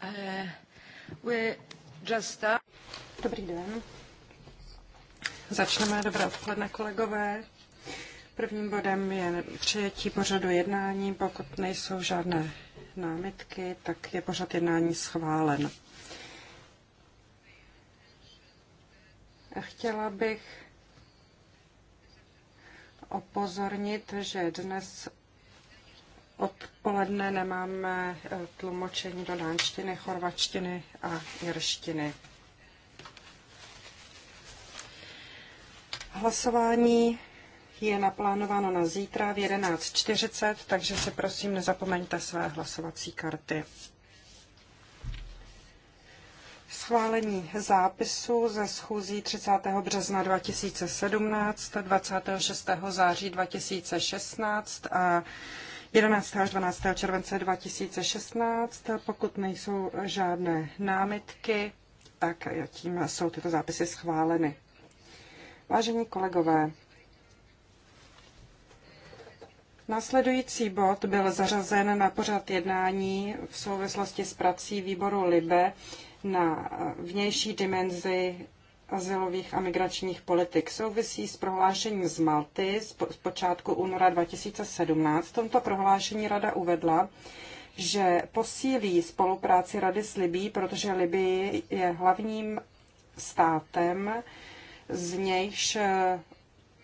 Eh, Dobrý den. Začneme. Dobré odpoledne, kolegové. Prvním bodem je přijetí pořadu jednání. Pokud nejsou žádné námitky, tak je pořad jednání schválen. chtěla bych opozornit, že dnes od odpoledne nemáme eh, tlumočení do dánštiny, chorvačtiny a jirštiny. Hlasování je naplánováno na zítra v 11.40, takže si prosím nezapomeňte své hlasovací karty. Schválení zápisu ze schůzí 30. března 2017, 26. září 2016 a 11. až 12. července 2016. Pokud nejsou žádné námitky, tak tím jsou tyto zápisy schváleny. Vážení kolegové, Následující bod byl zařazen na pořad jednání v souvislosti s prací výboru LIBE na vnější dimenzi azylových a migračních politik souvisí s prohlášením z Malty z počátku února 2017. V tomto prohlášení rada uvedla, že posílí spolupráci rady s Libí, protože Libii je hlavním státem, z nějž eh,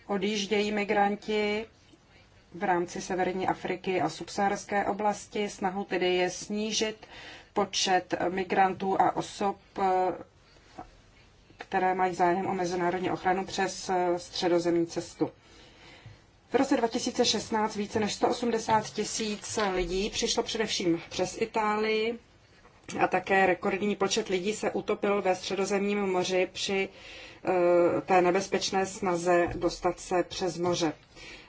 odjíždějí migranti v rámci severní Afriky a subsaharské oblasti. Snahou tedy je snížit počet migrantů a osob eh, které mají zájem o mezinárodní ochranu přes eh, středozemní cestu. V roce 2016 více než 180 tisíc lidí přišlo především přes Itálii a také rekordní počet lidí se utopil ve středozemním moři při eh, té nebezpečné snaze dostat se přes moře.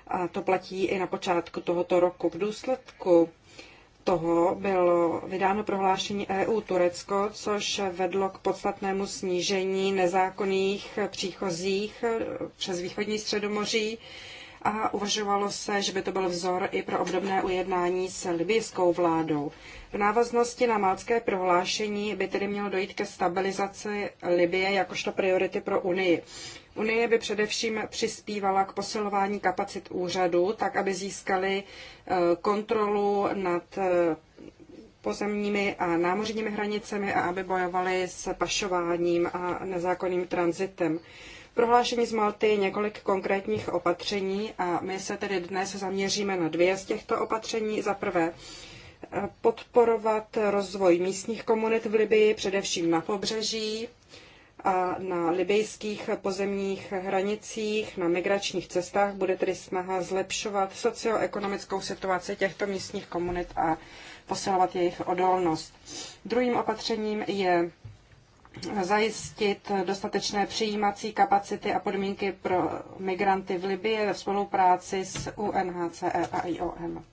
A to platí i na počátku tohoto roku. V důsledku toho bylo vydáno prohlášení EU Turecko, což vedlo k podstatnému snížení nezákonných příchozích přes východní středomoří a uvažovalo se, že by to byl vzor i pro obdobné ujednání s libijskou vládou. V návaznosti na malcké prohlášení by tedy mělo dojít ke stabilizaci Libie jakožto priority pro Unii. Unie by především přispívala k posilování kapacit úřadu, tak aby získali e, kontrolu nad e, pozemními a námořními hranicemi a aby bojovali s pašováním a nezákonným tranzitem. Prohlášení z Malty je několik konkrétních opatření a my se tedy dnes zaměříme na dvě z těchto opatření. Za prvé, e, podporovat rozvoj místních komunit v Libii, především na pobřeží, a na libejských pozemních hranicích, na migračních cestách bude tedy snaha zlepšovat socioekonomickou situaci těchto místních komunit a posilovat jejich odolnost. Druhým opatřením je zajistit dostatečné přijímací kapacity a podmínky pro migranty v Libii ve spolupráci s UNHCR e a IOM.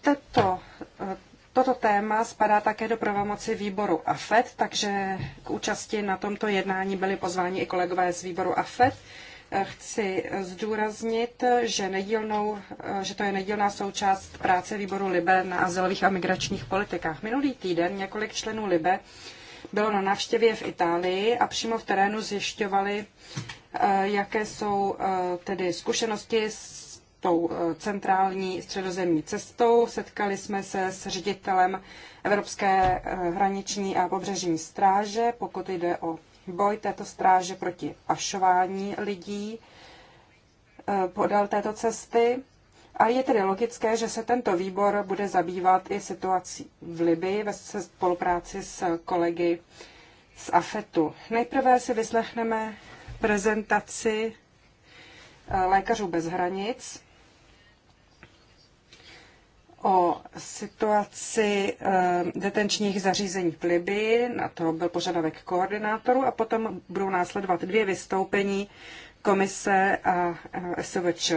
Tato Toto téma spadá také do pravomoci výboru AFET, takže k účasti na tomto jednání byli pozváni i kolegové z výboru AFET. Chci zdůraznit, že, nedílnou, že to je nedílná součást práce výboru LIBE na azylových a migračních politikách. Minulý týden několik členů LIBE bylo na návštěvě v Itálii a přímo v terénu zjišťovali, eh, jaké jsou eh, tedy zkušenosti s tou eh, centrální středozemní cestou. Setkali jsme se s ředitelem Evropské eh, hraniční a pobřežní stráže, pokud jde o boj této stráže proti pašování lidí eh, podél této cesty. A je tedy logické, že se tento výbor bude zabývat i situací v Libii ve spolupráci s kolegy z AFETu. Nejprve si vyslechneme prezentaci Lékařů bez hranic o situaci eh, detenčních zařízení v Libii, na to byl požadavek koordinátoru a potom budou následovat dvě vystoupení komise a eh, SVČ.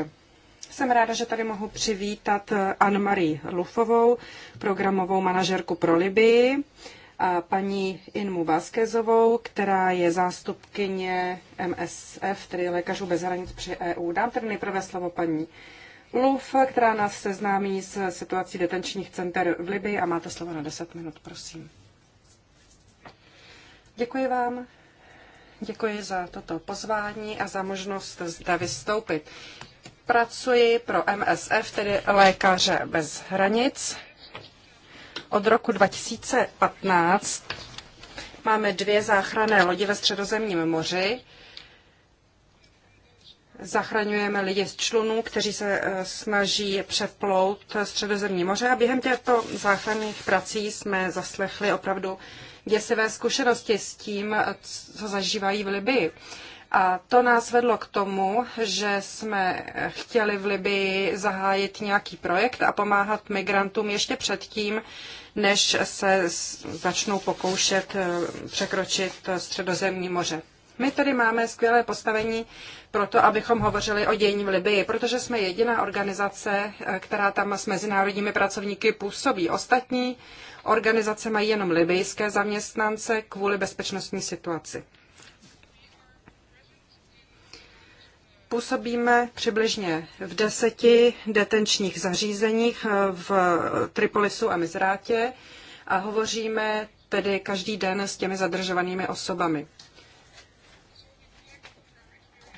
Jsem ráda, že tady mohu přivítat eh, Anne-Marie Lufovou, programovou manažerku pro Libii, a paní Inmu Váskezovou, která je zástupkyně MSF, tedy Lékařů bez hranic při EU. Dám tedy nejprve slovo paní Luf, která nás seznámí s situací detenčních center v Libii a máte slovo na 10 minut, prosím. Děkuji vám. Děkuji za toto pozvání a za možnost zde vystoupit. Pracuji pro MSF, tedy Lékaře bez hranic. Od roku 2015 máme dvě záchranné lodi ve Středozemním moři zachraňujeme lidi z člunů, kteří se eh, snaží přeplout středozemní moře a během těchto záchranných prací jsme zaslechli opravdu děsivé zkušenosti s tím, eh, co zažívají v Libii. A to nás vedlo k tomu, že jsme chtěli v Libii zahájit nějaký projekt a pomáhat migrantům ještě předtím, než se začnou pokoušet eh, překročit středozemní moře. My tady máme skvělé postavení proto, abychom hovořili o dění v Libii, protože jsme jediná organizace, eh, která tam s mezinárodními pracovníky působí. Ostatní organizace mají jenom libijské zaměstnance kvůli bezpečnostní situaci. Působíme přibližně v deseti detenčních zařízeních eh, v Tripolisu a Mizrátě a hovoříme tedy každý den s těmi zadržovanými osobami.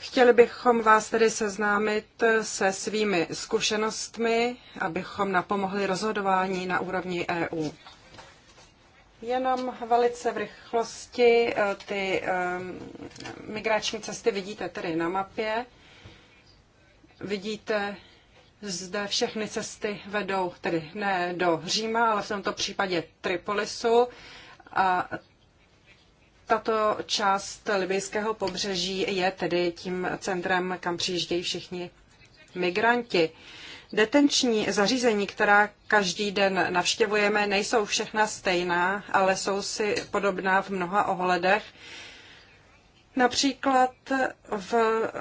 Chtěli bychom vás tedy seznámit se svými zkušenostmi, abychom napomohli rozhodování na úrovni EU. Jenom velice v rychlosti eh, ty eh, migrační cesty vidíte tedy na mapě. Vidíte, zde všechny cesty vedou tedy ne do Říma, ale v tomto případě Tripolisu. A tato část libyjského pobřeží je tedy tím centrem, kam přijíždějí všichni migranti. Detenční zařízení, která každý den navštěvujeme, nejsou všechna stejná, ale jsou si podobná v mnoha ohledech například v eh,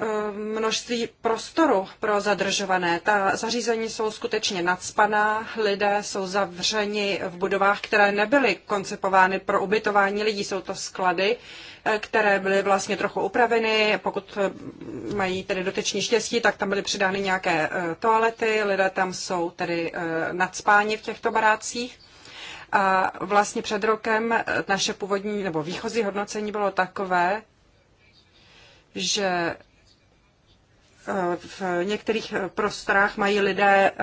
množství prostoru pro zadržované. Ta zařízení jsou skutečně nadspaná, lidé jsou zavřeni v budovách, které nebyly koncipovány pro ubytování lidí. Jsou to sklady, eh, které byly vlastně trochu upraveny. Pokud eh, mají tedy doteční štěstí, tak tam byly přidány nějaké toalety, lidé tam jsou tedy nadspáni v těchto barácích. A vlastně před rokem naše původní nebo výchozí hodnocení bylo takové, že eh, v některých prostorách mají lidé eh,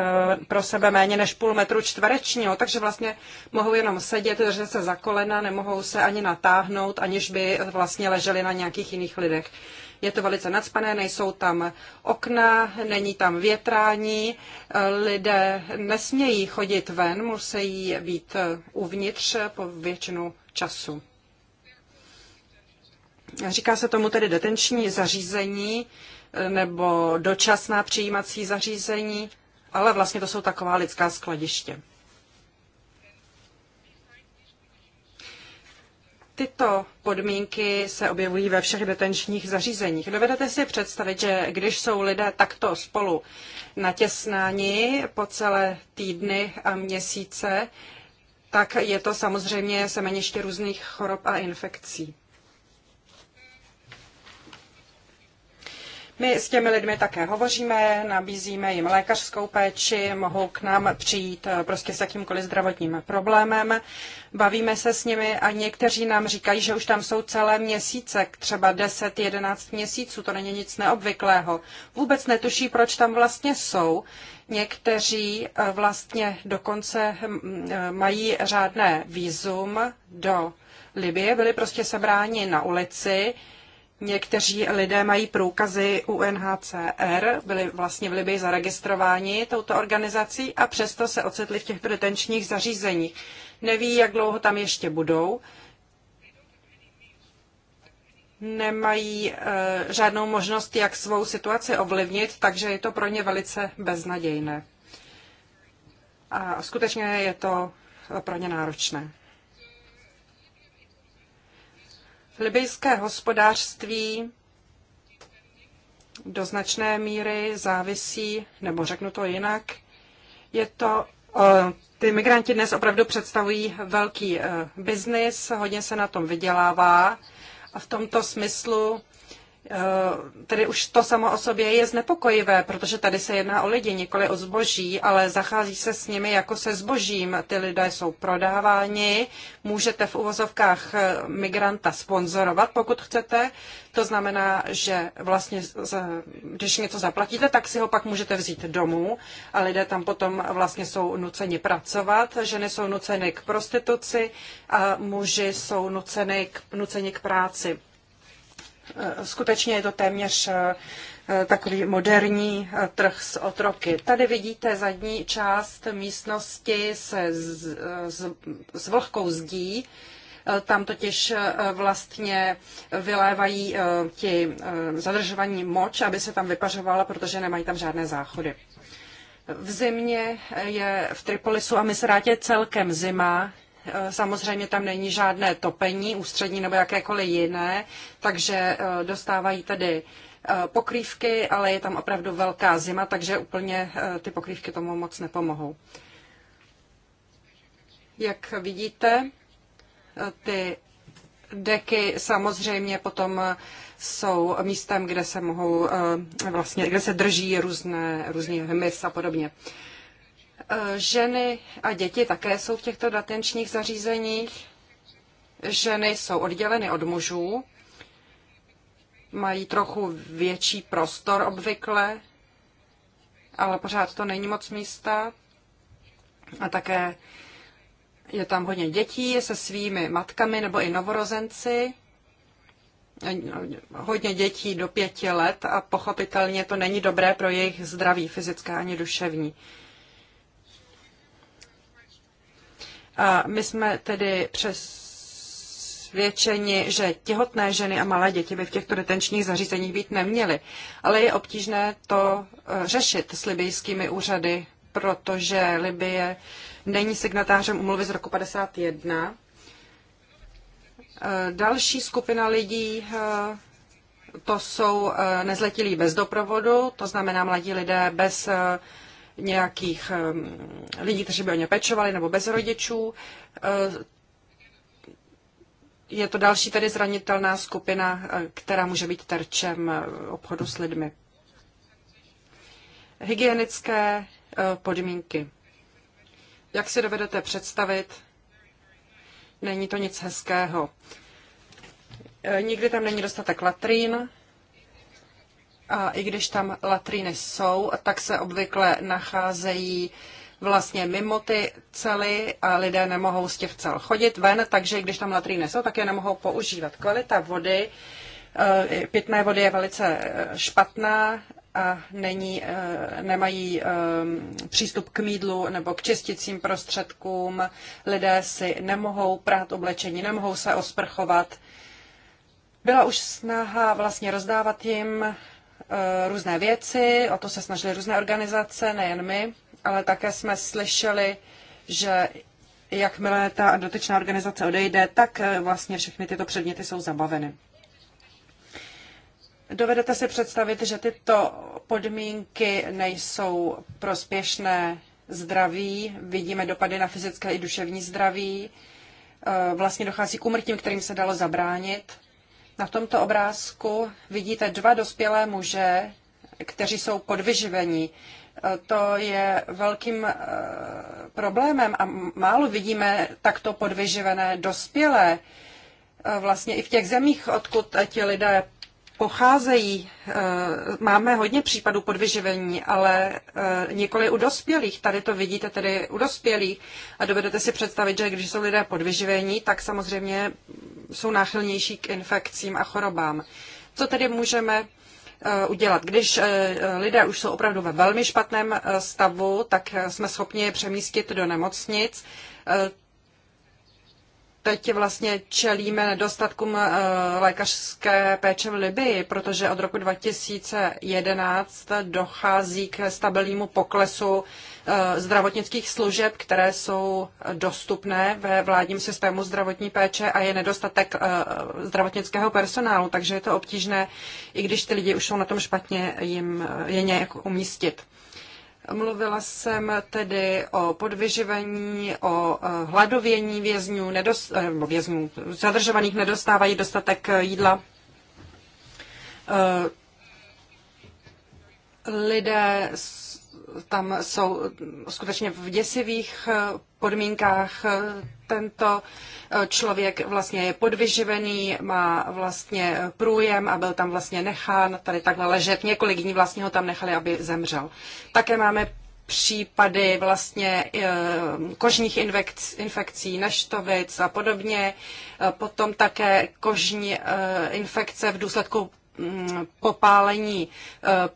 pro sebe méně než půl metru čtverečního, takže vlastně mohou jenom sedět, držet se za kolena, nemohou se ani natáhnout, aniž by vlastně leželi na nějakých jiných lidech. Je to velice nadspané, nejsou tam okna, není tam větrání, eh, lidé nesmějí chodit ven, musí být uvnitř po většinu času. Říká se tomu tedy detenční zařízení e, nebo dočasná přijímací zařízení, ale vlastně to jsou taková lidská skladiště. Tyto podmínky se objevují ve všech detenčních zařízeních. Dovedete si představit, že když jsou lidé takto spolu natěsnáni po celé týdny a měsíce, tak je to samozřejmě semeniště různých chorob a infekcí. My s těmi lidmi také hovoříme, nabízíme jim lékařskou péči, mohou k nám přijít eh, prostě s jakýmkoliv zdravotním problémem. Bavíme se s nimi a někteří nám říkají, že už tam jsou celé měsíce, třeba 10-11 měsíců, to není nic neobvyklého. Vůbec netuší, proč tam vlastně jsou. Někteří eh, vlastně dokonce hm, eh, mají řádné výzum do Libie, byli prostě sebráni na ulici, Někteří lidé mají průkazy UNHCR, byli vlastně v Libii zaregistrováni touto organizací a přesto se ocitli v těch detenčních zařízeních. Neví, jak dlouho tam ještě budou. Nemají uh, žádnou možnost, jak svou situaci ovlivnit, takže je to pro ně velice beznadějné. A skutečně je to pro ně náročné. Libijské hospodářství do značné míry závisí, nebo řeknu to jinak, je to, eh, ty migranti dnes opravdu představují velký eh, biznis, hodně se na tom vydělává a v tomto smyslu Eh, tedy už to samo o sobě je znepokojivé, protože tady se jedná o lidi, nikoli o zboží, ale zachází se s nimi jako se zbožím. Ty lidé jsou prodáváni, můžete v uvozovkách eh, migranta sponzorovat, pokud chcete. To znamená, že vlastně, když něco zaplatíte, tak si ho pak můžete vzít domů a lidé tam potom vlastně jsou nuceni pracovat, ženy jsou nuceny k prostituci a muži jsou nuceni k, nuceni k práci. Eh, skutečně je to téměř eh, takový moderní eh, trh s otroky. Tady vidíte zadní část místnosti se s, s, s vlhkou zdí. Tam totiž vlastně vylévají ti zadržovaní moč, aby se tam vypařovala, protože nemají tam žádné záchody. V zimě je v Tripolisu a Misrátě celkem zima, Samozřejmě tam není žádné topení, ústřední nebo jakékoliv jiné, takže eh, dostávají tedy eh, pokrývky, ale je tam opravdu velká zima, takže úplně eh, ty pokrývky tomu moc nepomohou. Jak vidíte, ty deky samozřejmě potom jsou místem, kde se mohou vlastně, kde se drží různé, různé hmyz a podobně. Uh, Eh, ženy a děti také jsou v těchto datenčních zařízeních. Ženy jsou odděleny od mužů, mají trochu větší prostor obvykle, ale pořád to není moc místa. A také je tam hodně dětí se svými matkami nebo i novorozenci. Hodně dětí do pěti let a pochopitelně to není dobré pro jejich zdraví fyzické ani duševní. A my jsme tedy přesvědčeni, že těhotné ženy a malé děti by v těchto detenčních zařízeních být neměly. Ale je obtížné to eh, řešit s libijskými úřady, protože Libie není signatářem umluvy z roku 51. Eh, další skupina lidí eh, to jsou nezletilí bez doprovodu, to znamená mladí lidé bez nějakých ehm, lidí, kteří by o ně pečovali, nebo bez rodičů. Eh, je to další tedy zranitelná skupina, eh, která může být terčem eh, obchodu s lidmi. Hygienické podmínky. Jak si dovedete představit, není to nic hezkého. Nikdy tam není dostatek latrín, a i když tam latriny jsou, tak se obvykle nacházejí vlastně mimo ty cely a lidé nemohou z těch cel chodit ven, takže když tam latriny jsou, tak je nemohou používat. Kvalita vody, eh, pitné vody je velice eh, špatná a není, eh, nemají přístup k mídlu nebo k čisticím prostředkům. Lidé si nemohou prát oblečení, nemohou se osprchovat. Byla už snaha vlastně rozdávat jim Eh, různé věci, o to se snažily různé organizace, nejen my, ale také jsme slyšeli, že jakmile ta dotyčná organizace odejde, tak eh, vlastně všechny tyto předměty jsou zabaveny. Dovedete si představit, že tyto podmínky nejsou prospěšné zdraví, vidíme dopady na fyzické i duševní zdraví, eh, vlastně dochází k úmrtím, kterým se dalo zabránit. Na tomto obrázku vidíte dva dospělé muže, kteří jsou podvyživení. To je velkým eh, problémem a málo vidíme takto podvyživené dospělé. Eh, vlastně i v těch zemích, odkud ti lidé pocházejí, eh, máme hodně případů podvyživení, ale eh, nikoli u dospělých. Tady to vidíte tedy u dospělých a dovedete si představit, že když jsou lidé podvyživení, tak samozřejmě jsou náchylnější k infekcím a chorobám. Co tedy můžeme eh, udělat. Když lidé už jsou opravdu ve velmi špatném stavu, tak jsme schopni je přemístit do nemocnic teď vlastně čelíme nedostatkům eh, lékařské péče v Libii, protože od roku 2011 dochází k stabilnímu poklesu eh, zdravotnických služeb, které jsou dostupné ve vládním systému zdravotní péče a je nedostatek eh, zdravotnického personálu, takže je to obtížné, i když ty lidi už jsou na tom špatně, jim je nějak umístit. Mluvila jsem tedy o podvyživení, o eh, hladovění vězňů, nedost, eh, vězňů zadržovaných nedostávají dostatek eh, jídla. Lidé tam jsou skutečně v děsivých eh, podmínkách. Eh, Tento eh, člověk vlastně je podvyživený, má vlastně průjem a byl tam vlastně nechán, tady takhle ležet. Několik dní vlastně ho tam nechali, aby zemřel. Také máme případy vlastně kožních infekcí, neštovic a podobně. Potom také kožní infekce v důsledku Mm, popálení e,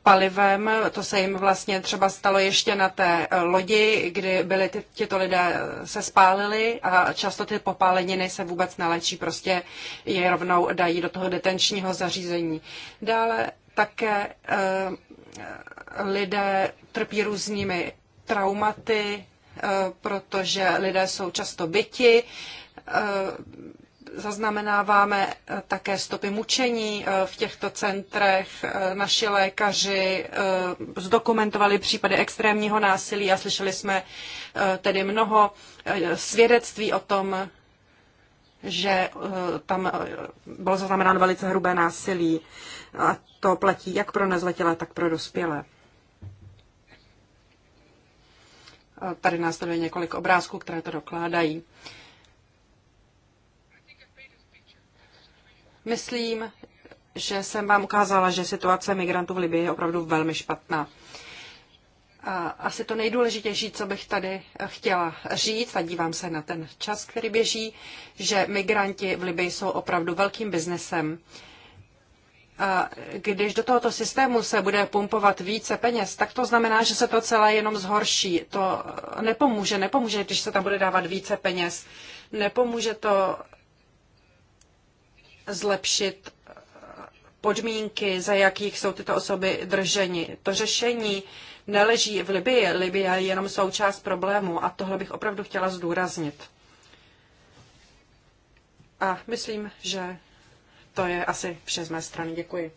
palivem. To se jim vlastně třeba stalo ještě na té e, lodi, kdy byli ty, tyto lidé e, se spálili a často ty popáleniny se vůbec nelečí, prostě je rovnou dají do toho detenčního zařízení. Dále také lidé trpí různými traumaty, protože lidé jsou často byti, Zaznamenáváme eh, také stopy mučení eh, v těchto centrech. Eh, naši lékaři zdokumentovali případy extrémního násilí a slyšeli jsme tedy mnoho svědectví o tom, že tam bylo zaznamenáno velice hrubé násilí. A to platí jak pro nezletilé, tak pro dospělé. Tady následuje několik obrázků, které to dokládají. Myslím, že jsem vám ukázala, že situace migrantů v Libii je opravdu velmi špatná. A asi to nejdůležitější, co bych tady chtěla říct, a dívám se na ten čas, který běží, že migranti v Libii jsou opravdu velkým biznesem. A když do tohoto systému se bude pumpovat více peněz, tak to znamená, že se to celé jenom zhorší. To nepomůže, nepomůže, když se tam bude dávat více peněz. Nepomůže to zlepšit eh, podmínky, za jakých jsou tyto osoby drženi. To řešení neleží v Libii. Libie je jenom součást problému a tohle bych opravdu chtěla zdůraznit. A myslím, že to je asi vše z mé strany. Děkuji.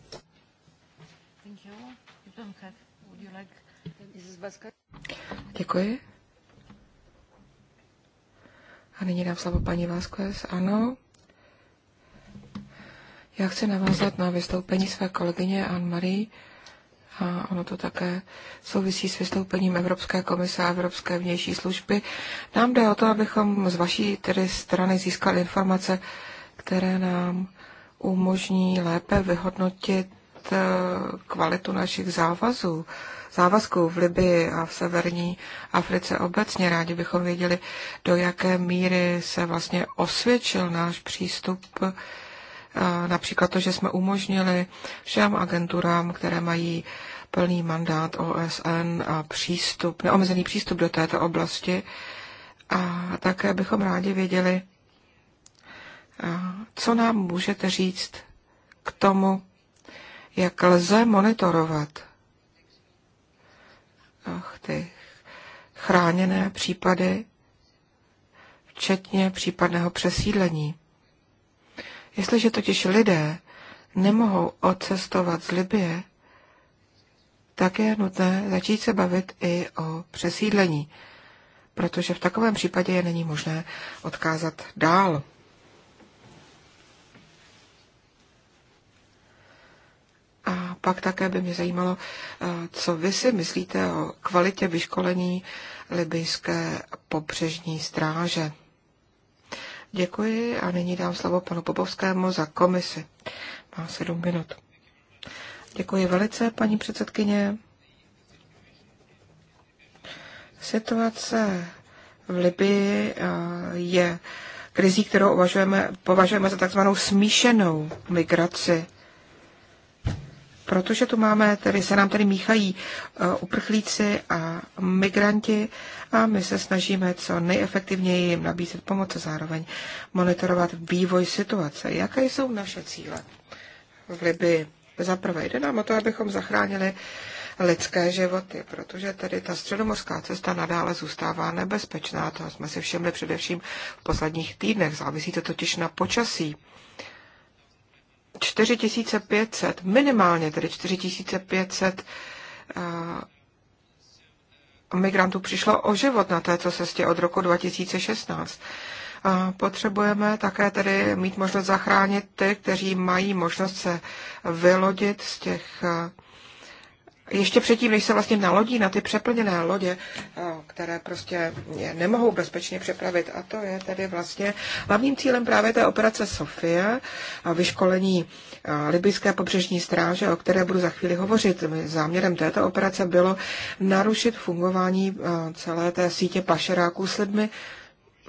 Děkuji. A nyní dám slovo paní Vásquez. Ano. Já chci navázat na vystoupení své kolegyně Anne-Marie a ono to také souvisí s vystoupením Evropské komise a Evropské vnější služby. Nám jde o to, abychom z vaší tedy strany získali informace, které nám umožní lépe vyhodnotit eh, kvalitu našich závazů, závazků v Libii a v severní Africe obecně. Rádi bychom věděli, do jaké míry se vlastně osvědčil náš přístup například to, že jsme umožnili všem agenturám, které mají plný mandát OSN a přístup, neomezený přístup do této oblasti. A také bychom rádi věděli, co nám můžete říct k tomu, jak lze monitorovat Ach, ty chráněné případy, včetně případného přesídlení. Jestliže totiž lidé nemohou odcestovat z Libie, tak je nutné začít se bavit i o přesídlení, protože v takovém případě je není možné odkázat dál. A pak také by mě zajímalo, eh, co vy si myslíte o kvalitě vyškolení libijské pobřežní stráže. Děkuji a nyní dám slovo panu Popovskému za komisi. Má sedm minut. Děkuji velice, paní předsedkyně. Situace v Libii eh, je krizí, kterou považujeme, považujeme za takzvanou smíšenou migraci protože tu máme, tedy se nám tady míchají e, uprchlíci a migranti a my se snažíme co nejefektivněji jim nabízet pomoc a zároveň monitorovat vývoj situace. Jaké jsou naše cíle v Libii? Za prvé jde nám o to, abychom zachránili lidské životy, protože tedy ta středomorská cesta nadále zůstává nebezpečná. To jsme si všimli především v posledních týdnech. Závisí to totiž na počasí. 4500, minimálně tedy 4500 eh, migrantů přišlo o život na této cestě od roku 2016. Potřebujeme také tedy mít možnost zachránit ty, kteří mají možnost se vylodit z těch eh, ještě předtím, než se vlastně nalodí na ty přeplněné lodě, eh, které prostě nemohou bezpečně přepravit. A to je tedy vlastně hlavním cílem právě té operace Sofie a vyškolení eh, libyské pobřežní stráže, o které budu za chvíli hovořit. Záměrem této operace bylo narušit fungování eh, celé té sítě pašeráků s lidmi,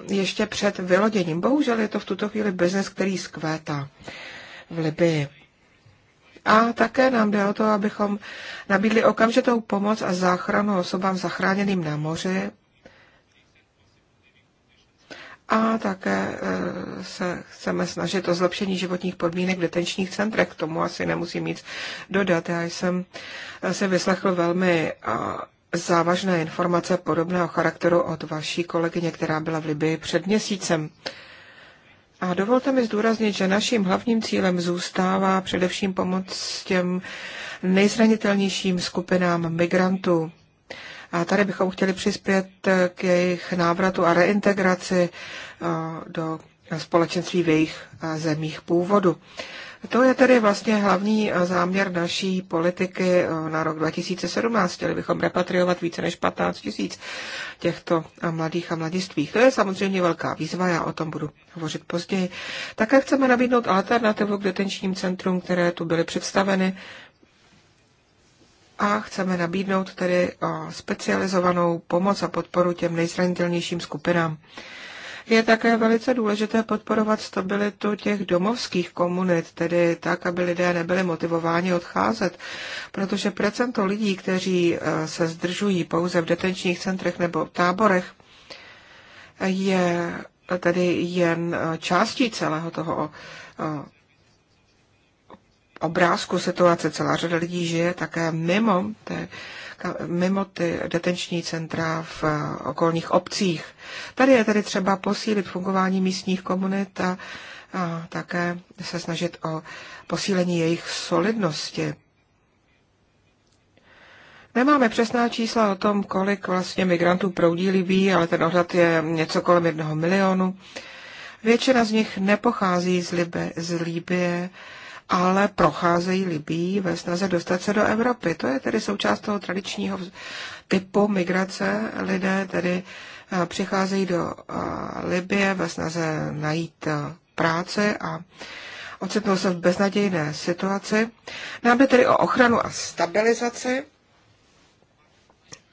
ještě před vyloděním. Bohužel je to v tuto chvíli biznes, který zkvétá v Libii a také nám jde o to, abychom nabídli okamžitou pomoc a záchranu osobám zachráněným na moři a také e, se chceme snažit o zlepšení životních podmínek v detenčních centrech. K tomu asi nemusím nic dodat. Já jsem se vyslechl velmi e, závažné informace podobného charakteru od vaší kolegyně, která byla v Libii před měsícem. A dovolte mi zdůraznit, že naším hlavním cílem zůstává především pomoc těm nejzranitelnějším skupinám migrantů. A tady bychom chtěli přispět k jejich návratu a reintegraci eh, do společenství v jejich eh, zemích původu. To je tedy vlastně hlavní eh, záměr naší politiky eh, na rok 2017. Chtěli bychom repatriovat více než 15 tisíc těchto eh, mladých a mladistvých. To je samozřejmě velká výzva, já o tom budu hovořit později. Také chceme nabídnout alternativu k detenčním centrum, které tu byly představeny a chceme nabídnout tedy specializovanou pomoc a podporu těm nejzranitelnějším skupinám je také velice důležité podporovat stabilitu těch domovských komunit, tedy tak, aby lidé nebyli motivováni odcházet, protože procento lidí, kteří eh, se zdržují pouze v detenčních centrech nebo v táborech, je tedy jen eh, částí celého toho eh, obrázku situace. Celá řada lidí žije také mimo té mimo ty detenční centra v eh, okolních obcích. Tady je tedy třeba posílit fungování místních komunit a, a také se snažit o posílení jejich solidnosti. Nemáme přesná čísla o tom, kolik vlastně migrantů proudí Libí, ale ten odhad je něco kolem jednoho milionu. Většina z nich nepochází z, Libe, z ale procházejí Libí ve snaze dostat se do Evropy. To je tedy součást toho tradičního typu migrace. Lidé tedy eh, přicházejí do eh, Libie ve snaze najít eh, práci a ocitnou se v beznadějné situaci. Nám jde tedy o ochranu a stabilizaci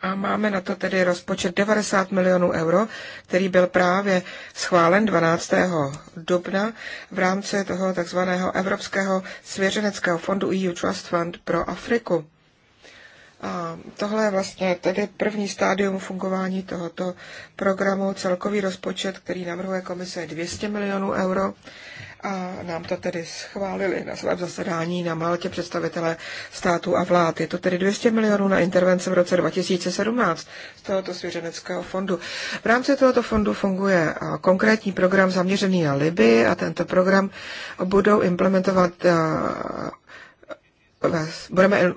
a máme na to tedy rozpočet 90 milionů euro, který byl právě schválen 12. dubna v rámci toho takzvaného Evropského svěřeneckého fondu EU Trust Fund pro Afriku. A tohle je vlastně tedy první stádium fungování tohoto programu. Celkový rozpočet, který navrhuje komise, je 200 milionů euro a nám to tedy schválili na svém zasedání na Maltě představitelé státu a vlád. Je to tedy 200 milionů na intervence v roce 2017 z tohoto svěřeneckého fondu. V rámci tohoto fondu funguje konkrétní program zaměřený na Liby a tento program budou implementovat budeme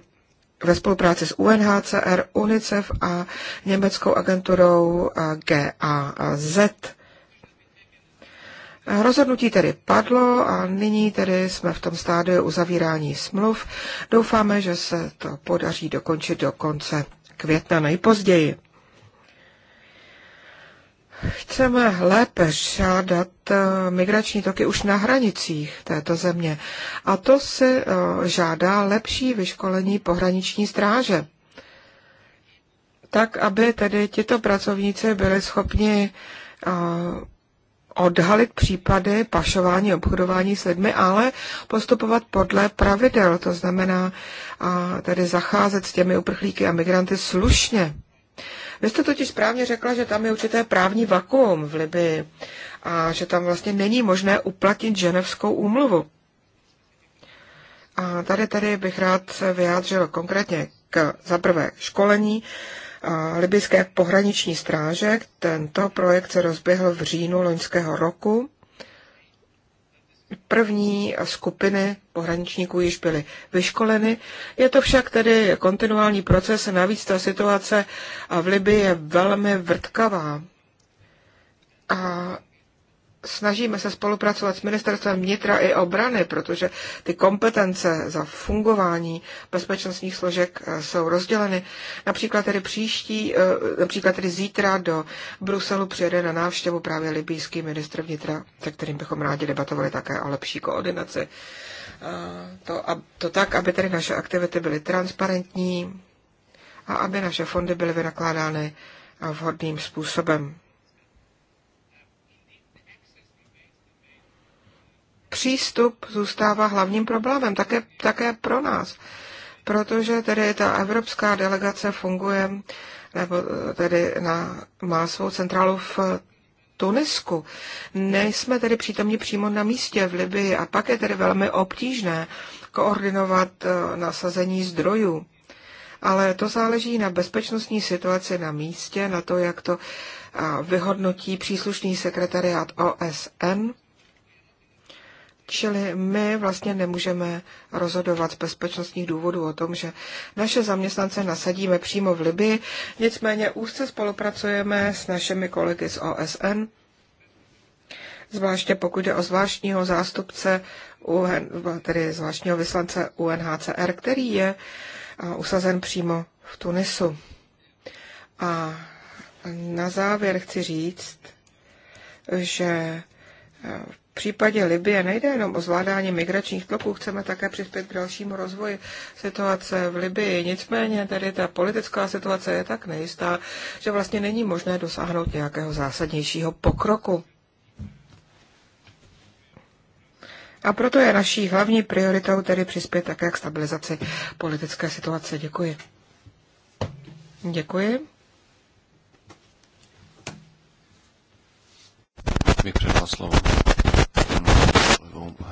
ve spolupráci s UNHCR, UNICEF a německou agenturou GAZ. Rozhodnutí tedy padlo a nyní tedy jsme v tom stádiu uzavírání smluv. Doufáme, že se to podaří dokončit do konce května nejpozději. Chceme lépe žádat eh, migrační toky už na hranicích této země a to se eh, žádá lepší vyškolení pohraniční stráže tak, aby tedy tito pracovníci byli schopni eh, odhalit případy pašování, obchodování s lidmi, ale postupovat podle pravidel, to znamená a tedy zacházet s těmi uprchlíky a migranty slušně. Vy jste totiž správně řekla, že tam je určité právní vakuum v Libii a že tam vlastně není možné uplatnit ženevskou úmluvu. A tady, tady bych rád se vyjádřil konkrétně k za prvé školení, libyské pohraniční stráže. Tento projekt se rozběhl v říjnu loňského roku. První skupiny pohraničníků již byly vyškoleny. Je to však tedy kontinuální proces, navíc ta situace v Libii je velmi vrtkavá. A snažíme se spolupracovat s ministerstvem vnitra i obrany, protože ty kompetence za fungování bezpečnostních složek eh, jsou rozděleny. Například tedy příští, eh, například tedy zítra do Bruselu přijede na návštěvu právě libýský ministr vnitra, se kterým bychom rádi debatovali také o lepší koordinaci. Eh, to, to tak, aby tedy naše aktivity byly transparentní a aby naše fondy byly vynakládány vhodným způsobem. přístup zůstává hlavním problémem, také, také pro nás. Protože tedy ta evropská delegace funguje, nebo eh, tedy na, má svou centrálu v Tunisku. Nejsme tedy přítomní přímo na místě v Libii a pak je tedy velmi obtížné koordinovat eh, nasazení zdrojů. Ale to záleží na bezpečnostní situaci na místě, na to, jak to eh, vyhodnotí příslušný sekretariát OSN. Čili my vlastně nemůžeme rozhodovat z bezpečnostních důvodů o tom, že naše zaměstnance nasadíme přímo v Libii, nicméně úzce spolupracujeme s našimi kolegy z OSN, zvláště pokud jde o zvláštního zástupce, UN, tedy zvláštního vyslance UNHCR, který je usazen přímo v Tunisu. A na závěr chci říct, že v případě Libie nejde jenom o zvládání migračních tloků, chceme také přispět k dalšímu rozvoji situace v Libii. Nicméně tady ta politická situace je tak nejistá, že vlastně není možné dosáhnout nějakého zásadnějšího pokroku. A proto je naší hlavní prioritou tedy přispět také k stabilizaci politické situace. Děkuji. Děkuji. bych předal slovo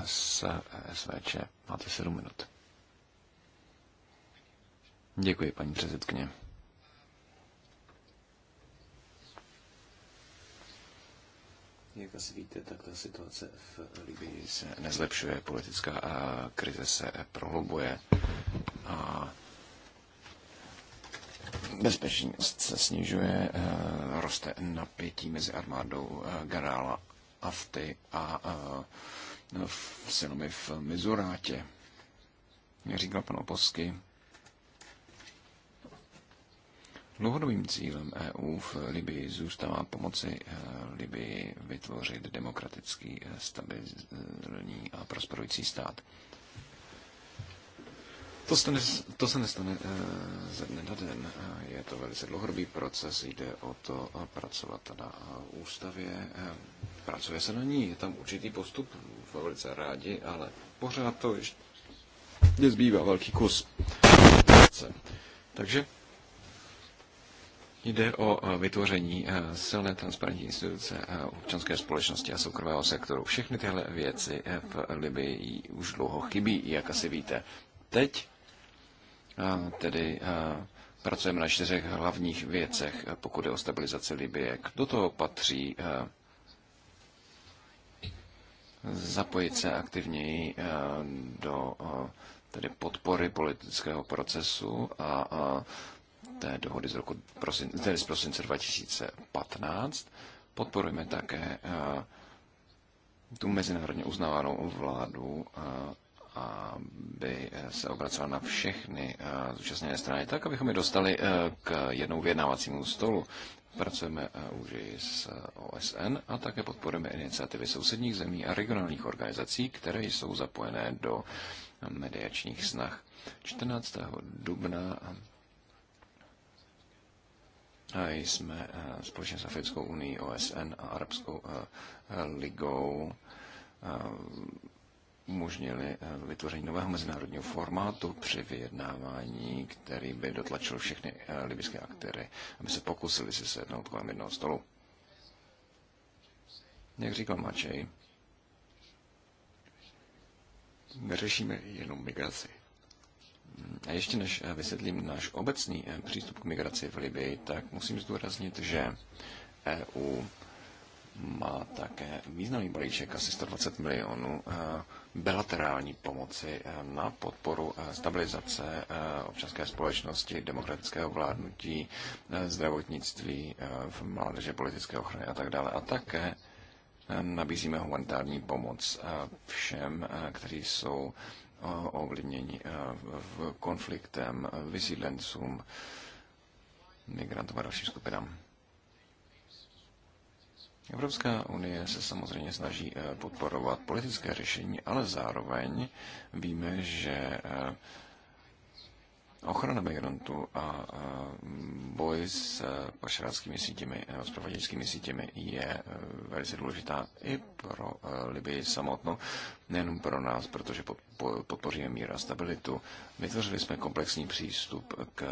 z eh, SVČ. Máte sedm minut. Děkuji, paní předsedkyně. Jak asi víte, tak ta situace v Libii se nezlepšuje, politická a eh, krize se eh, prohlubuje a bezpečnost se snižuje, roste napětí mezi armádou generála Afty a v synovi v Mizurátě. Jak říkal pan Oposky, Dlouhodobým cílem EU v Libii zůstává pomoci eh, Libii vytvořit demokratický, eh, stabilní a prosperující stát. To se, nes, to se nestane eh, ze dne na den. Eh, je to velice dlouhodobý proces. Jde o to eh, pracovat na ústavě. Pracuje se na ní. Je tam určitý postup. Velice rádi, ale pořád to ještě zbývá velký kus. Takže Jde o vytvoření silné transparentní instituce občanské společnosti a soukromého sektoru. Všechny tyhle věci v Libii už dlouho chybí, jak asi víte. Teď tedy pracujeme na čtyřech hlavních věcech, pokud je o stabilizaci Libie. Do toho patří zapojit se aktivněji do tedy podpory politického procesu a té dohody z, roku, tedy z prosince 2015. Podporujeme také tu mezinárodně uznávanou vládu aby eh, se obracoval na všechny eh, zúčastněné strany, tak abychom je dostali eh, k jednou vyjednávacímu stolu. Pracujeme už i s OSN a také podporujeme iniciativy sousedních zemí a regionálních organizací, které jsou zapojené do mediačních snah. 14. dubna a jsme společně s Africkou unii, OSN a Arabskou ligou umožnili eh, vytvoření nového mezinárodního formátu při vyjednávání, který by dotlačil všechny eh, libyské aktéry, aby se pokusili si sednout kolem jednoho stolu. Jak říkal Mačej, neřešíme jenom migraci. A ještě než eh, vysvětlím náš obecný přístup k migraci v Libii, tak musím zdůraznit, že EU má také významný balíček asi 120 milionů bilaterální pomoci eh, na podporu eh, stabilizace eh, občanské společnosti, demokratického vládnutí, zdravotnictví, mládeže, politické ochrany a tak dále. A také nabízíme humanitární pomoc všem, kteří jsou ovlivněni konfliktem, vysídlencům, migrantům a dalším skupinám. Evropská unie se samozřejmě snaží eh, podporovat politické řešení, ale zároveň víme, že eh, ochrana migrantů a eh, boj s pašeráckými sítěmi, s provaděčskými sítěmi je velice důležitá i pro Libii samotnou, nejenom pro nás, protože podpoříme mír a stabilitu. Vytvořili jsme komplexní přístup k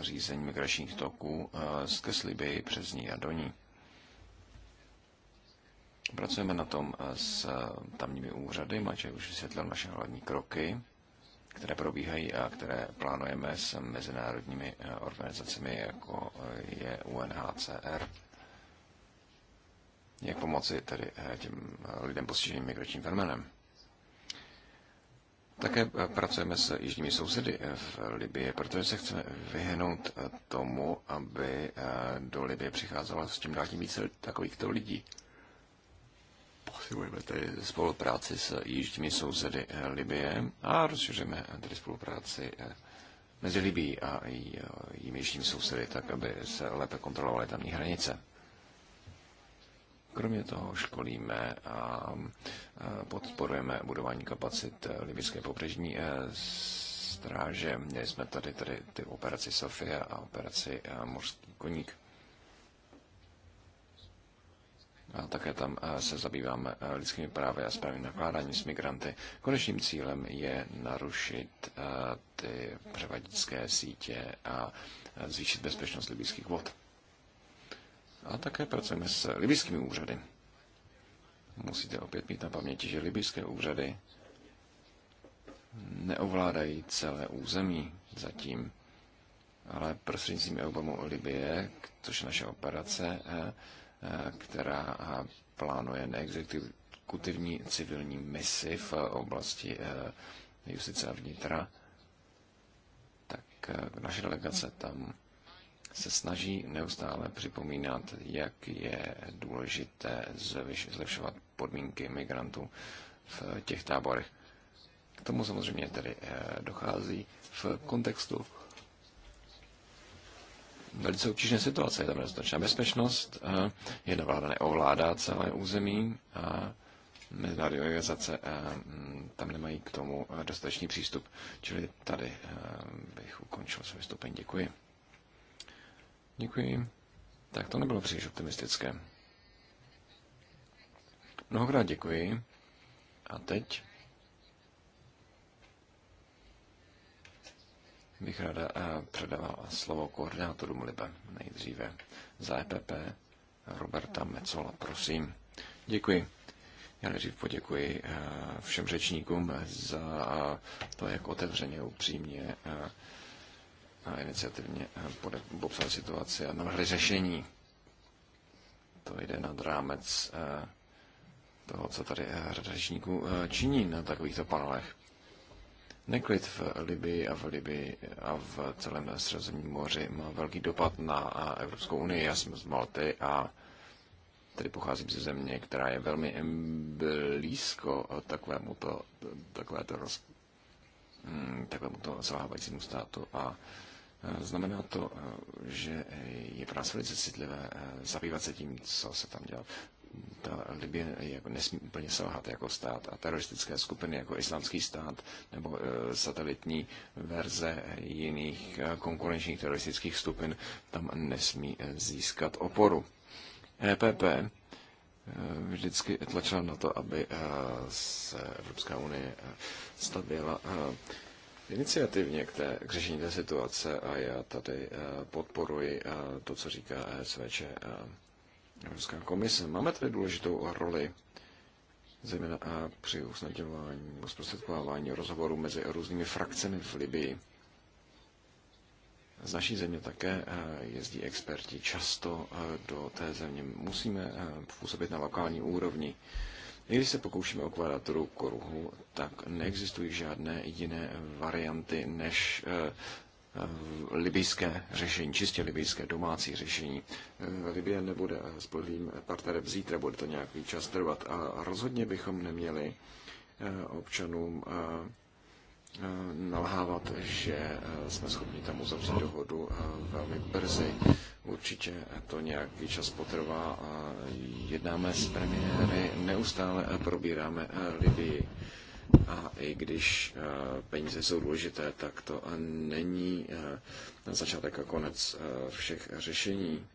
řízení migračních toků skrz Libii přes ní a do ní. Pracujeme na tom eh, s eh, tamními úřady, máte už vysvětlil naše hlavní kroky, které probíhají a které plánujeme s mezinárodními eh, organizacemi, jako je UNHCR, jak pomoci tedy těm lidem postiženým migračním fenomenem? Také pracujeme s jižními sousedy v Libii, protože se chceme vyhnout tomu, aby do Libie přicházelo s tím dál tím více takovýchto lidí. Usilujeme tedy spolupráci s jižními sousedy eh, Libie a rozšiřujeme tedy spolupráci eh, mezi Libií a jejím eh, jižním sousedy, tak aby se lépe kontrolovaly tamní hranice. Kromě toho školíme a podporujeme budování kapacit libyské pobřežní stráže. Měli jsme tady, tady ty operaci Sofia a operaci Mořský koník. A také tam eh, se zabýváme eh, lidskými právy a správným nakládáním s migranty. Konečným cílem je narušit eh, ty převaděčské sítě a zvýšit bezpečnost libijských vod. A také pracujeme s libijskými úřady. Musíte opět mít na paměti, že libijské úřady neovládají celé území zatím, ale prostřednictvím Eubamu Libie, což je naše operace, Eh, která eh, plánuje neexekutivní civilní misi v oblasti eh, justice a vnitra, tak naše delegace tam se snaží neustále připomínat, jak je důležité zlepšovat podmínky migrantů v těch táborech. K tomu samozřejmě tedy dochází v kontextu velice obtížné situace. Je tam nedostatečná bezpečnost, jedna vláda neovládá celé území a mezinárodní organizace mm, tam nemají k tomu dostatečný přístup. Čili tady bych ukončil své vystoupení. Děkuji. Děkuji. Tak to nebylo příliš optimistické. Mnohokrát děkuji. A teď bych ráda eh, předala slovo koordinátorům Libe nejdříve za EPP Roberta Mecola, prosím. Děkuji. Já nejdřív poděkuji eh, všem řečníkům za eh, to, jak otevřeně, upřímně a iniciativně popsali situaci a navrhli řešení. To jde nad rámec toho, co tady řečníků činí na takovýchto panelech. Neklid v Libii a v Libii a v celém Středozemním moři má velký dopad na Evropskou unii. Já jsem z Malty a tedy pocházím ze země, která je velmi blízko takovému to, takové to roz, hm, takovému to zahávajícímu státu a e, Znamená to, e, že je pro nás velice citlivé e, zabývat se tím, co se tam dělá ta Libie jako nesmí úplně selhat jako stát a teroristické skupiny jako islámský stát nebo e, satelitní verze jiných e, konkurenčních teroristických skupin tam nesmí e, získat oporu. EPP vždycky tlačila na to, aby se Evropská unie stavěla iniciativně k, té, k řešení té situace a já tady podporuji to, co říká SVČ Evropská komise. Máme tady důležitou roli, zejména a při usnadňování nebo zprostředkovávání rozhovorů mezi různými frakcemi v Libii. Z naší země také eh, jezdí experti často eh, do té země. Musíme eh, působit na lokální úrovni. I když se pokoušíme okládat ruku ruhu, tak neexistují žádné jiné varianty, než Eh, libijské řešení, čistě libijské domácí řešení. Eh, Libie nebude spolehlivým partnerem zítra, bude to nějaký čas trvat a rozhodně bychom neměli eh, občanům nalhávat, že jsme schopni tam uzavřít dohodu velmi brzy. Určitě to nějaký čas potrvá. Jednáme s premiéry, neustále probíráme Libii a i když eh, peníze jsou důležité, tak to není eh, začátek a konec eh, všech řešení.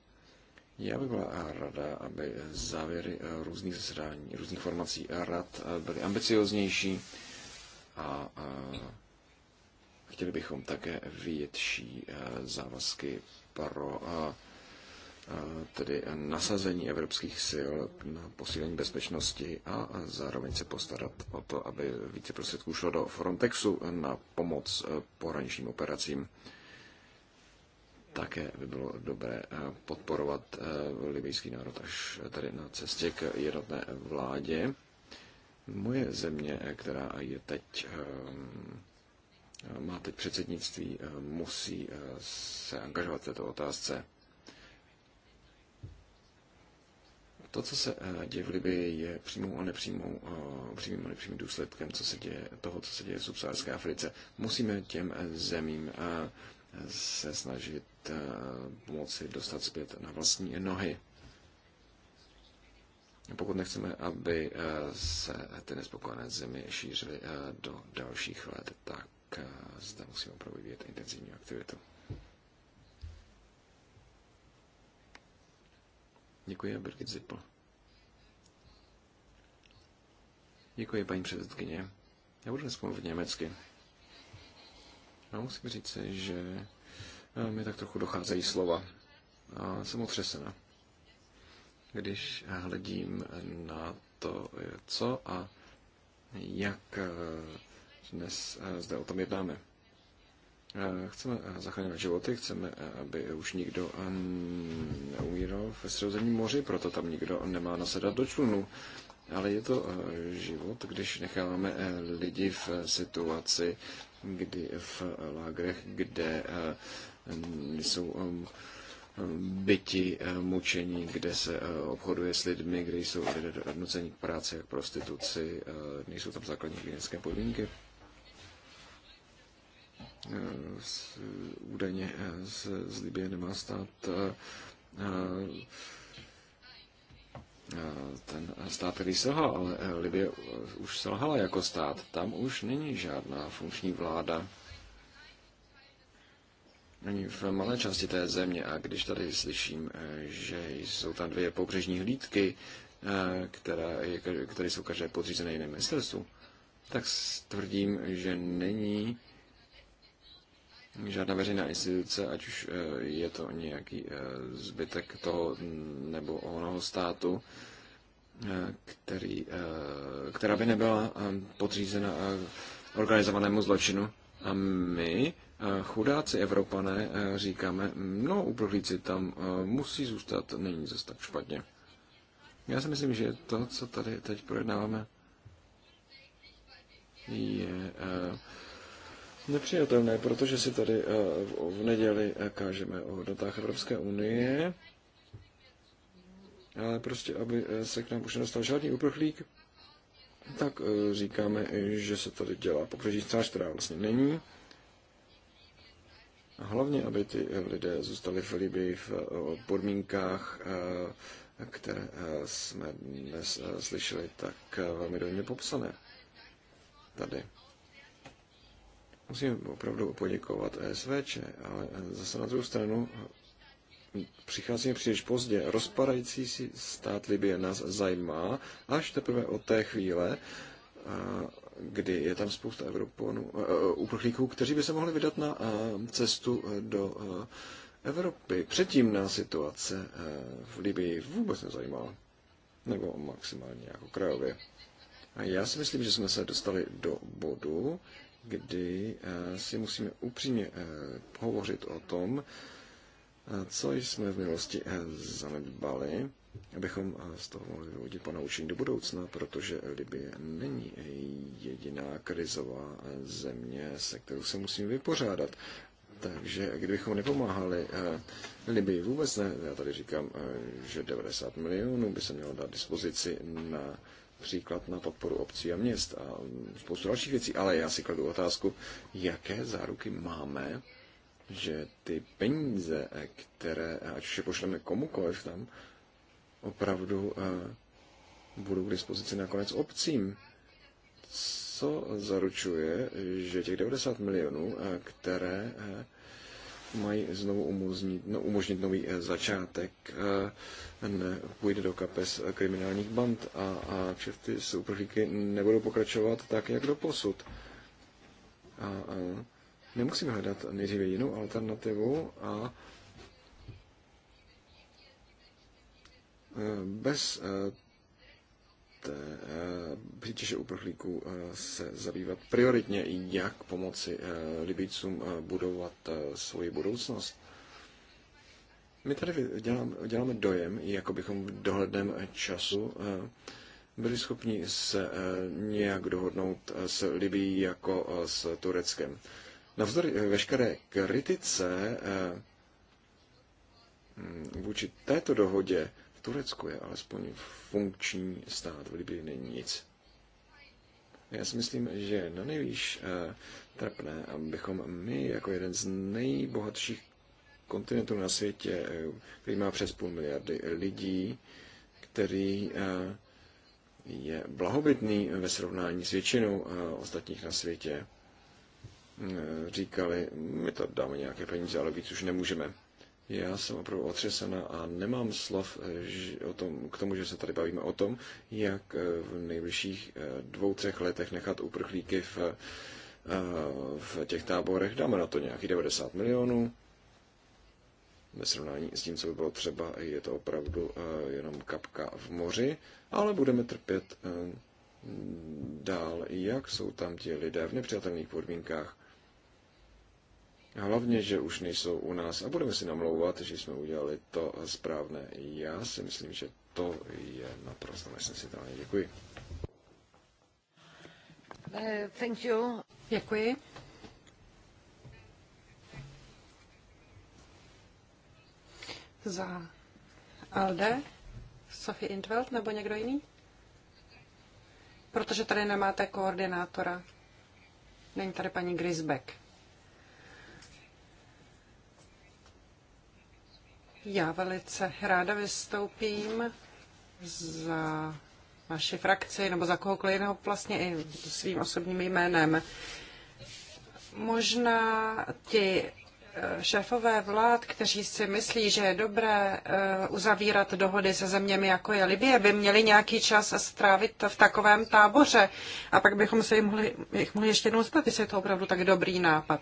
Já bych byla rada, aby závěry různých zasedání, různých formací rad byly ambicioznější a chtěli bychom také větší závazky pro tedy nasazení evropských sil na posílení bezpečnosti a zároveň se postarat o to, aby více prostředků šlo do Frontexu na pomoc pohraničním operacím. Také by bylo dobré podporovat libijský národ až tady na cestě k jednotné vládě. Moje země, která je teď ehm, má teď předsednictví, musí eh, se angažovat v této otázce. To, co se eh, děje v Libii, je přímou a nepřímou, eh, přímým a nepřímým důsledkem co se děje, toho, co se děje v subsaharské Africe. Musíme těm eh, zemím se snažit pomoci dostat zpět na vlastní nohy. Pokud nechceme, aby se ty nespokojené zemi šířily do dalších let, tak zde musíme opravdu vyvíjet intenzivní aktivitu. Děkuji, Birgit Zippel. Děkuji, paní předsedkyně. Já budu dnes mluvit německy. A musím říct, že eh, mi tak trochu docházejí slova. A jsem otřesena. Když hledím na to, co a jak eh, dnes eh, zde o tom jednáme. Eh, chceme eh, zachraňovat životy, chceme, eh, aby už nikdo neumíral ve středozemním moři, proto tam nikdo nemá nasedat do člunu, Ale je to život, když necháváme lidi v situaci, kdy v lágrech, kde jsou byti, mučení, kde se obchoduje s lidmi, kde jsou lidé nuceni k práci a k prostituci, nejsou tam základní hygienické podmínky z, eh, údajně eh, z, z Libie nemá stát eh, ten stát, který selhal, ale Libie už selhala jako stát. Tam už není žádná funkční vláda. Není v malé části té země. A když tady slyším, že jsou tam dvě pobřežní hlídky, které, které jsou každé podřízené jiné ministerstvu, tak tvrdím, že není žádná veřejná instituce, ať už eh, je to nějaký eh, zbytek toho nebo onoho státu, eh, který, která by nebyla podřízena organizovanému zločinu. A my, chudáci Evropané, říkáme, no uprchlíci tam musí zůstat, není zase tak špatně. Já si myslím, že to, co tady teď projednáváme, je uh, nepřijatelné, protože si tady eh, v neděli eh, kážeme o hodnotách Evropské unie, ale prostě, aby eh, se k nám už nedostal žádný uprchlík, tak říkáme, že se tady dělá pobřeží stráž, která vlastně není. A hlavně, aby ty lidé zůstali v Libii v podmínkách, které jsme dnes slyšeli, tak velmi dojemně popsané tady. Musím opravdu poděkovat SVČ, ale zase na druhou stranu přicházíme příliš pozdě. Rozpadající si stát Libie nás zajímá až teprve od té chvíle, kdy je tam spousta Evropanů, uprchlíků, kteří by se mohli vydat na cestu do Evropy. Předtím na situace v Libii vůbec nezajímala. Nebo maximálně jako krajově. A já si myslím, že jsme se dostali do bodu, kdy eh, si musíme upřímně eh, hovořit o tom, eh, co jsme v minulosti zanedbali, abychom z toho mohli vyvodit ponaučení do budoucna, protože Libie není jediná krizová země, se kterou se musíme vypořádat. Takže kdybychom nepomáhali Libii vůbec ne, já tady říkám, že 90 milionů by se mělo dát dispozici na příklad na podporu obcí a měst a spoustu dalších věcí, ale já si kladu otázku, jaké záruky máme, že ty peníze, které, ať už je pošleme komukoliv tam, opravdu eh, budou k dispozici nakonec obcím. Co zaručuje, že těch 90 milionů, eh, které eh, mají znovu umožnit, no, umožnit nový eh, začátek, eh, ne, půjde do kapes eh, kriminálních band a, a kšefty s uprchlíky nebudou pokračovat tak, jak do posud. A, a nemusíme hledat nejdříve jinou alternativu a bez Eh, přítěže uprchlíků eh, se zabývat prioritně, i jak pomoci eh, Libícům budovat svoji budoucnost. My tady děláme, děláme dojem, jako bychom v dohledném času byli schopni se nějak dohodnout s Libí jako s Tureckem. Navzdory veškeré kritice mm, vůči této dohodě Turecko je alespoň funkční stát, v Libii není nic. Já si myslím, že na nejvíc eh, trapné, abychom my, jako jeden z nejbohatších kontinentů na světě, eh, který má přes půl miliardy lidí, který eh, je blahobytný ve srovnání s většinou ostatních na světě, říkali, my to dáme nějaké peníze, ale víc už nemůžeme. Já jsem opravdu otřesena a nemám slov o tom, k tomu, že se tady bavíme o tom, jak eh, v nejbližších eh, dvou, třech letech nechat uprchlíky v, eh, v těch táborech. Dáme na to nějaký 90 milionů. Ve srovnání s tím, co by bylo třeba, je to opravdu jenom kapka v moři, ale budeme trpět dál, jak jsou tam ti lidé v nepřijatelných podmínkách Hlavně, že už nejsou u nás a budeme si namlouvat, že jsme udělali to správné. Já si myslím, že to je naprosto nesnesitelné. Děkuji. Uh, thank you. Děkuji. Za Alde, Sophie Intveld nebo někdo jiný? Protože tady nemáte koordinátora. Není tady paní Grisbeck. Já velice ráda vystoupím za naši frakci nebo za kohokoliv jiného, vlastně i svým osobním jménem. Možná ti eh, šéfové vlád, kteří si myslí, že je dobré eh, uzavírat dohody se zeměmi, jako je Libie, by měli nějaký čas strávit v takovém táboře. A pak bychom se jich mohli, jich mohli ještě jednou zeptat, jestli je to opravdu tak dobrý nápad.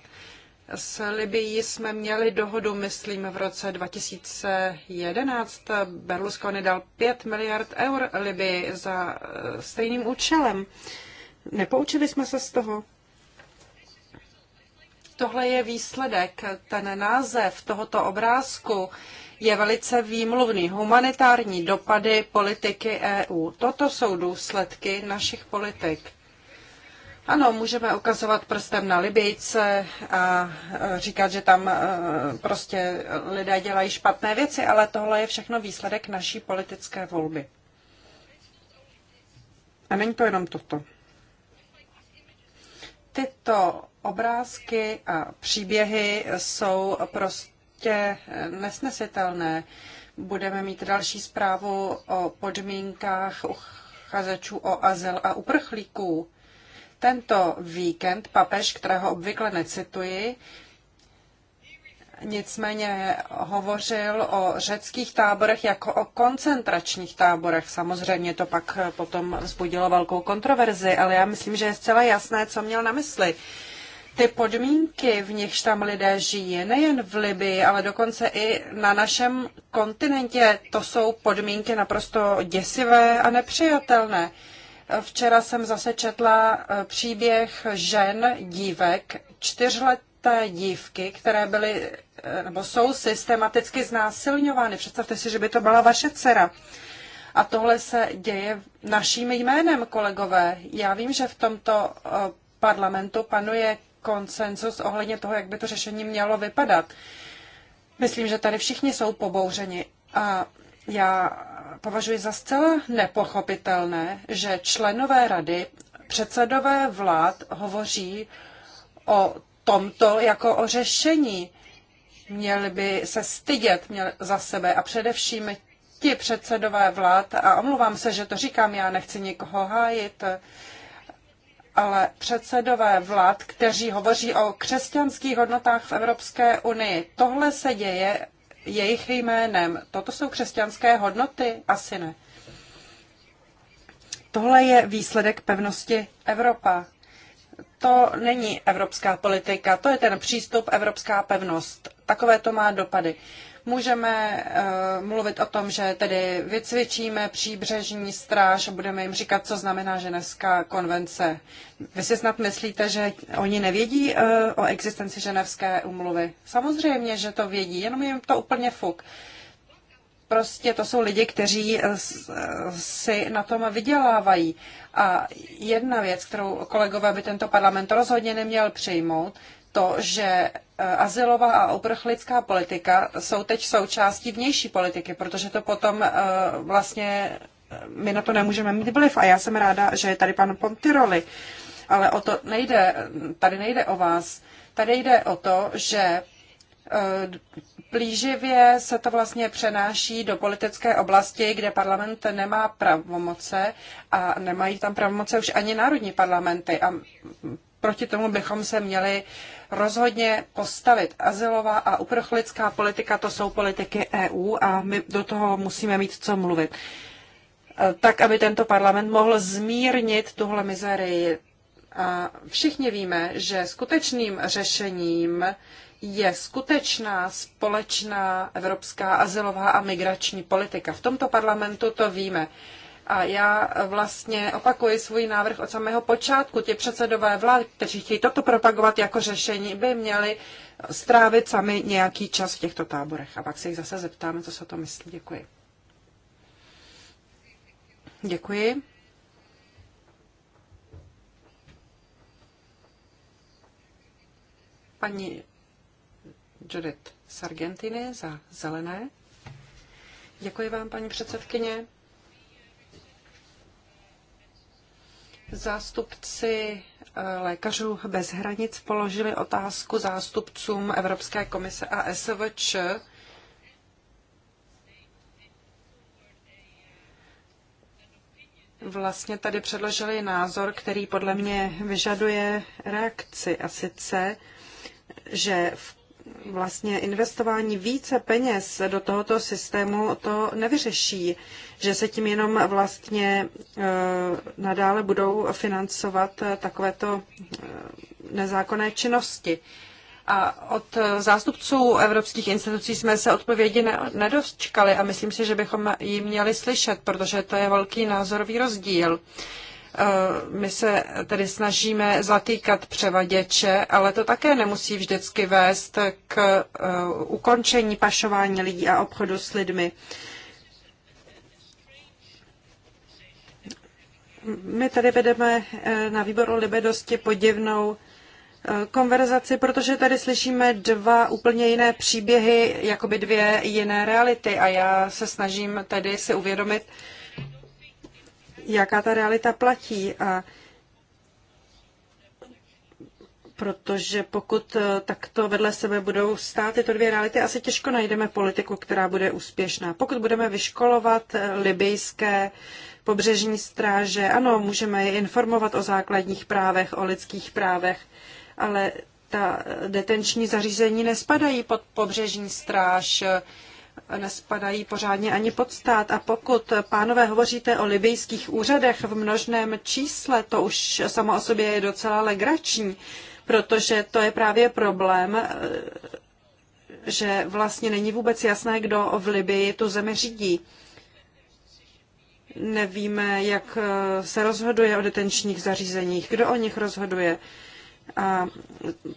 S Libií jsme měli dohodu, myslím, v roce 2011. Berlusconi dal 5 miliard eur Libii za eh, stejným účelem. Nepoučili jsme se z toho? Tohle je výsledek. Ten název tohoto obrázku je velice výmluvný. Humanitární dopady politiky EU. Toto jsou důsledky našich politik. Ano, můžeme ukazovat prstem na Libyjce a e, říkat, že tam e, prostě lidé dělají špatné věci, ale tohle je všechno výsledek naší politické volby. A není to jenom toto. Tyto obrázky a příběhy jsou prostě nesnesitelné. Budeme mít další zprávu o podmínkách uchazečů o azyl a uprchlíků tento víkend papež, kterého obvykle necituji, nicméně hovořil o řeckých táborech jako o koncentračních táborech. Samozřejmě to pak potom vzbudilo velkou kontroverzi, ale já myslím, že je zcela jasné, co měl na mysli. Ty podmínky, v nichž tam lidé žijí, nejen v Libii, ale dokonce i na našem kontinentě, to jsou podmínky naprosto děsivé a nepřijatelné. Včera jsem zase četla e, příběh žen, dívek, čtyřleté dívky, které byly e, nebo jsou systematicky znásilňovány. Představte si, že by to byla vaše dcera. A tohle se děje naším jménem, kolegové. Já vím, že v tomto e, parlamentu panuje konsenzus ohledně toho, jak by to řešení mělo vypadat. Myslím, že tady všichni jsou pobouřeni. A já považuji za zcela nepochopitelné, že členové rady, předsedové vlád hovoří o tomto jako o řešení. Měli by se stydět za sebe a především ti předsedové vlád, a omlouvám se, že to říkám, já nechci nikoho hájit, ale předsedové vlád, kteří hovoří o křesťanských hodnotách v Evropské unii. Tohle se děje jejich jménem. Toto jsou křesťanské hodnoty? Asi ne. Tohle je výsledek pevnosti Evropa. To není evropská politika, to je ten přístup evropská pevnost. Takové to má dopady. Můžeme uh, mluvit o tom, že tedy vycvičíme příbřežní stráž, budeme jim říkat, co znamená ženevská konvence. Vy si snad myslíte, že oni nevědí uh, o existenci ženevské umluvy? Samozřejmě, že to vědí, jenom jim to úplně fuk. Prostě to jsou lidi, kteří eh, si na tom vydělávají. A jedna věc, kterou kolegové by tento parlament rozhodně neměl přijmout, to, že E, azylová a uprchlická politika jsou teď součástí vnější politiky, protože to potom e, vlastně e, my na to nemůžeme mít vliv. A já jsem ráda, že je tady pan Pontiroli, ale o to nejde, tady nejde o vás. Tady jde o to, že plíživě se to vlastně přenáší do politické oblasti, kde parlament nemá pravomoce a nemají tam pravomoce už ani národní parlamenty. A proti tomu bychom se měli uh, rozhodně postavit. Azylová a uprchlická politika, to jsou politiky EU a my do toho musíme mít co mluvit. E, tak, aby tento parlament mohl zmírnit tuhle mizerii. A všichni víme, že skutečným řešením je skutečná společná evropská azylová a migrační politika. V tomto parlamentu to víme. A já vlastně opakuji svůj návrh od samého počátku. Ti předsedové vlád, kteří chtějí toto propagovat jako řešení, by měli strávit sami nějaký čas v těchto táborech. A pak se jich zase zeptáme, co se to myslí. Děkuji. Děkuji. Paní Judith Sargentini za zelené. Děkuji vám, paní předsedkyně. Zástupci eh, lékařů bez hranic položili otázku zástupcům Evropské komise a SVČ, vlastně tady předložili názor, který podle mě vyžaduje reakci a sice, že v vlastně investování více peněz do tohoto systému to nevyřeší, že se tím jenom vlastně e, nadále budou financovat e, takovéto e, nezákonné činnosti. A od zástupců evropských institucí jsme se odpovědi nedočkali a myslím si, že bychom ji měli slyšet, protože to je velký názorový rozdíl. Eh, my se tedy snažíme zatýkat převaděče, ale to také nemusí vždycky vést k eh, ukončení pašování lidí a obchodu s lidmi. My tady vedeme eh, na výboru libedosti podivnou konverzaci, protože tady slyšíme dva úplně jiné příběhy, jakoby dvě jiné reality a já se snažím tedy si uvědomit, jaká ta realita platí a protože pokud eh, takto vedle sebe budou stát tyto dvě reality, asi těžko najdeme politiku, která bude úspěšná. Pokud budeme vyškolovat eh, libijské pobřežní stráže, ano, můžeme je informovat o základních právech, o lidských právech, ale ta eh, detenční zařízení nespadají pod pobřežní stráž nespadají pořádně ani pod stát. A pokud, pánové, hovoříte o libijských úřadech v množném čísle, to už samo o sobě je docela legrační, protože to je právě problém, že vlastně není vůbec jasné, kdo v Libii tu zemi řídí. Nevíme, jak se rozhoduje o detenčních zařízeních, kdo o nich rozhoduje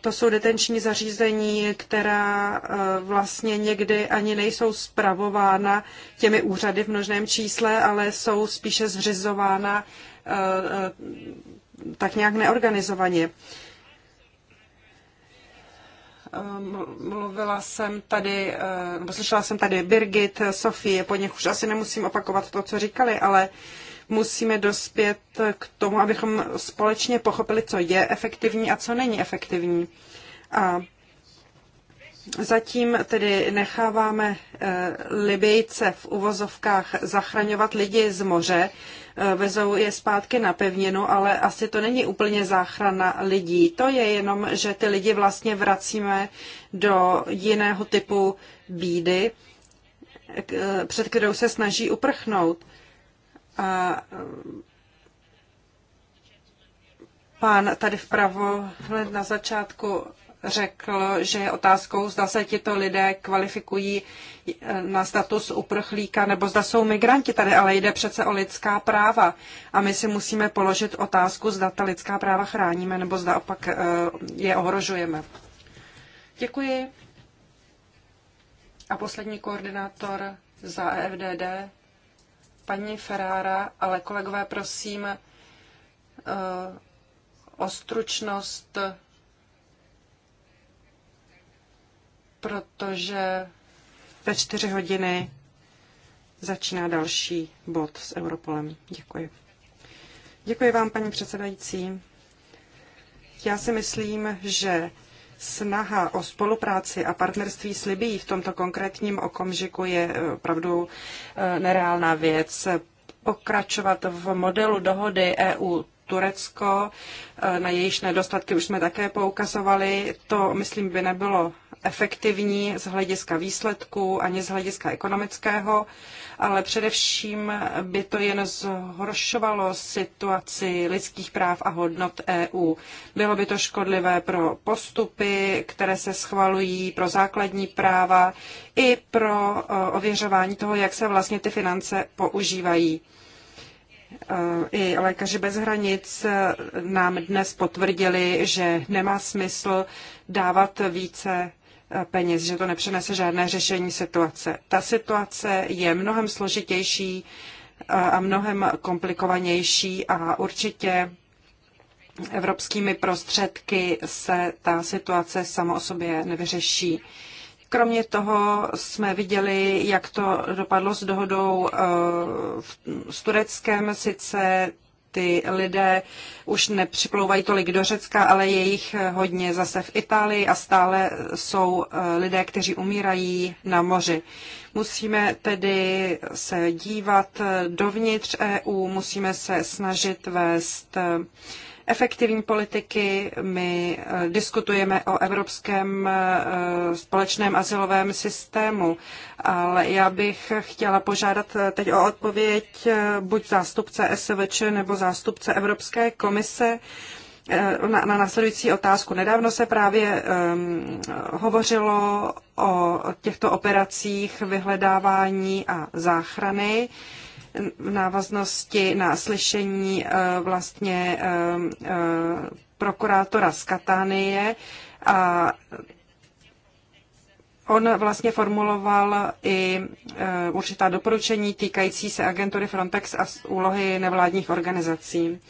to jsou detenční zařízení, která eh, vlastně někdy ani nejsou spravována těmi úřady v množném čísle, ale jsou spíše zřizována eh, tak nějak neorganizovaně. Eh, mluvila jsem tady, nebo slyšela jsem tady Birgit, Sofie, po nich už asi nemusím opakovat to, co říkali, ale uh, musíme dospět k tomu, abychom společně pochopili, co je efektivní a co není efektivní. A Zatím tedy necháváme eh, Libijce v uvozovkách zachraňovat lidi z moře, eh, vezou je zpátky na pevninu, ale asi to není úplně záchrana lidí. To je jenom, že ty lidi vlastně vracíme do jiného typu bídy, eh, před kterou se snaží uprchnout. A eh, pán tady vpravo hned na začátku řekl, že je otázkou, zda se tito lidé kvalifikují eh, na status uprchlíka nebo zda jsou migranti tady, ale jde přece o lidská práva. A my si musíme položit otázku, zda ta lidská práva chráníme nebo zda opak eh, je ohrožujeme. Děkuji. A poslední koordinátor za EFDD, paní Ferrara, ale kolegové, prosím eh, o stručnost, protože ve čtyři hodiny začíná další bod s Europolem. Děkuji. Děkuji vám, paní předsedající. Já si myslím, že snaha o spolupráci a partnerství s Libií v tomto konkrétním okamžiku je eh, opravdu eh, nereálná věc. Pokračovat v modelu dohody EU Turecko, eh, na jejíž nedostatky už jsme také poukazovali, to, myslím, by nebylo efektivní z hlediska výsledků ani z hlediska ekonomického, ale především by to jen zhoršovalo situaci lidských práv a hodnot EU. Bylo by to škodlivé pro postupy, které se schvalují, pro základní práva i pro e, ověřování toho, jak se vlastně ty finance používají. E, I lékaři bez hranic e, nám dnes potvrdili, že nemá smysl dávat více peněz, že to nepřinese žádné řešení situace. Ta situace je mnohem složitější a mnohem komplikovanější a určitě evropskými prostředky se ta situace sama o sobě nevyřeší. Kromě toho jsme viděli, jak to dopadlo s dohodou e, s Tureckem. Sice ty lidé už nepřiplouvají tolik do Řecka, ale je jich eh, hodně zase v Itálii a stále jsou eh, lidé, kteří umírají na moři. Musíme tedy se dívat eh, dovnitř EU, musíme se snažit vést efektivní politiky. My eh, diskutujeme o evropském eh, společném asilovém systému, ale já bych chtěla požádat eh, teď o odpověď buď zástupce SVČ nebo zástupce Evropské komise na, na následující otázku. Nedávno se právě um, hovořilo o těchto operacích vyhledávání a záchrany. Uh, v návaznosti na slyšení eh, vlastně eh, eh, prokurátora z Katánie a On vlastně formuloval i určitá doporučení týkající se agentury Frontex a úlohy nevládních organizací.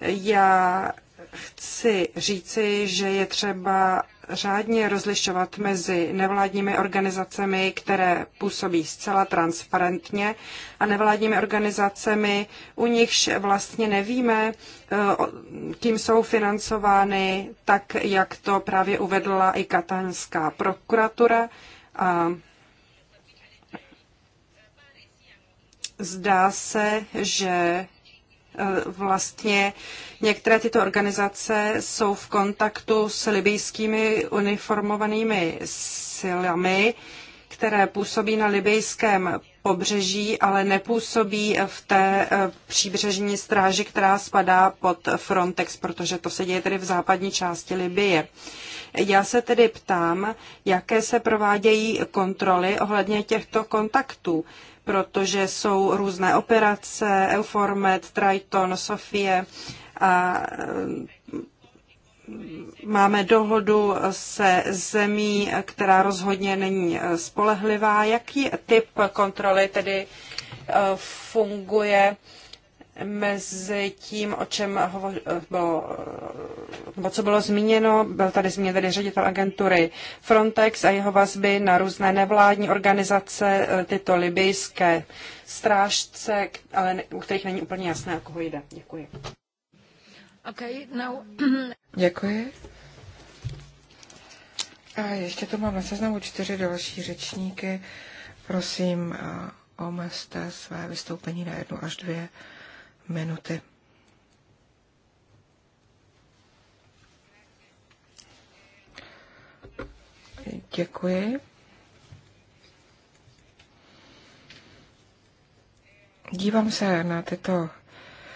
Já chci říci, že je třeba řádně rozlišovat mezi nevládními organizacemi, které působí zcela transparentně, a nevládními organizacemi, u nichž vlastně nevíme, eh, kým jsou financovány, tak jak to právě uvedla i kataňská prokuratura. A zdá se, že Eh, vlastně některé tyto organizace jsou v kontaktu s libijskými uniformovanými silami, které působí na libijském pobřeží, ale nepůsobí v té eh, příbřežní stráži, která spadá pod Frontex, protože to se děje tedy v západní části Libie. Já se tedy ptám, jaké se provádějí kontroly ohledně těchto kontaktů protože jsou různé operace, Euformed, Triton, Sofie a eh, máme dohodu se zemí, která rozhodně není eh, spolehlivá. Jaký typ kontroly tedy eh, funguje mezi tím, o čem hovo, bylo, nebo co bylo zmíněno, byl tady zmíněn tedy ředitel agentury Frontex a jeho vazby na různé nevládní organizace, eh, tyto libijské strážce, ale u kterých není úplně jasné, o koho jde. Děkuji. Okay, now... Děkuji. A ještě tu mám na seznamu čtyři další řečníky. Prosím, eh, omezte své vystoupení na jednu až dvě minuty. Děkuji. Dívám se na tyto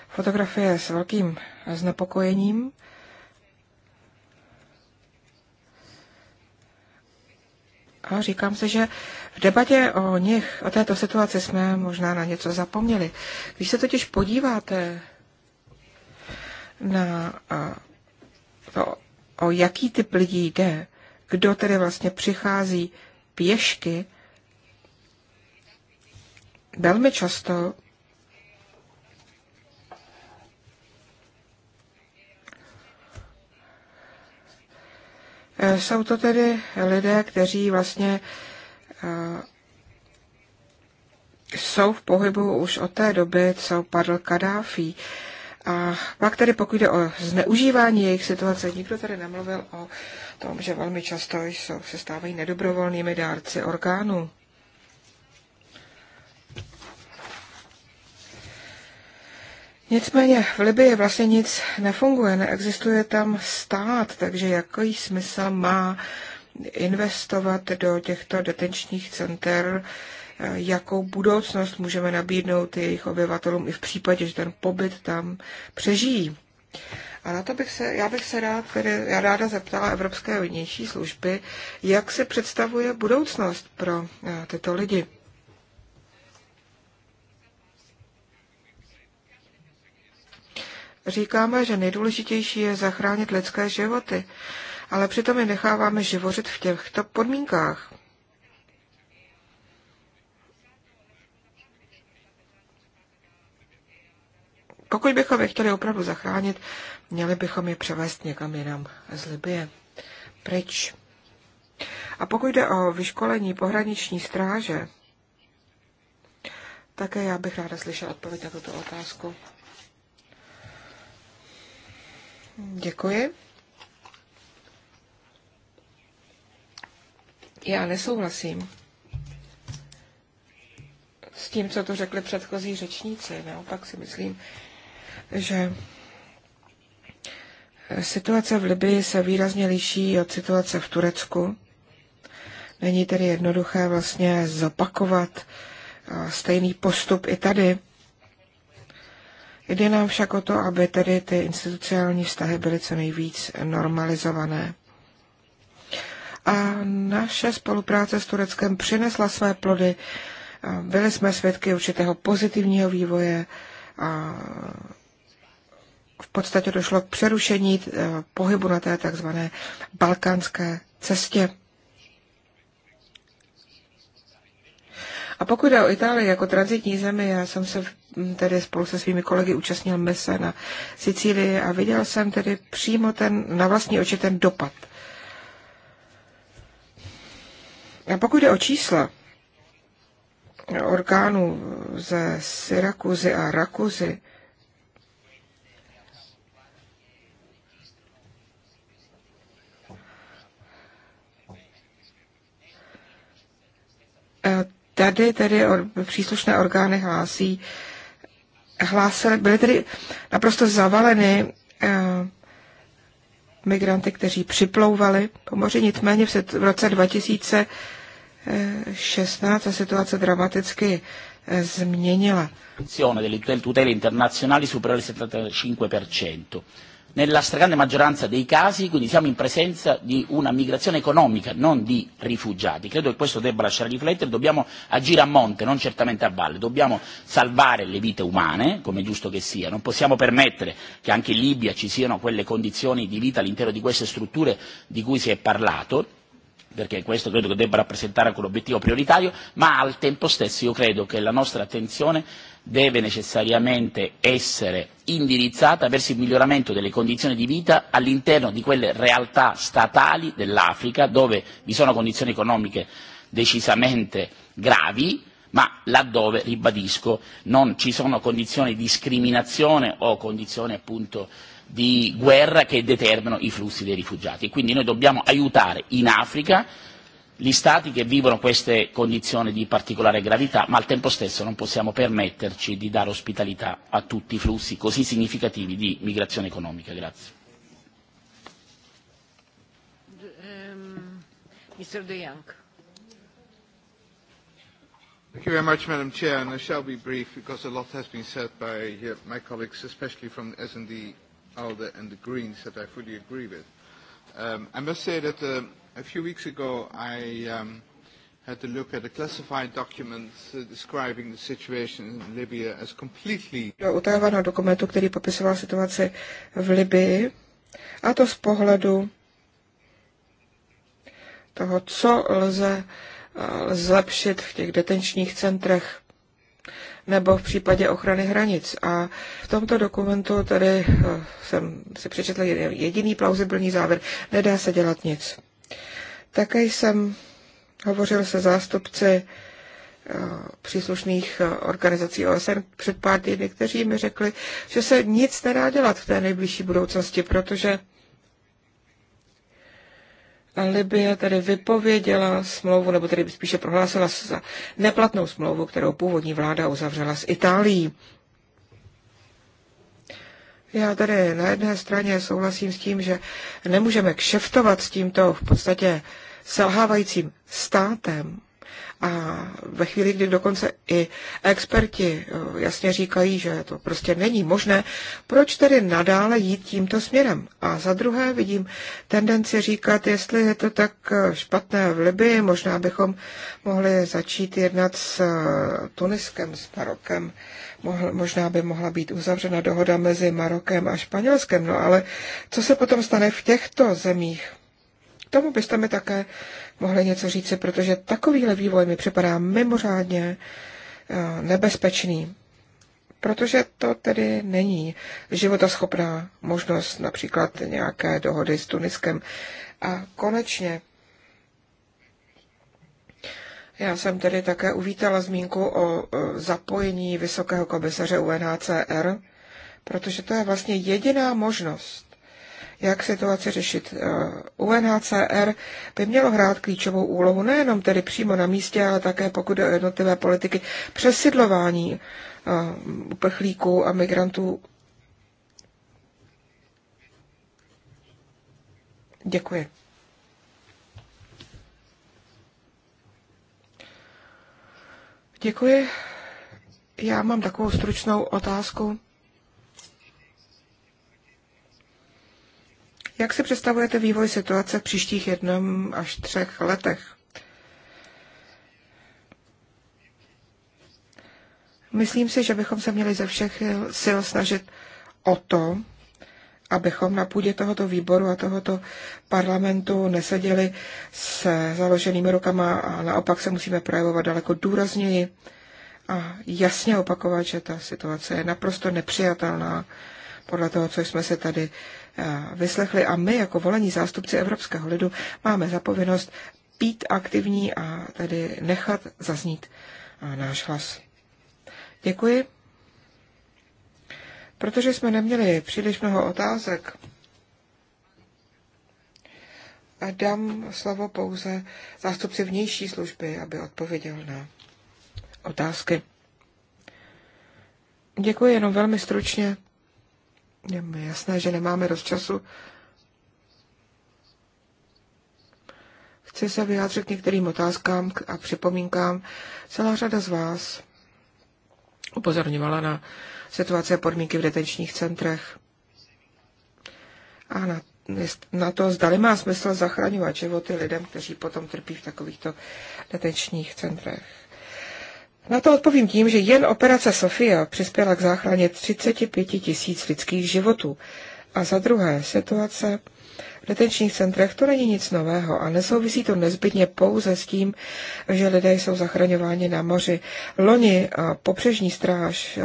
fotografie s velkým znepokojením. A říkám se, že v debatě o nich, o této situaci jsme možná na něco zapomněli. Když se totiž podíváte na to, o jaký typ lidí jde, kdo tedy vlastně přichází pěšky, velmi často Jsou to tedy lidé, kteří vlastně jsou v pohybu už od té doby, co padl Kadáfi. A pak tedy pokud jde o zneužívání jejich situace, nikdo tady nemluvil o tom, že velmi často jsou, se stávají nedobrovolnými dárci orgánů. Nicméně v Libii vlastně nic nefunguje, neexistuje tam stát, takže jaký smysl má uh, investovat do těchto detenčních center, eh, jakou budoucnost můžeme nabídnout jejich obyvatelům i v případě, že ten pobyt tam přežijí. A na to bych se, já bych se rád, tedy, já ráda zeptala Evropské vnější služby, jak se představuje budoucnost pro eh, tyto lidi. Říkáme, že nejdůležitější je zachránit lidské životy ale přitom je necháváme živořit v těchto podmínkách. Pokud bychom je chtěli opravdu zachránit, měli bychom je převést někam jinam z Libie. Pryč. A pokud jde o vyškolení pohraniční stráže, také já bych ráda slyšela odpověď na tuto otázku. Děkuji. Já nesouhlasím s tím, co tu řekli předchozí řečníci. Naopak si myslím, že situace v Libii se výrazně liší od situace v Turecku. Není tedy jednoduché vlastně zopakovat stejný postup i tady. Jde nám však o to, aby tedy ty institucionální vztahy byly co nejvíc normalizované a naše spolupráce s Tureckem přinesla své plody. Byli jsme svědky určitého pozitivního vývoje a v podstatě došlo k přerušení e, pohybu na té takzvané balkánské cestě. A pokud jde o Itálii jako transitní zemi, já jsem se tedy spolu se svými kolegy účastnil mise na Sicílii a viděl jsem tedy přímo ten, na vlastní oči ten dopad A pokud jde o čísla orgánů ze Syrakuzy a Rakuzy, eh, Tady tedy or, příslušné orgány hlásí, hlásili, byly tedy naprosto zavaleny eh, migranty, kteří připlouvali po moři. Nicméně v roce 2000 2016 ta situace dramaticky eh, změnila. delle tutele internazionali supera il 75%. Nella stragrande maggioranza dei casi, quindi siamo in presenza di una migrazione economica, non di rifugiati. Credo che questo debba lasciare riflettere, dobbiamo agire a monte, non certamente a valle, dobbiamo salvare le vite umane, come è giusto che sia, non possiamo permettere che anche in Libia ci siano quelle condizioni di vita all'interno di queste strutture di cui si è parlato perché questo credo che debba rappresentare anche un obiettivo prioritario, ma al tempo stesso io credo che la nostra attenzione deve necessariamente essere indirizzata verso il miglioramento delle condizioni di vita all'interno di quelle realtà statali dell'Africa dove vi sono condizioni economiche decisamente gravi, ma laddove, ribadisco, non ci sono condizioni di discriminazione o condizioni appunto di guerra che determinano i flussi dei rifugiati. Quindi noi dobbiamo aiutare in Africa gli Stati che vivono queste condizioni di particolare gravità, ma al tempo stesso non possiamo permetterci di dare ospitalità a tutti i flussi così significativi di migrazione economica. Grazie. Mr. Ehm, De Young. Thank you very much, Madam Chair, and I shall be brief because a lot has been said by uh, my colleagues, especially from the S&D ALDE and the Greens that I fully agree with. Um, I must say that um, a few weeks ago I um, had to look at a classified document uh, describing the situation in Libya as completely... utajovaného dokumentu, který popisoval situaci v Libii, a to z pohledu toho, co lze uh, zlepšit v těch detenčních centrech nebo v případě ochrany hranic. A v tomto dokumentu tady eh, jsem si přečetl jediný plauzibilní závěr. Nedá se dělat nic. Také jsem hovořil se zástupci eh, příslušných eh, organizací OSN před pár týdny, kteří mi řekli, že se nic nedá dělat v té nejbližší budoucnosti, protože Libie tedy vypověděla smlouvu, nebo tedy spíše prohlásila za neplatnou smlouvu, kterou původní vláda uzavřela s Itálií. Já tady na jedné straně souhlasím s tím, že nemůžeme kšeftovat s tímto v podstatě selhávajícím státem, a ve chvíli, kdy dokonce i experti eh, jasně říkají, že to prostě není možné, proč tedy nadále jít tímto směrem? A za druhé vidím tendenci říkat, jestli je to tak eh, špatné v Libii, možná bychom mohli začít jednat s eh, Tuniskem, s Marokem. Možná by mohla být uzavřena dohoda mezi Marokem a Španělskem. No ale co se potom stane v těchto zemích? K tomu byste mi také mohli něco říci, protože takovýhle vývoj mi připadá mimořádně eh, nebezpečný. Protože to tedy není životaschopná možnost například nějaké dohody s Tuniskem. A konečně já jsem tedy také uvítala zmínku o eh, zapojení Vysokého komisaře UNHCR, protože to je vlastně jediná možnost, jak situaci řešit. Eh, UNHCR by mělo hrát klíčovou úlohu nejenom tedy přímo na místě, ale také pokud o jednotlivé politiky přesidlování eh, uprchlíků a migrantů. Děkuji. Děkuji. Já mám takovou stručnou otázku Jak si představujete vývoj situace v příštích jednom až třech letech? Myslím si, že bychom se měli ze všech sil snažit o to, abychom na půdě tohoto výboru a tohoto parlamentu neseděli s založenými rukama a naopak se musíme projevovat daleko důrazněji a jasně opakovat, že ta situace je naprosto nepřijatelná podle toho, co jsme se tady Eh, vyslechli a my jako volení zástupci Evropského lidu máme zapovinnost být aktivní a tedy nechat zaznít eh, náš hlas. Děkuji. Protože jsme neměli příliš mnoho otázek, dám slovo pouze zástupci vnější služby, aby odpověděl na otázky. Děkuji jenom velmi stručně. Je mi jasné, že nemáme dost času. Chci se vyjádřit k některým otázkám a připomínkám. Celá řada z vás upozorňovala na situace a podmínky v detenčních centrech a na, na to, zdali má smysl zachraňovat životy lidem, kteří potom trpí v takovýchto detenčních centrech. Na to odpovím tím, že jen operace Sofia přispěla k záchraně 35 tisíc lidských životů. A za druhé, situace v detenčních centrech to není nic nového a nesouvisí to nezbytně pouze s tím, že lidé jsou zachraňováni na moři. Loni a popřežní stráž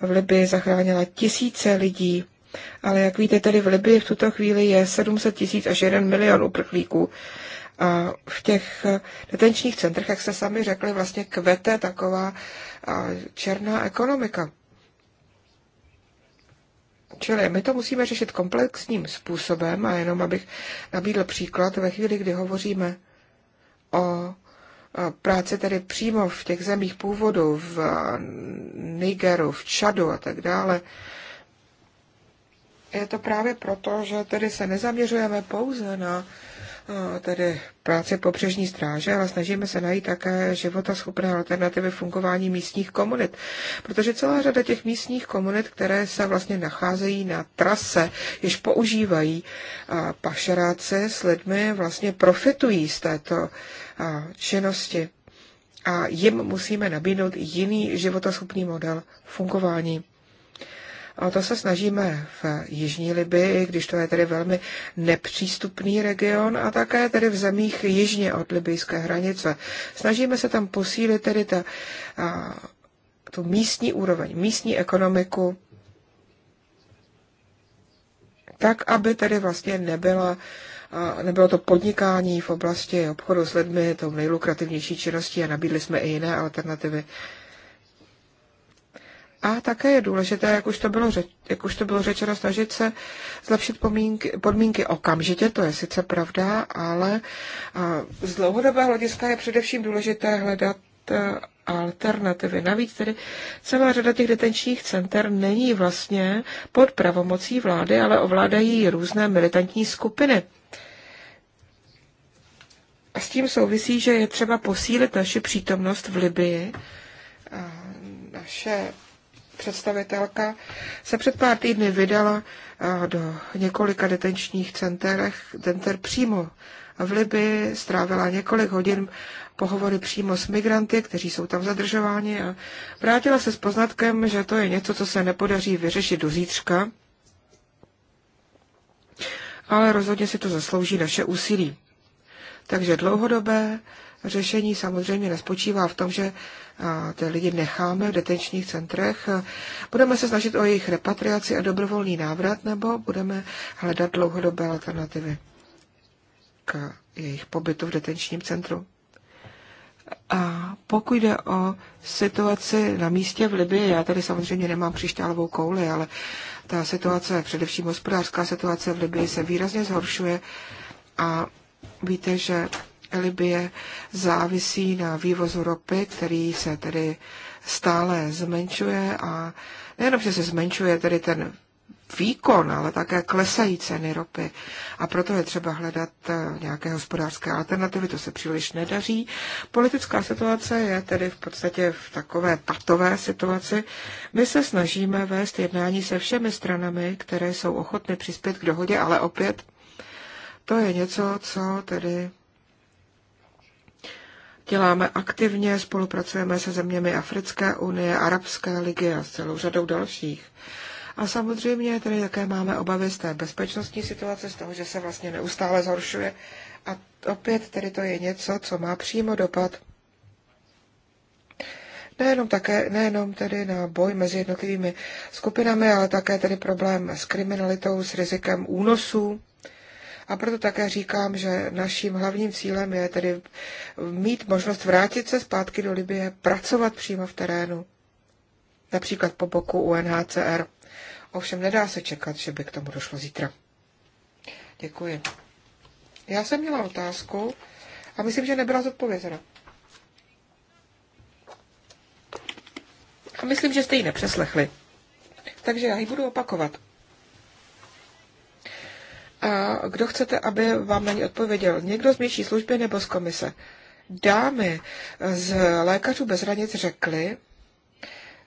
v Libii zachránila tisíce lidí, ale jak víte, tedy v Libii v tuto chvíli je 700 tisíc až 1 milion uprchlíků v těch detenčních centrech, jak jste sami řekli, vlastně kvete taková černá ekonomika. Čili my to musíme řešit komplexním způsobem a jenom abych nabídl příklad, ve chvíli, kdy hovoříme o práci tedy přímo v těch zemích původu, v Nigeru, v Čadu a tak dále, je to právě proto, že tedy se nezaměřujeme pouze na tedy práce pobřežní stráže, ale snažíme se najít také života schopné alternativy fungování místních komunit. Protože celá řada těch místních komunit, které se vlastně nacházejí na trase, jež používají pašeráce s lidmi, vlastně profitují z této činnosti. A jim musíme nabídnout jiný životaschopný model fungování. A to se snažíme v Jižní Libii, když to je tedy velmi nepřístupný region a také tedy v zemích jižně od libijské hranice. Snažíme se tam posílit tedy ta, a, tu místní úroveň, místní ekonomiku, tak, aby tedy vlastně nebyla nebylo to podnikání v oblasti obchodu s lidmi tou nejlukrativnější činností a nabídli jsme i jiné alternativy. A také je důležité, jak už to bylo, řeč, jak už to bylo řečeno, snažit se zlepšit podmínky, podmínky okamžitě, to je sice pravda, ale z dlouhodobého hlediska je především důležité hledat e, alternativy. Navíc tedy celá řada těch detenčních center není vlastně pod pravomocí vlády, ale ovládají různé militantní skupiny. A s tím souvisí, že je třeba posílit naši přítomnost v Libii, naše představitelka se před pár týdny vydala eh, do několika detenčních centerech, center přímo v Libii, strávila několik hodin pohovory přímo s migranty, kteří jsou tam zadržováni a vrátila se s poznatkem, že to je něco, co se nepodaří vyřešit do zítřka, ale rozhodně si to zaslouží naše úsilí. Takže dlouhodobé řešení samozřejmě nespočívá v tom, že ty lidi necháme v detenčních centrech. Budeme se snažit o jejich repatriaci a dobrovolný návrat, nebo budeme hledat dlouhodobé alternativy k jejich pobytu v detenčním centru. A pokud jde o situaci na místě v Libii, já tady samozřejmě nemám křišťálovou kouli, ale ta situace, především hospodářská situace v Libii se výrazně zhoršuje a víte, že Libie závisí na vývozu ropy, který se tedy stále zmenšuje a nejenom, že se zmenšuje tedy ten výkon, ale také klesají ceny ropy. A proto je třeba hledat eh, nějaké hospodářské alternativy, to se příliš nedaří. Politická situace je tedy v podstatě v takové patové situaci. My se snažíme vést jednání se všemi stranami, které jsou ochotny přispět k dohodě, ale opět to je něco, co tedy děláme aktivně, spolupracujeme se zeměmi Africké unie, Arabské ligy a s celou řadou dalších. A samozřejmě tedy také máme obavy z té bezpečnostní situace, z toho, že se vlastně neustále zhoršuje. A opět tedy to je něco, co má přímo dopad nejenom, také, nejenom tedy na boj mezi jednotlivými skupinami, ale také tedy problém s kriminalitou, s rizikem únosů a proto také říkám, že naším hlavním cílem je tedy mít možnost vrátit se zpátky do Libie, pracovat přímo v terénu, například po boku UNHCR. Ovšem nedá se čekat, že by k tomu došlo zítra. Děkuji. Já jsem měla otázku a myslím, že nebyla zodpovězena. A myslím, že jste ji nepřeslechli. Takže já ji budu opakovat. A kdo chcete, aby vám na ně odpověděl? Někdo z vnější služby nebo z komise? Dámy z Lékařů bez hranic řekly,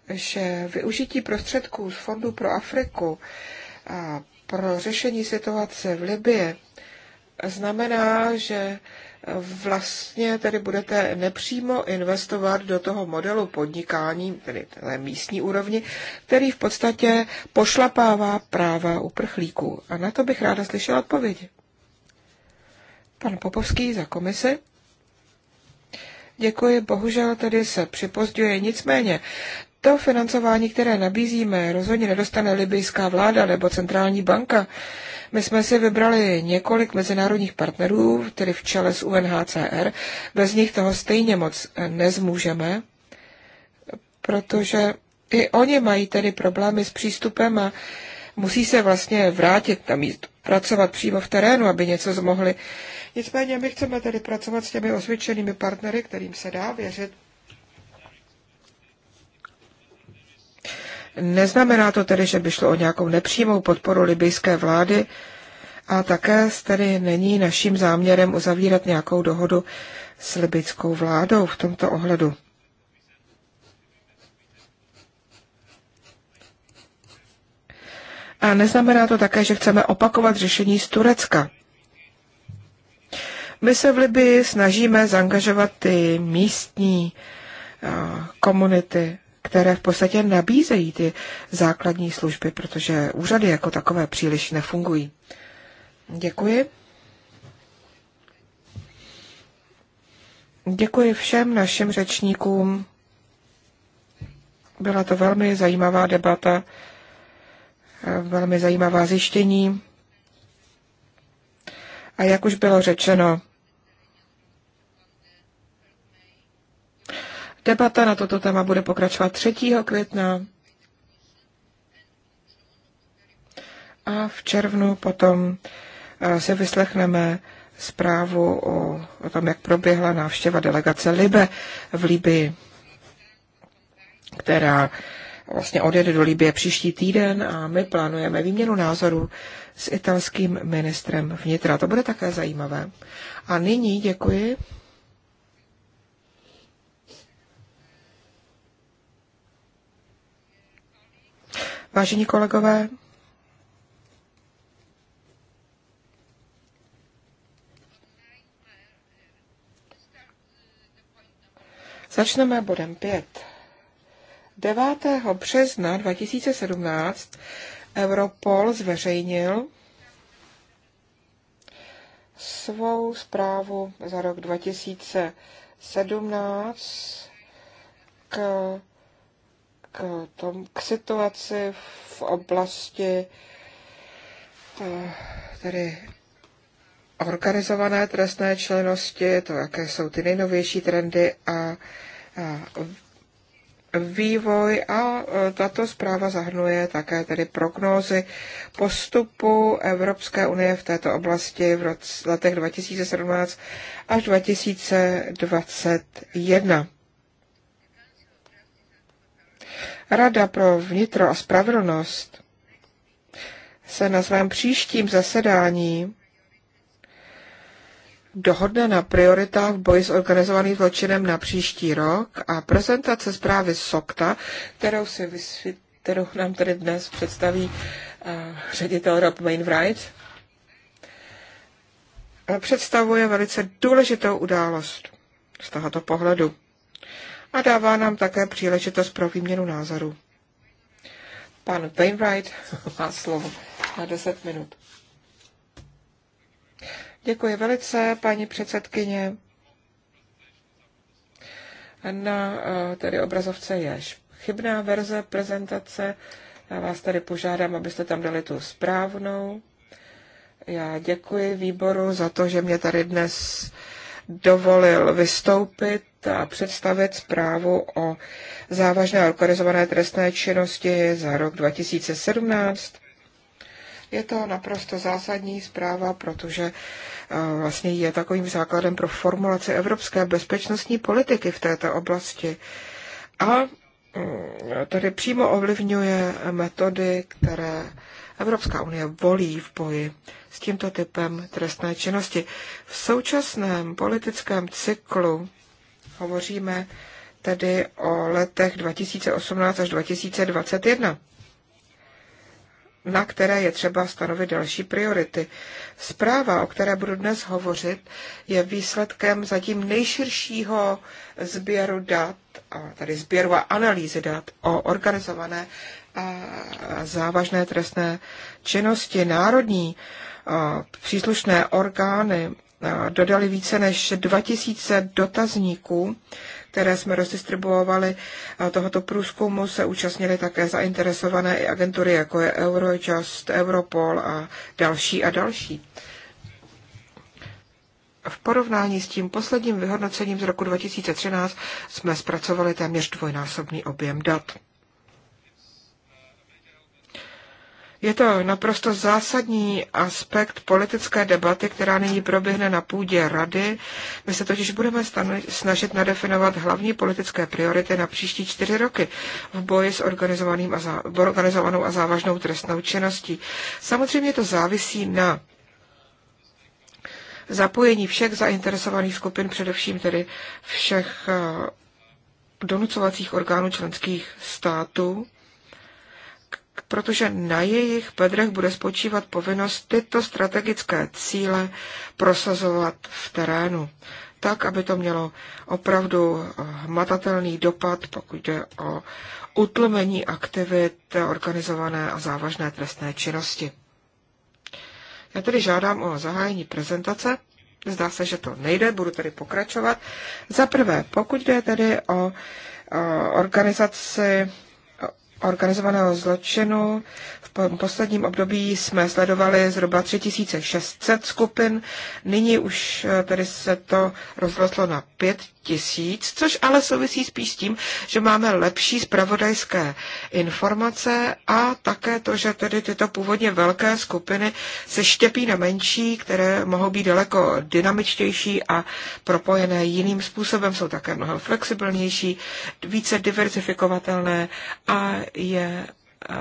že využití prostředků z Fondu pro Afriku a pro řešení situace v Libii znamená, že vlastně tedy budete nepřímo investovat do toho modelu podnikání, tedy té místní úrovni, který v podstatě pošlapává práva uprchlíků. A na to bych ráda slyšela odpověď. Pan Popovský za komisi. Děkuji, bohužel tedy se připozděje. Nicméně, to financování, které nabízíme, rozhodně nedostane libijská vláda nebo centrální banka. My jsme si vybrali několik mezinárodních partnerů, tedy v čele s UNHCR. Bez nich toho stejně moc nezmůžeme, protože i oni mají tedy problémy s přístupem a musí se vlastně vrátit tam, jít pracovat přímo v terénu, aby něco zmohli. Nicméně my chceme tedy pracovat s těmi osvědčenými partnery, kterým se dá věřit, Neznamená to tedy, že by šlo o nějakou nepřímou podporu libijské vlády a také tedy není naším záměrem uzavírat nějakou dohodu s libickou vládou v tomto ohledu. A neznamená to také, že chceme opakovat řešení z Turecka. My se v Libii snažíme zaangažovat ty místní eh, komunity, které v podstatě nabízejí ty základní služby, protože úřady jako takové příliš nefungují. Děkuji. Děkuji všem našim řečníkům. Byla to velmi zajímavá debata, velmi zajímavá zjištění. A jak už bylo řečeno, Debata na toto téma bude pokračovat 3. května a v červnu potom eh, si vyslechneme zprávu o, o tom, jak proběhla návštěva delegace Libe v Libii, která vlastně odjede do Libie příští týden a my plánujeme výměnu názorů s italským ministrem vnitra. To bude také zajímavé. A nyní děkuji Vážení kolegové, začneme bodem 5. 9. března 2017 Europol zveřejnil svou zprávu za rok 2017 k k, tom, k situaci v oblasti eh, tedy organizované trestné činnosti, to, jaké jsou ty nejnovější trendy a, a vývoj a eh, tato zpráva zahrnuje také tedy prognózy postupu Evropské unie v této oblasti v roce, letech 2017 až 2021. Rada pro vnitro a spravedlnost se na svém příštím zasedání dohodne na prioritách v boji s organizovaným zločinem na příští rok a prezentace zprávy SOKTA, kterou, si vysvě... kterou nám tady dnes představí uh, ředitel Rob Mainwright, eh, představuje velice důležitou událost z tohoto pohledu a dává nám také příležitost pro výměnu názoru. Pan Wainwright má slovo na 10 minut. Děkuji velice, paní předsedkyně. Na eh, tedy obrazovce je chybná verze prezentace. Já vás tady požádám, abyste tam dali tu správnou. Já děkuji výboru za to, že mě tady dnes dovolil vystoupit a představit zprávu o závažné organizované trestné činnosti za rok 2017. Je to naprosto zásadní zpráva, protože eh, vlastně je takovým základem pro formulaci evropské bezpečnostní politiky v této oblasti. A mm, tady přímo ovlivňuje metody, které Evropská unie volí v boji s tímto typem trestné činnosti. V současném politickém cyklu Hovoříme tedy o letech 2018 až 2021 na které je třeba stanovit další priority. Zpráva, o které budu dnes hovořit, je výsledkem zatím nejširšího sběru dat, tedy sběru a analýzy dat o organizované a závažné trestné činnosti. Národní příslušné orgány dodali více než 2000 dotazníků, které jsme rozdistribuovali. Tohoto průzkumu se účastnili také zainteresované i agentury, jako je Eurojust, Europol a další a další. V porovnání s tím posledním vyhodnocením z roku 2013 jsme zpracovali téměř dvojnásobný objem dat. Je to naprosto zásadní aspekt politické debaty, která nyní proběhne na půdě rady. My se totiž budeme snažit nadefinovat hlavní politické priority na příští čtyři roky v boji s organizovaným a zá, organizovanou a závažnou trestnou činností. Samozřejmě to závisí na zapojení všech zainteresovaných skupin, především tedy všech eh, donucovacích orgánů členských států protože na jejich bedrech bude spočívat povinnost tyto strategické cíle prosazovat v terénu, tak, aby to mělo opravdu eh, hmatatelný dopad, pokud jde o utlmení aktivit organizované a závažné trestné činnosti. Já tedy žádám o zahájení prezentace. Zdá se, že to nejde, budu tedy pokračovat. Za prvé, pokud jde tedy o eh, organizaci organizovaného zločinu. V posledním období jsme sledovali zhruba 3600 skupin, nyní už eh, tedy se to rozrostlo na 5000, což ale souvisí spíš s tím, že máme lepší spravodajské informace a také to, že tedy tyto původně velké skupiny se štěpí na menší, které mohou být daleko dynamičtější a propojené jiným způsobem, jsou také mnohem flexibilnější, více diversifikovatelné a je eh,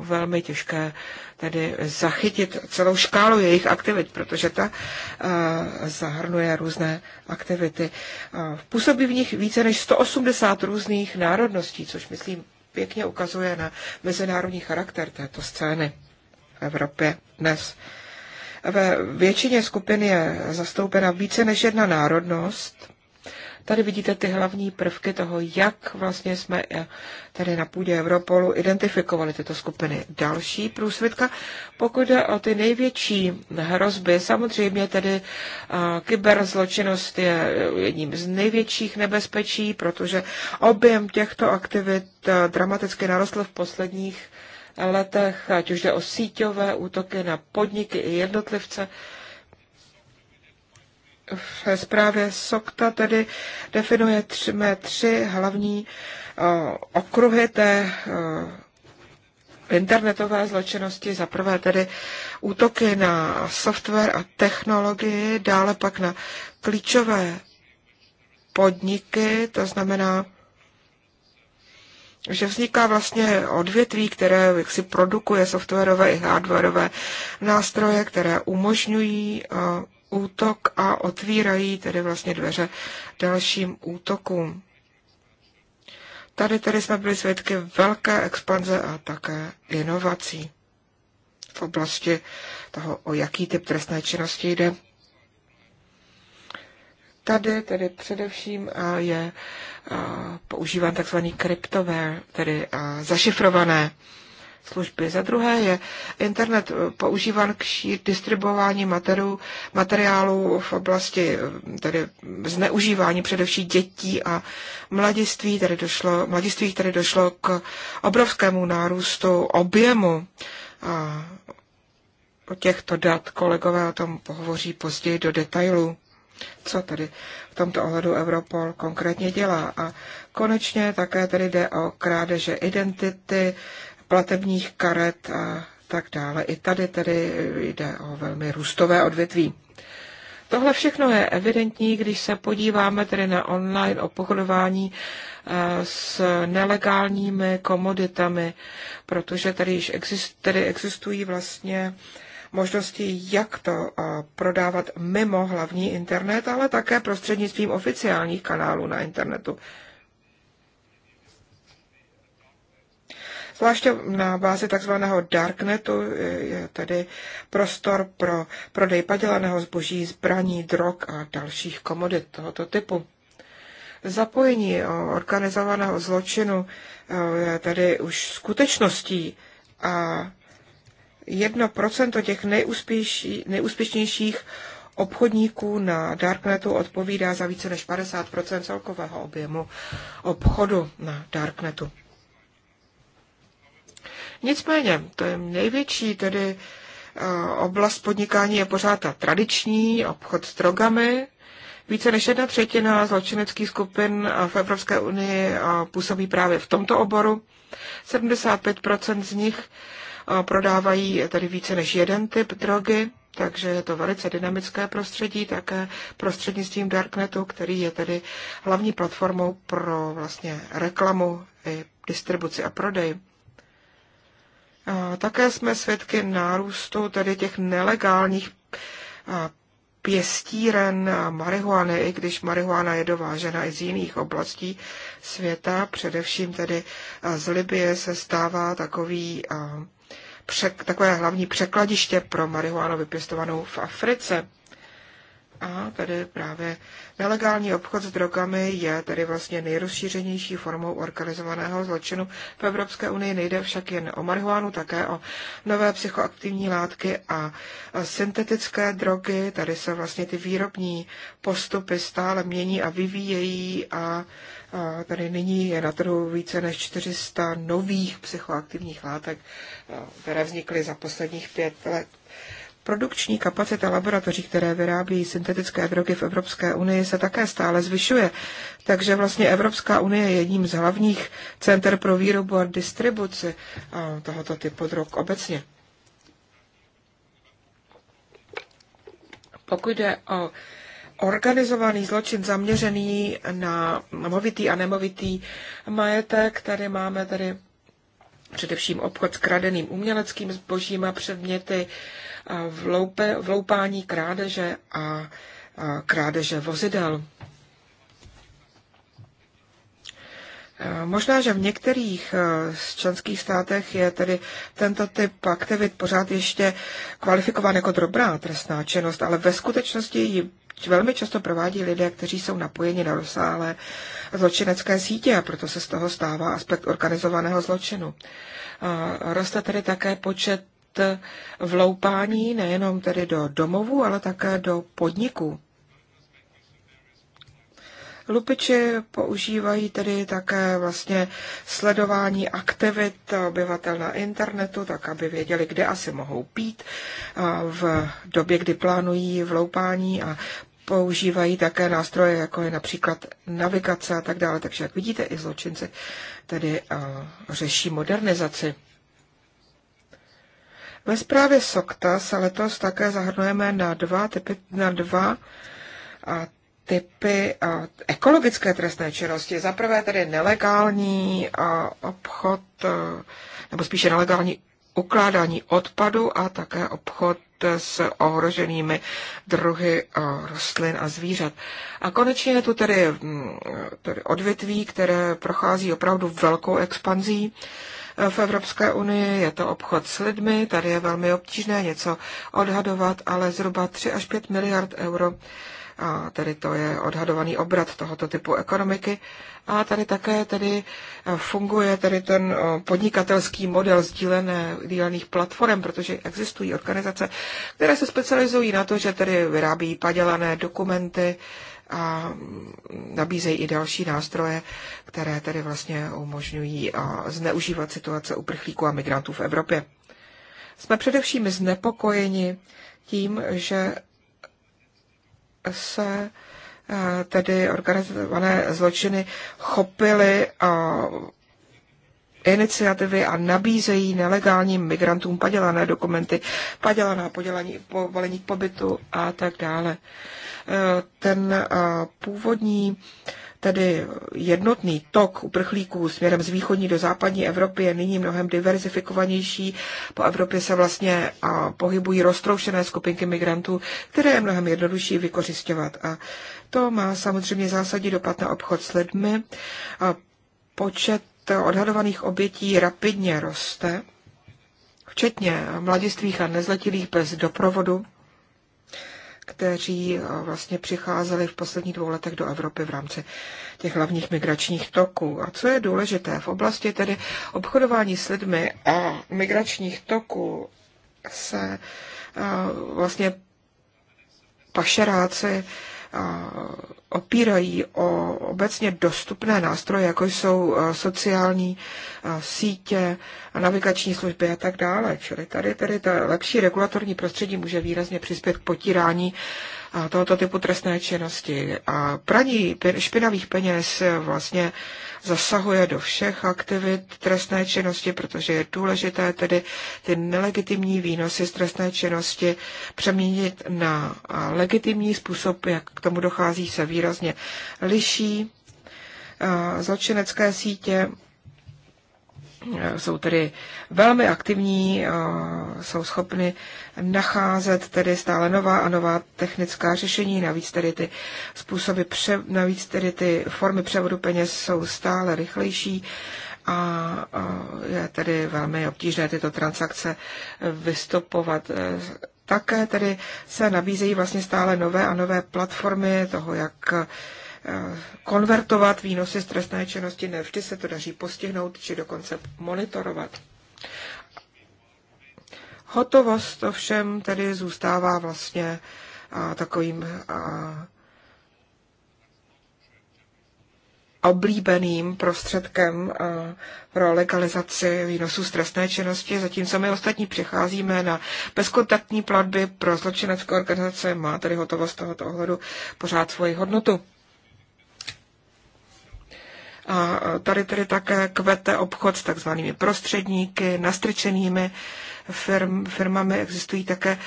velmi těžké tedy zachytit celou škálu jejich aktivit, protože ta eh, zahrnuje různé aktivity. Eh, působí v nich více než 180 různých národností, což myslím pěkně ukazuje na mezinárodní charakter této scény v Evropě dnes. Ve většině skupin je zastoupena více než jedna národnost Tady vidíte ty hlavní prvky toho, jak vlastně jsme eh, tady na půdě Europolu identifikovali tyto skupiny. Další průsvitka, pokud jde o ty největší hrozby, samozřejmě tedy eh, kyberzločinnost je eh, jedním z největších nebezpečí, protože objem těchto aktivit dramaticky narostl v posledních letech, ať už jde o síťové útoky na podniky i jednotlivce, ve zprávě SOKTA tedy definuje tři, mé tři hlavní eh, okruhy té eh, internetové zločinnosti, za prvé tedy útoky na software a technologii, dále pak na klíčové podniky, to znamená, že vzniká vlastně odvětví, které si produkuje softwarové i hardwarové nástroje, které umožňují eh, útok a otvírají tedy vlastně dveře dalším útokům. Tady tedy jsme byli svědky velké expanze a také inovací v oblasti toho, o jaký typ trestné činnosti jde. Tady tedy především je používán takzvaný kryptoware, tedy zašifrované služby. Za druhé je internet používán k šíř distribuování materiálu, materiálu v oblasti eh, tedy zneužívání především dětí a mladiství, tady došlo, mladiství, které došlo k obrovskému nárůstu objemu a o těchto dat. Kolegové o tom pohovoří později do detailu co tedy v tomto ohledu Europol konkrétně dělá. A konečně také tedy jde o krádeže identity, platebních karet a tak dále. I tady tedy jde o velmi růstové odvětví. Tohle všechno je evidentní, když se podíváme tedy na online obchodování eh, s nelegálními komoditami, protože tady již exist, tady existují vlastně možnosti, jak to eh, prodávat mimo hlavní internet, ale také prostřednictvím oficiálních kanálů na internetu. Zvláště na bázi takzvaného darknetu je tedy prostor pro prodej padělaného zboží, zbraní, drog a dalších komodit tohoto typu. Zapojení organizovaného zločinu eh, je tedy už skutečností a 1% těch nejúspěšnějších obchodníků na Darknetu odpovídá za více než 50% celkového objemu obchodu na Darknetu. Nicméně, to je největší tedy eh, oblast podnikání je pořád ta tradiční, obchod s drogami. Více než jedna třetina zločineckých skupin eh, v Evropské unii eh, působí právě v tomto oboru. 75% z nich prodávají tady více než jeden typ drogy, takže je to velice dynamické prostředí, také prostřednictvím Darknetu, který je tedy hlavní platformou pro vlastně reklamu i distribuci a prodej. Také jsme svědky nárůstu tedy těch nelegálních pěstíren marihuany, i když marihuana je dovážena i z jiných oblastí světa, především tedy z Libie se stává takový, takové hlavní překladiště pro marihuanu vypěstovanou v Africe a tady právě nelegální obchod s drogami je tady vlastně nejrozšířenější formou organizovaného zločinu v Evropské unii. Nejde však jen o marihuanu, také o nové psychoaktivní látky a syntetické drogy. Tady se vlastně ty výrobní postupy stále mění a vyvíjejí a a tady nyní je na trhu více než 400 nových psychoaktivních látek, které vznikly za posledních pět let. Produkční kapacita laboratoří, které vyrábí syntetické drogy v Evropské unii, se také stále zvyšuje. Takže vlastně Evropská unie je jedním z hlavních center pro výrobu a distribuci tohoto typu drog obecně. Pokud jde o organizovaný zločin zaměřený na movitý a nemovitý majetek, tady máme tady především obchod s kradeným uměleckým zbožím a předměty, vloupe, vloupání, krádeže a krádeže vozidel. E, možná, že v některých e, z členských státech je tedy tento typ aktivit pořád ještě kvalifikován jako dobrá trestná činnost, ale ve skutečnosti ji velmi často provádí lidé, kteří jsou napojeni na rozsáhlé zločinecké sítě a proto se z toho stává aspekt organizovaného zločinu. E, roste tedy také počet Eh, vloupání nejenom tedy do domovů, ale také do podniků. Lupiči používají tedy také vlastně sledování aktivit obyvatel na internetu, tak aby věděli, kde asi mohou pít v době, kdy plánují vloupání a používají také nástroje, jako je například navigace a tak dále. Takže jak vidíte, i zločinci tedy eh, řeší modernizaci. Ve zprávě SOKTA se letos také zahrnujeme na dva typy, na dva a typy a, ekologické trestné činnosti. Za prvé tedy nelegální a, obchod, a, e, nebo spíše nelegální ukládání odpadu a také obchod s ohroženými druhy e, rostlin a zvířat. A konečně je tu tedy, tedy odvětví, které prochází opravdu velkou expanzí v Evropské unii, je to obchod s lidmi, tady je velmi obtížné něco odhadovat, ale zhruba 3 až 5 miliard euro, a tedy to je odhadovaný obrat tohoto typu ekonomiky. A tady také tedy funguje tady ten podnikatelský model sdílené, sdílených platform, protože existují organizace, které se specializují na to, že tedy vyrábí padělané dokumenty, a nabízejí i další nástroje, které tedy vlastně umožňují zneužívat situace uprchlíků a migrantů v Evropě. Jsme především znepokojeni tím, že se e, tedy organizované zločiny chopily iniciativy a nabízejí nelegálním migrantům padělané dokumenty, padělaná podělení povolení k pobytu a tak dále. Eh, ten eh, původní tedy jednotný tok uprchlíků směrem z východní do západní Evropy je nyní mnohem diverzifikovanější. Po Evropě se vlastně pohybují roztroušené skupinky migrantů, které je mnohem jednodušší vykořišťovat. A to má samozřejmě zásadní dopad na obchod s lidmi. A počet odhadovaných obětí rapidně roste, včetně mladistvých a nezletilých bez doprovodu, kteří eh, vlastně přicházeli v posledních dvou letech do Evropy v rámci těch hlavních migračních toků. A co je důležité v oblasti tedy obchodování s lidmi a migračních toků se eh, vlastně pašeráci opírají o obecně dostupné nástroje, jako jsou sociální sítě, navigační služby a tak dále. Čili tady tedy ta lepší regulatorní prostředí může výrazně přispět k potírání tohoto typu trestné činnosti. A praní špinavých peněz vlastně zasahuje do všech aktivit trestné činnosti, protože je důležité tedy ty nelegitimní výnosy z trestné činnosti přeměnit na legitimní způsob, jak k tomu dochází se výrazně liší. Zločinecké sítě jsou tedy velmi aktivní, jsou schopny nacházet tedy stále nová a nová technická řešení, navíc tedy ty způsoby, pře, navíc tedy ty formy převodu peněz jsou stále rychlejší a je tedy velmi obtížné tyto transakce vystopovat. Také tedy se nabízejí vlastně stále nové a nové platformy toho, jak Eh, konvertovat výnosy z trestné činnosti. Nevždy se to daří postihnout či dokonce monitorovat. Hotovost ovšem tedy zůstává vlastně eh, takovým eh, oblíbeným prostředkem pro legalizaci výnosů z trestné činnosti, zatímco my ostatní přecházíme na bezkontaktní platby pro zločinecké organizace, má tedy hotovost tohoto ohledu pořád svoji hodnotu. A tady tedy také kvete obchod s takzvanými prostředníky, nastrčenými firm, firmami. Existují také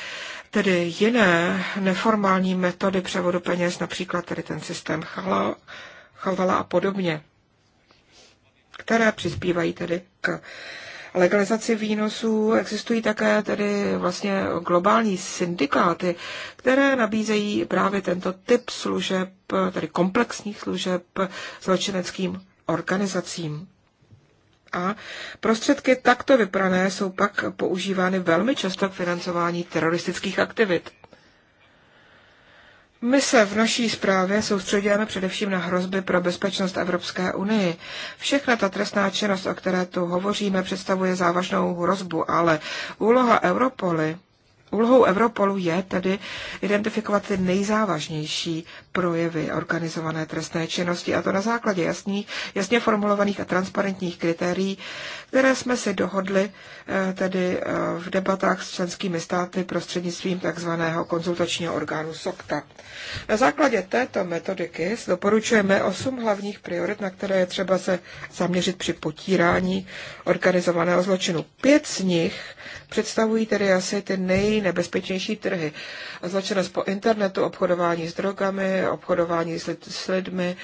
tedy jiné neformální metody převodu peněz, například tedy ten systém chala, chavala a podobně, které přispívají tedy k legalizaci výnosů existují také tedy vlastně globální syndikáty, které nabízejí právě tento typ služeb, tedy komplexních služeb zločineckým organizacím. A prostředky takto vyprané jsou pak používány velmi často k financování teroristických aktivit. My se v naší zprávě soustředíme především na hrozby pro bezpečnost Evropské unii. Všechna ta trestná činnost, o které tu hovoříme, představuje závažnou hrozbu, ale úloha Europoly Úlohou Europolu je tedy identifikovat ty nejzávažnější projevy organizované trestné činnosti, a to na základě jasných, jasně formulovaných a transparentních kritérií, které jsme si dohodli eh, tedy eh, v debatách s členskými státy prostřednictvím tzv. konzultačního orgánu SOKTA. Na základě této metodiky doporučujeme osm hlavních priorit, na které je třeba se zaměřit při potírání organizovaného zločinu. Pět z nich představují tedy asi ty nejnebezpečnější trhy. Zločinnost po internetu, obchodování s drogami, obchodování s lidmi,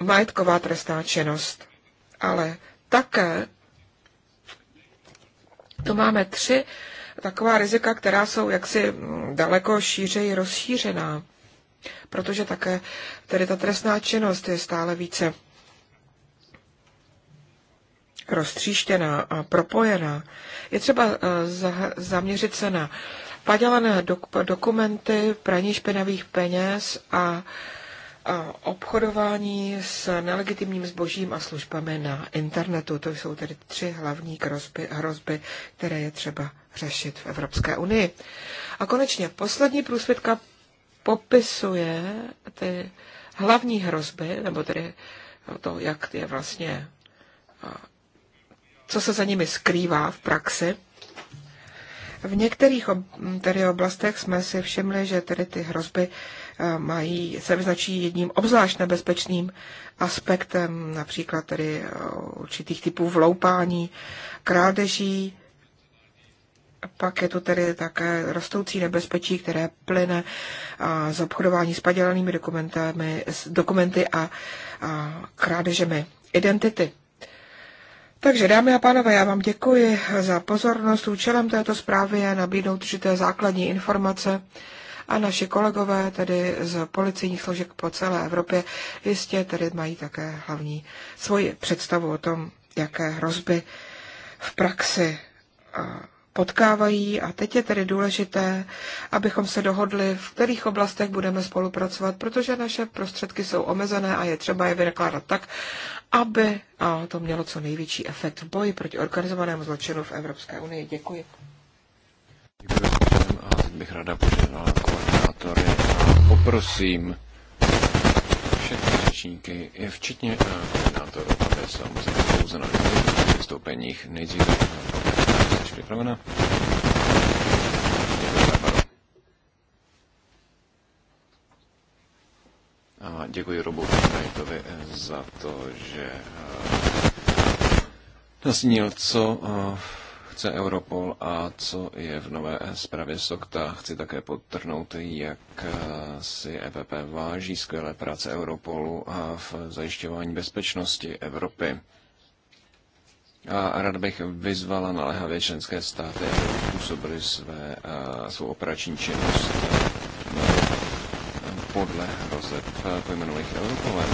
majetková trestná činnost. Ale také tu máme tři taková rizika, která jsou jaksi daleko šířeji rozšířená, protože také tedy ta trestná činnost je stále více roztříštěná a propojená. Je třeba eh, zaměřit se na padělané dok- dokumenty, praní špinavých peněz a, a obchodování s nelegitimním zbožím a službami na internetu. To jsou tedy tři hlavní hrozby, hrozby které je třeba řešit v Evropské unii. A konečně poslední průsvědka popisuje ty hlavní hrozby, nebo tedy to, jak je vlastně, co se za nimi skrývá v praxi. V některých tedy oblastech jsme si všimli, že tedy ty hrozby eh, mají, se vyznačí jedním obzvlášť nebezpečným aspektem, například tedy eh, určitých typů vloupání, krádeží, pak je tu tedy také rostoucí nebezpečí, které plyne eh, z obchodování s padělanými dokumenty a krádežemi identity. Takže dámy a pánové, já vám děkuji za pozornost. Účelem této zprávy je nabídnout určité základní informace a naši kolegové tedy z policijních složek po celé Evropě jistě tedy mají také hlavní svoji představu o tom, jaké hrozby v praxi potkávají a teď je tedy důležité, abychom se dohodli, v kterých oblastech budeme spolupracovat, protože naše prostředky jsou omezené a je třeba je vynakládat tak, aby to mělo co největší efekt v boji proti organizovanému zločinu v Evropské unii. Děkuji. Děkuji všem a teď bych ráda požádala koordinátory a poprosím všechny řečníky, včetně eh, koordinátorů, aby se omezili pouze na dvou vystoupeních. Nejdříve připravena. A děkuji Robu Knightovi za to, že eh, nasnil, co eh, chce Europol a co je v nové zprávě SOKTA. Chci také podtrhnout, jak eh, si EPP váží skvělé práce Europolu a v zajišťování bezpečnosti Evropy. A rád bych vyzvala naléhavě členské státy, aby působily své, svou operační činnost podle hrozeb pojmenovaných Europolen,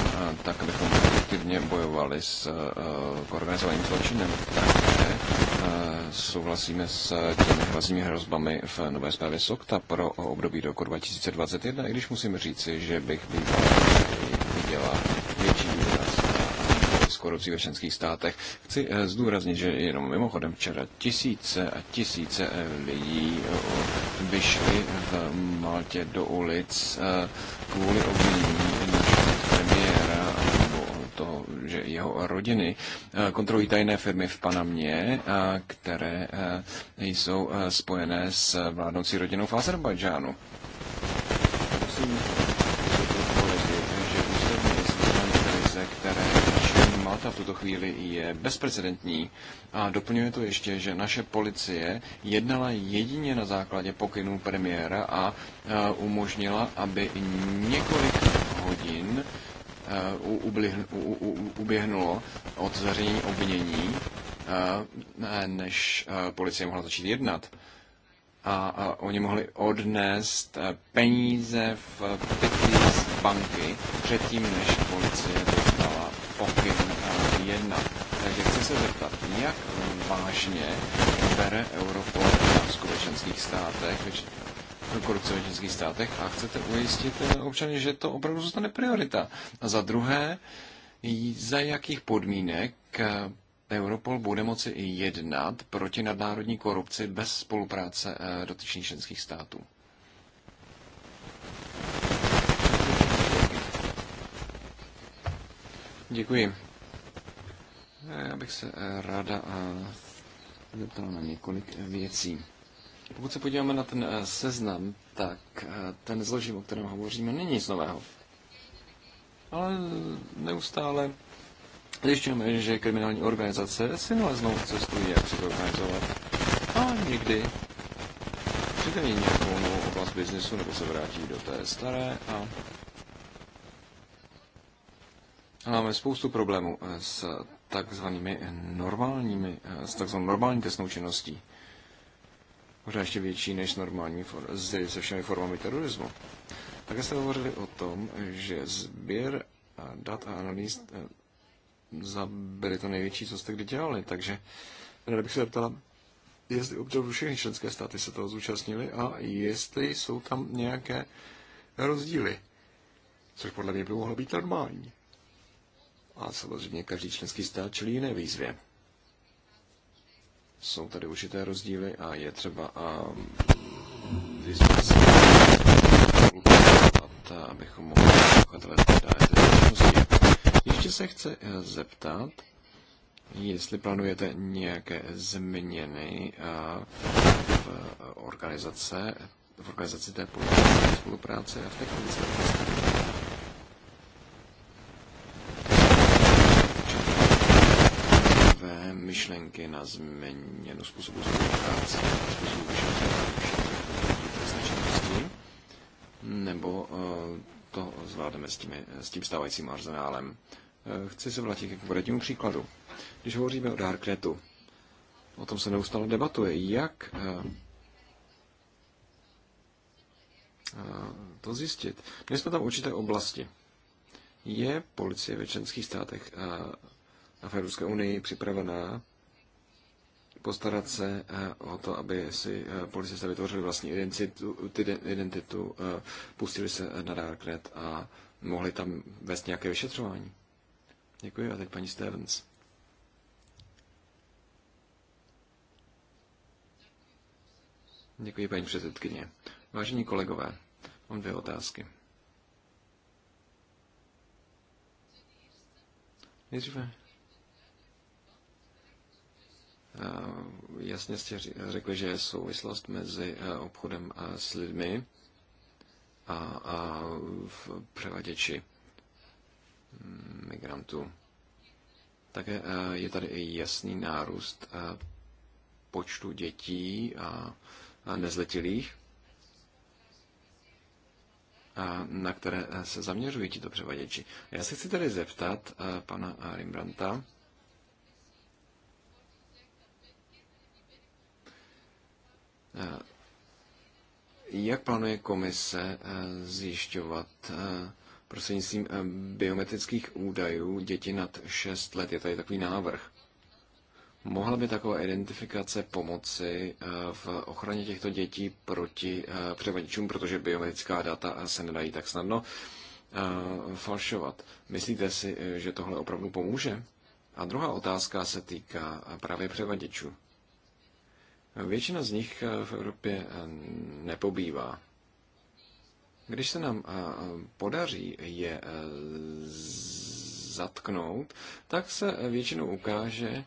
tak abychom efektivně bojovali s organizovaným zločinem. Také souhlasíme s těmi hlasními hrozbami v nové zprávě SOKTA pro období do roku 2021, i když musím říci, že bych bývala viděla korupcí ve členských státech. Chci eh, zdůraznit, že jenom mimochodem včera tisíce a tisíce eh, lidí eh, vyšly v Maltě do ulic kvůli obvinění našeho premiéra nebo to, že jeho rodiny kontrolují tajné firmy v Panamě, které jsou spojené s vládnoucí rodinou v Azerbajdžánu. v tuto chvíli je bezprecedentní. A doplňuje to ještě, že naše policie jednala jedině na základě pokynů premiéra a e, umožnila, aby několik hodin e, uběhnulo od zveřejnění obvinění, e, než policie mohla začít jednat a, a oni mohli odnést peníze v pytli z banky předtím, než policie dostala pokyn jedna. Takže chci se zeptat, jak vážně bere Europol otázku ve členských státech, korupce ve členských státech a chcete ujistit eh, občany, že to opravdu zůstane priorita. A za druhé, za jakých podmínek eh, Europol bude moci jednat proti nadnárodní korupci bez spolupráce eh, dotyčných členských států? Děkuji. Eh, já bych se eh, ráda eh, zeptal na několik věcí. Pokud se podíváme na ten seznam, tak ten zložím, o kterém hovoříme, není nic nového. Ale neustále zjišťujeme, že kriminální organizace si naleznou cestu, jak se to organizovat. A někdy přidají nějakou novou oblast biznesu, nebo se vrátí do té staré a máme spoustu problémů s takzvanými normálními, eh, s takzvanou normální trestnou činností. Možná ještě větší než normální for- se všemi formami terorismu. Také jste hovořili o tom, že sběr dat a analýz eh, za byly to největší, co jste kdy dělali. Takže ráda bych se zeptala, jestli opravdu všechny členské státy se toho zúčastnili a jestli jsou tam nějaké rozdíly. Což podle mě by mohlo být normální. A samozřejmě každý členský stát čelí jiné výzvě. Jsou tady určité rozdíly a je třeba a, um, vyzvat se abychom mohli ukazovat Ještě se chce eh, zeptat, jestli plánujete nějaké změny eh, v organizace v organizaci té politické spolupráce a v technice. myšlenky na změnu způsobu spolupráce způsobu vyšetřování značnosti, nebo eh, to zvládneme s, těmi, s tím stávajícím arzenálem. Eh, chci se vrátit k konkrétnímu příkladu. Když hovoříme o Darknetu, o tom se neustále debatuje, jak eh, to zjistit. Měli jsme tam určité oblasti. Je policie ve členských státech v Evropské unii připravená postarat se eh, o to, aby si eh, policisté vytvořili vlastní identitu, identitu, eh, pustili se na Darknet a mohli tam vést nějaké vyšetřování. Děkuji a teď paní Stevens. Děkuji, paní předsedkyně. Vážení kolegové, mám dvě otázky. Nejdříve Eh, jasně jste řekli, že je souvislost mezi eh, obchodem eh, s lidmi a, a v převaděči hm, migrantů. Také je tady i jasný nárůst počtu dětí a nezletilých, na které se zaměřují tito převaděči. Já se chci tady zeptat pana Rimbranta, Eh, jak plánuje komise eh, zjišťovat eh, prostřednictvím biometrických údajů děti nad 6 let? Je tady takový návrh. Mohla by taková identifikace pomoci v ochraně těchto dětí proti převaděčům, protože biometrická data se nedají tak snadno falšovat. Myslíte si, že tohle opravdu pomůže? A druhá otázka se týká právě převaděčů. Většina z nich eh, v Evropě eh, nepobývá. Když se nám eh, podaří je zatknout, tak se většinou ukáže,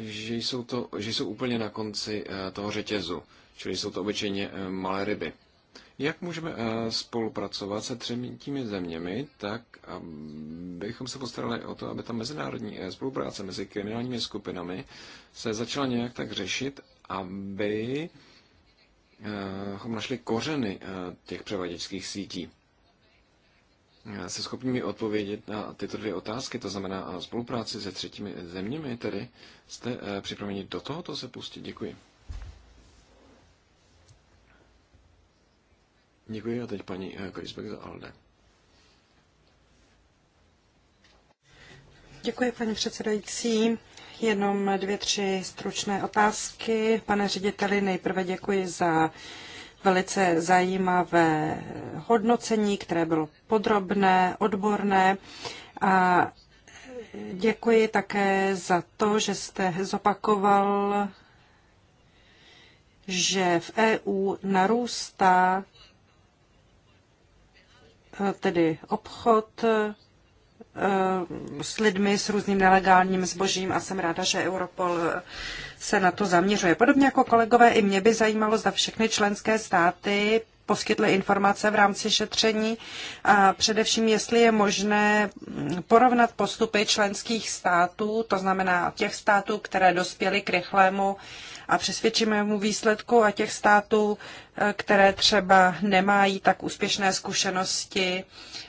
že jsou, to, že jsou úplně na konci toho řetězu, čili jsou to obyčejně malé ryby. Jak můžeme eh, spolupracovat se třemi zeměmi, tak abychom se postarali o to, aby ta mezinárodní eh, spolupráce mezi kriminálními skupinami se začala nějak tak řešit, aby eh, abychom našli kořeny těch převaděčských sítí. Se schopnými mi odpovědět na tyto dvě otázky, to znamená spolupráci se třetími zeměmi, tedy jste připraveni do tohoto se pustit? Děkuji. Děkuji a teď paní eh, Krisbeck za Alde. Děkuji, paní předsedající. Jenom dvě, tři stručné otázky. Pane řediteli, nejprve děkuji za velice zajímavé hodnocení, které bylo podrobné, odborné. A děkuji také za to, že jste zopakoval, že v EU narůstá tedy obchod eh, s lidmi, s různým nelegálním zbožím a jsem ráda, že Europol eh, se na to zaměřuje. Podobně jako kolegové, i mě by zajímalo, zda všechny členské státy poskytly informace v rámci šetření a především, jestli je možné mm, porovnat postupy členských států, to znamená těch států, které dospěly k rychlému a přesvědčíme mu výsledku a těch států, eh, které třeba nemají tak úspěšné zkušenosti.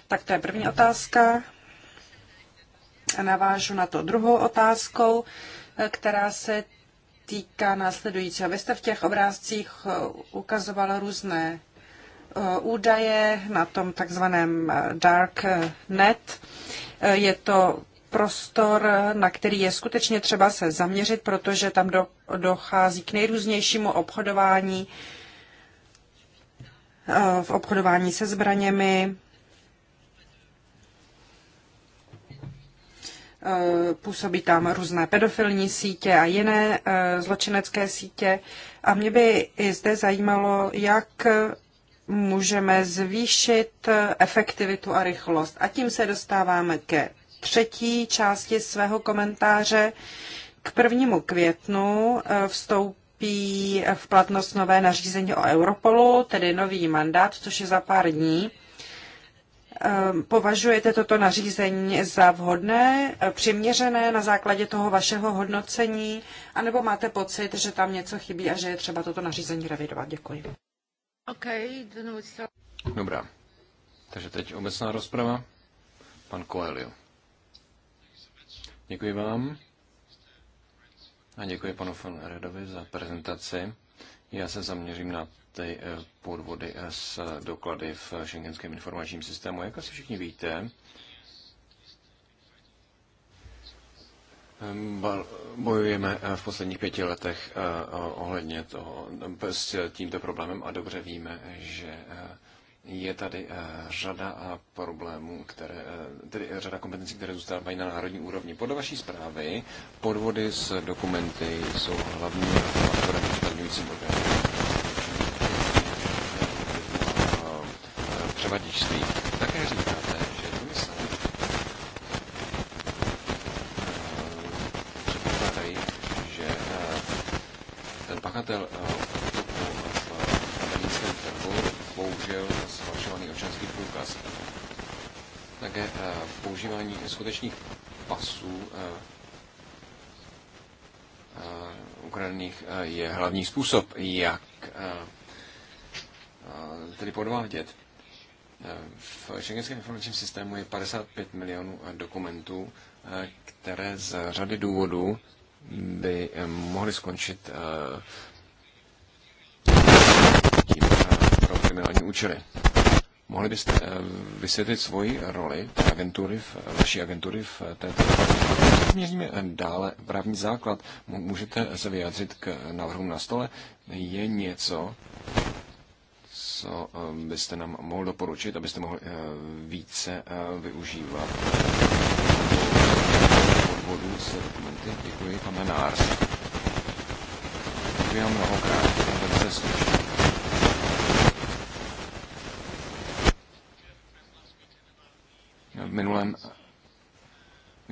Tak to je první otázka. A navážu na to druhou otázkou, eh, která se týká následujícího. Vy jste v těch obrázcích eh, ukazovala různé údaje na tom takzvaném dark net. Je to prostor, na který je skutečně třeba se zaměřit, protože tam do, dochází k nejrůznějšímu obchodování, eh, v obchodování se zbraněmi, eh, působí tam různé pedofilní sítě a jiné eh, zločinecké sítě. A mě by i zde zajímalo, jak můžeme zvýšit efektivitu a rychlost. A tím se dostáváme ke třetí části svého komentáře. K prvnímu květnu eh, vstoupí v platnost nové nařízení o Europolu, tedy nový mandát, což je za pár dní. Ehm, považujete toto nařízení za vhodné, eh, přiměřené na základě toho vašeho hodnocení, anebo máte pocit, že tam něco chybí a že je třeba toto nařízení revidovat? Děkuji. Okay, Dobrá. Takže teď obecná rozprava. Pan Coelho. Děkuji vám a děkuji panu von Redovi za prezentaci. Já se zaměřím na ty eh, podvody eh, s doklady v šengenském informačním systému. Jak asi všichni víte, ehm, Bojujeme eh, v posledních pěti letech ohledně toho s tímto problémem a dobře víme, že je tady eh, řada eh, problémů, které, eh, tedy řada kompetencí, které zůstávají na národní úrovni. Podle vaší zprávy podvody s dokumenty jsou hlavním faktorem usnadňujícím orgánům převaděčství. nich eh, je hlavní způsob, jak eh, tedy podvádět. Eh, v šengenském informačním systému je 55 milionů dokumentů, které z řady důvodů by mohly skončit tím pro kriminální účely. Mohli byste vysvětlit svoji roli té agentury, vaší agentury v této změříme dále právní základ, můžete se vyjádřit k návrhům na stole. Je něco, co eh, byste nám mohl doporučit, abyste mohli eh, více eh, využívat podvodů s dokumenty? Děkuji, pan Menář. Děkuji vám mnohokrát. Velice stručně. V minulém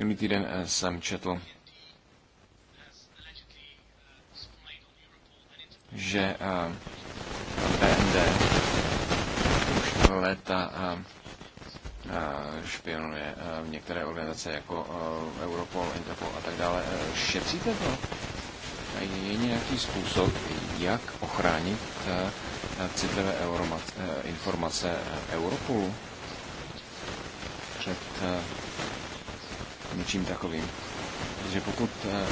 Minulý týden eh, jsem četl, že eh, BND už léta eh, špionuje v některé organizace jako Europol, Interpol a tak dále. Šetříte to? Je nějaký způsob, jak ochránit citlivé informace Europolu před něčím takovým. Protože pokud eh,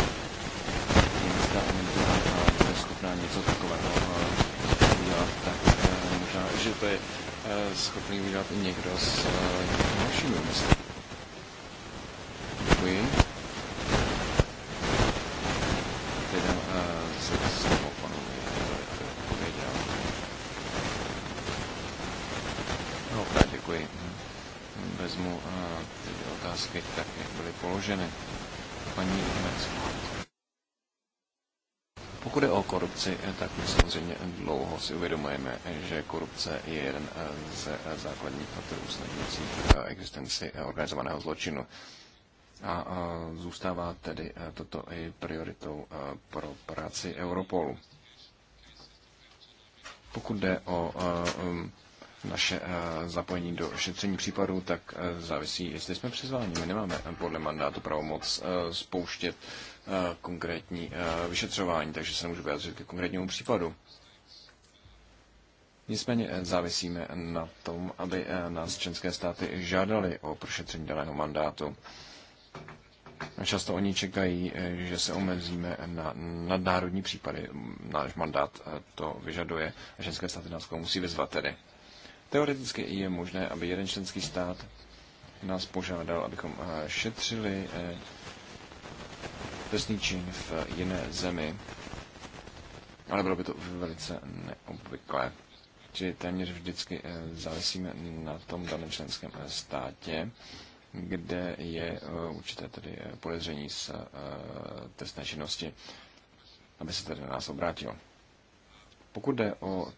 německá agentura eh, bude schopná něco takového eh, udělat, tak možná, že to je schopný udělat i někdo z naším průmyslu. si uvědomujeme, že korupce je jeden eh, z eh, základních faktorů usnadňujících eh, existenci organizovaného zločinu. A zůstává tedy toto i prioritou pro práci Europolu. Pokud jde o um, naše zapojení do šetření případů, tak závisí, jestli jsme přizváni. My nemáme podle mandátu pravomoc spouštět konkrétní vyšetřování, takže se nemůžu vyjádřit ke konkrétnímu případu. Nicméně eh, závisíme na tom, aby eh, nás členské státy žádali o prošetření daného mandátu. Často oni čekají, eh, že se omezíme na nadnárodní případy. Náš mandát to vyžaduje a členské státy nás musí vyzvat tedy. Teoreticky je možné, aby jeden členský stát nás požádal, abychom šetřili trestný čin v jiné zemi, ale bylo by to velice neobvyklé. Čili téměř vždycky eh, závisíme na tom daném členském eh, státě, kde je eh, určité tedy podezření z trestné činnosti, aby se tedy na nás obrátilo. Pokud jde o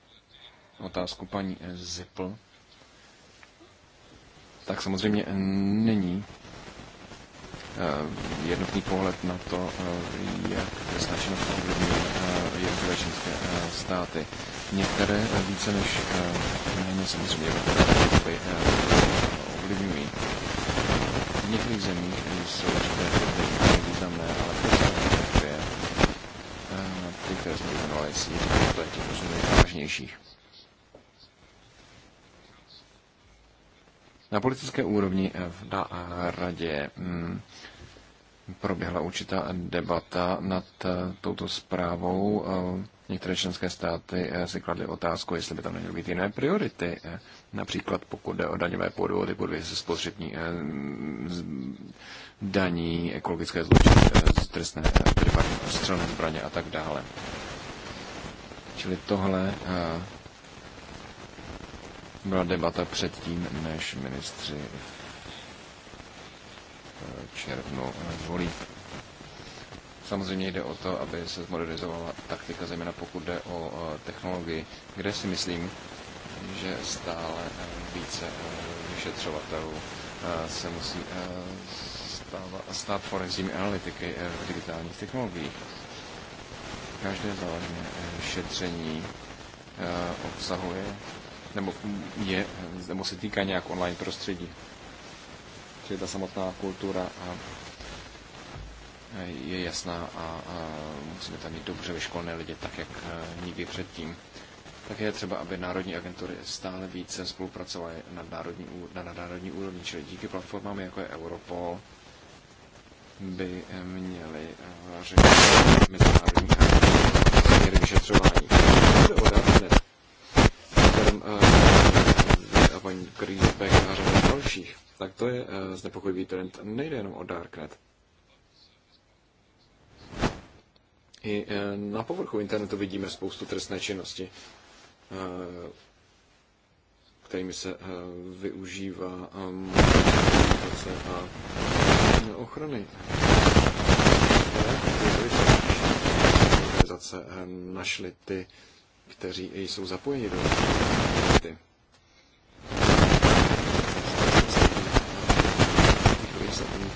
otázku paní Zipl, tak samozřejmě není jednotný pohled na to, jak trestná činnost ovlivňuje jednotlivé členské eh, státy. Některé eh, více než eh, méně samozřejmě vlivy ovlivňují. V některých zemích jsou určité méně významné, ale podstatné je ty, které jsme vyjmenovali, si v podstatě nejvážnějších. Na politické úrovni v radě mm, proběhla určitá debata nad eh, touto zprávou. Eh, některé členské státy eh, si kladly otázku, jestli by tam neměly být jiné priority. Například pokud jde o daňové podvody, podvody se spotřební daní, ekologické zločiny, trestné případně střelné zbraně a tak dále. Čili tohle byla debata předtím, než ministři v červnu zvolí. Samozřejmě jde o to, aby se zmodernizovala taktika, zejména pokud jde o eh, technologii, kde si myslím, že stále eh, více eh, vyšetřovatelů se musí stát forenzními analytiky v digitálních technologiích. Každé závažné šetření obsahuje nebo, je, nebo se týká nějak online prostředí prostě ta samotná kultura a je jasná a musíme tam mít dobře vyškolené lidi, tak jak e, nikdy předtím. Také je třeba, aby národní agentury stále více spolupracovaly na národní, na nadnárodní úrovni, čili díky platformám jako je Europol by e, měly e, řešit mezinárodní směry vyšetřování. To bude o kterém a paní Grisbeck a dalších, tak to je eh, znepokojivý trend. Nejde jenom o Darknet. I eh, na povrchu internetu vidíme spoustu trestné činnosti, eh, kterými se využívá a ochrany. Organizace našly ty, kteří jsou zapojeni do ty.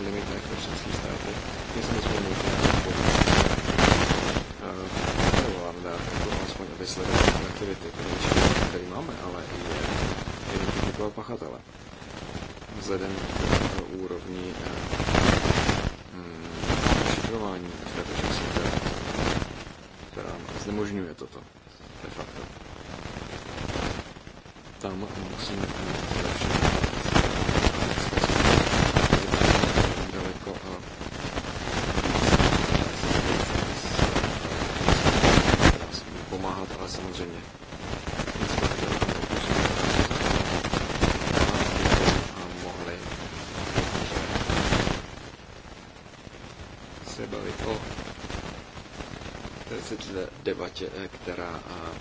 limit limity jako členské státy. My samozřejmě necháme komisi kontrolovat dát, jako aspoň, aby sledovala aktivity. To není špatný, který máme, ale i identifikovat pachatele. Vzhledem k úrovni eh, šifrování v této časí, která znemožňuje toto de facto. Tam musíme mít zlepšit přihlásit v debatě, eh, která eh,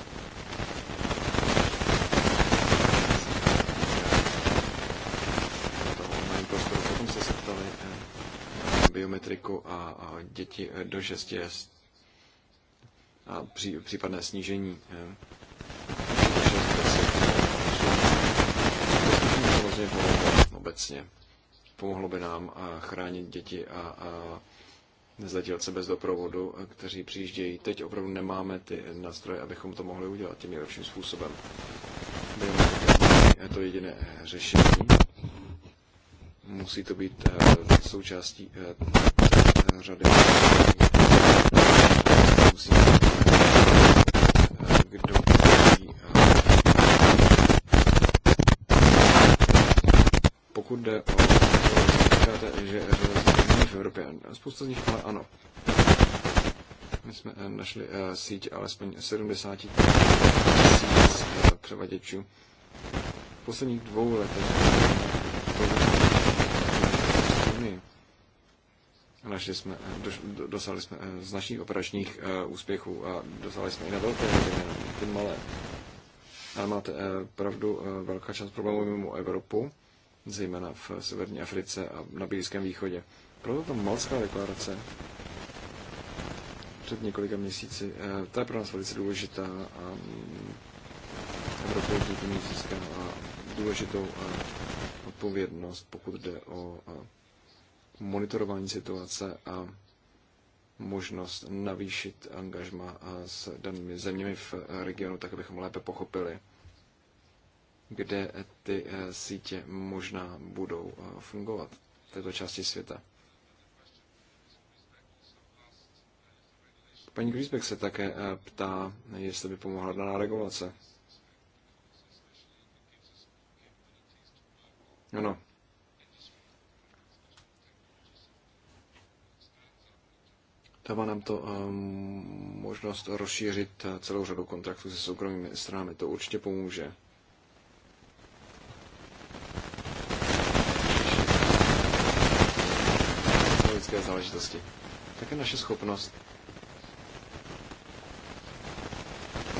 se eh, biometriku a děti do 6 a pří, případné snížení obecně. Pomohlo by nám chránit děti a, a nezletilce bez doprovodu, kteří přijíždějí. Teď opravdu nemáme ty nástroje, abychom to mohli udělat tím nejlepším způsobem. Je to jediné řešení. Musí to být eh, součástí eh, řady. Musí. Eh, kdo pokud jde o říkáte, že železnice není v Evropě. Spousta z nich ale ano. My jsme eh, našli eh, síť alespoň 70 tisíc eh, převaděčů. V posledních dvou letech našli jsme, dosáhli jsme značných operačních úspěchů a dosáhli jsme i na velké ty malé. Ale máte pravdu, velká část problémů mimo Evropu zejména v severní Africe a na Blízkém východě. Proto ta malská deklarace před několika měsíci, eh, ta je pro nás velice důležitá a mm, Evropa díky získává důležitou eh, odpovědnost, pokud jde o eh, monitorování situace a možnost navýšit angažma s danými zeměmi v regionu, tak abychom lépe pochopili, kde ty eh, sítě možná budou eh, fungovat v této části světa. Paní Grisbeck se také eh, ptá, jestli by pomohla daná regulace. Ano. Dává nám to um, možnost rozšířit celou řadu kontraktů se soukromými stranami. To určitě pomůže. politické záležitosti, také naše schopnost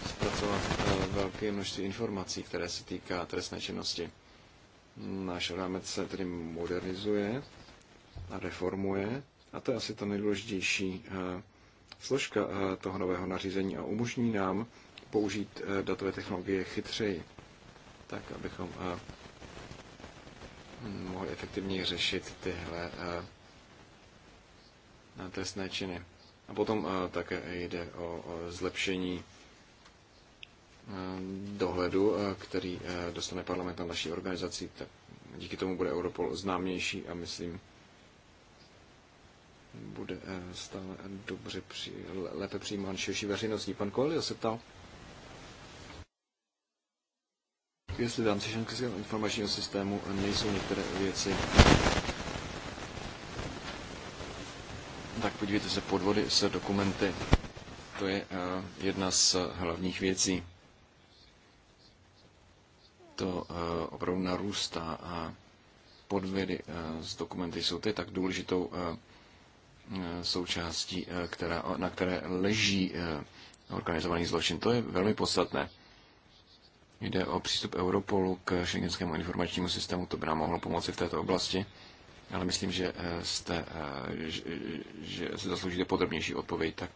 zpracovat eh, velké množství informací, které se týká trestné činnosti. Náš rámec se tedy modernizuje a reformuje a to je asi ta nejdůležitější eh, složka eh, toho nového nařízení a umožní nám použít datové technologie chytřeji, tak abychom mohli efektivně řešit tyhle Eh, trestné činy. A potom eh, také jde o zlepšení eh, dohledu, který dostane parlament na naší organizací. Díky tomu bude Europol známější a myslím, bude stále dobře při, lépe přijímán širší veřejností. Pan Koelio se ptal, jestli v rámci šenkenského informačního systému nejsou některé věci podívejte se podvody se dokumenty. To je eh, jedna z eh, hlavních věcí. To eh, opravdu narůstá a podvody s dokumenty jsou ty tak důležitou součástí, která, na které leží organizovaný zločin. To je velmi podstatné. Jde o přístup Europolu k šengenskému informačnímu systému, to by nám mohlo pomoci v této oblasti ale myslím, že, eh, jste, eh, že, že zasloužíte podrobnější odpověď, tak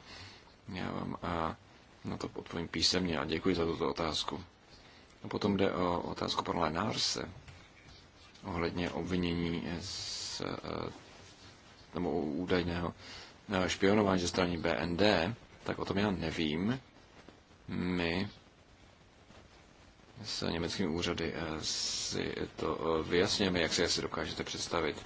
já vám eh, na to odpovím písemně a děkuji za tuto otázku. A potom jde o otázku pana Lenárse ohledně obvinění z, nebo údajného špionování ze strany BND, tak o tom já nevím. My s německými úřady si to vyjasněme, jak si asi dokážete představit.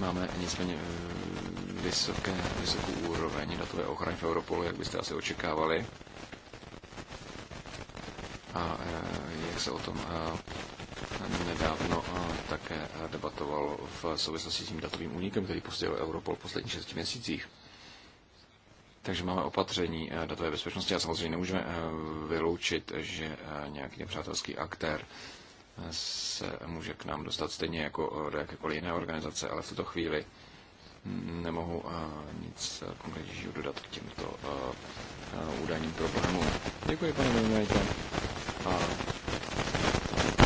Máme nicméně eh, vysoké, vysokou úroveň datové ochrany v Europolu, jak byste asi očekávali. A eh, jak se o tom eh, nedávno také debatoval v souvislosti s tím datovým únikem, který postihl Europol v posledních šesti měsících. Takže máme opatření datové bezpečnosti a samozřejmě nemůžeme vyloučit, že nějaký nepřátelský aktér se může k nám dostat stejně jako eh, do jakékoliv jiné organizace, ale v tuto chvíli nemohu eh, nic eh, konkrétnějšího dodat k těmto údajním problémům. Děkuji, pane Mimajte. A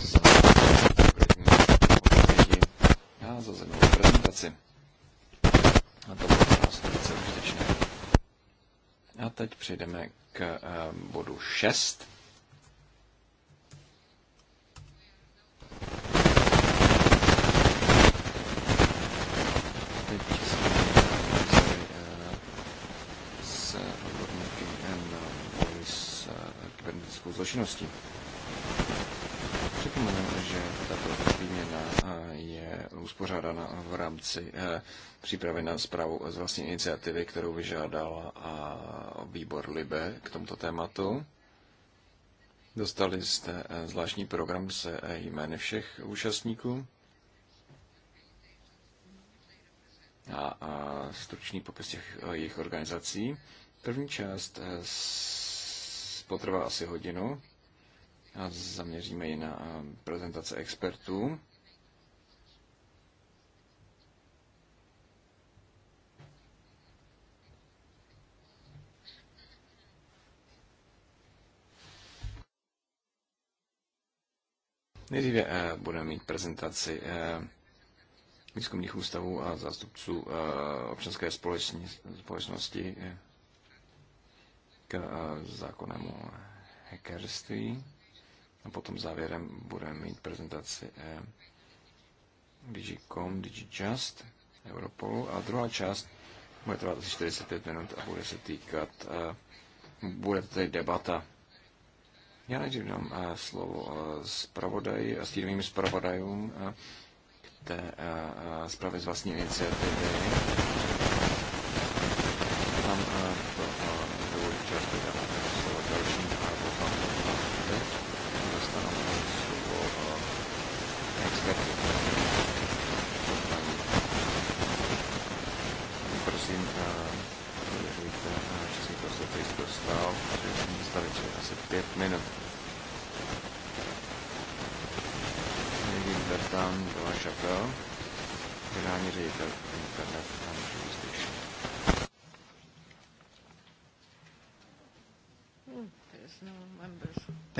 za a za zajímavou prezentaci. A to bylo prostě vlastně nás užitečné. A teď přejdeme k bodu 6. české televizi eh, s odborníky na boj eh, s eh, kybernetickou zločinností. Připomenu, že tato výměna je uspořádána v rámci přípravy na zprávu z vlastní iniciativy, kterou vyžádala výbor LIBE k tomuto tématu. Dostali jste zvláštní program se jmény všech účastníků. a, a stručný popis těch eh, jejich organizací. První část eh, potrvá asi hodinu a zaměříme ji na eh, prezentace expertů. Nejdříve budeme mít prezentaci výzkumných ústavů a zástupců eh, občanské společnosti k eh, zákonnému hackerství. A potom závěrem budeme mít prezentaci eh, DigiCom, DigiJust, Europolu. A druhá část bude trvat asi 45 minut a bude se týkat, bude to tady debata. Já nejdřív dám slovo zpravodaji a mým zpravodajům té eh, eh, zprávy z vlastní iniciativy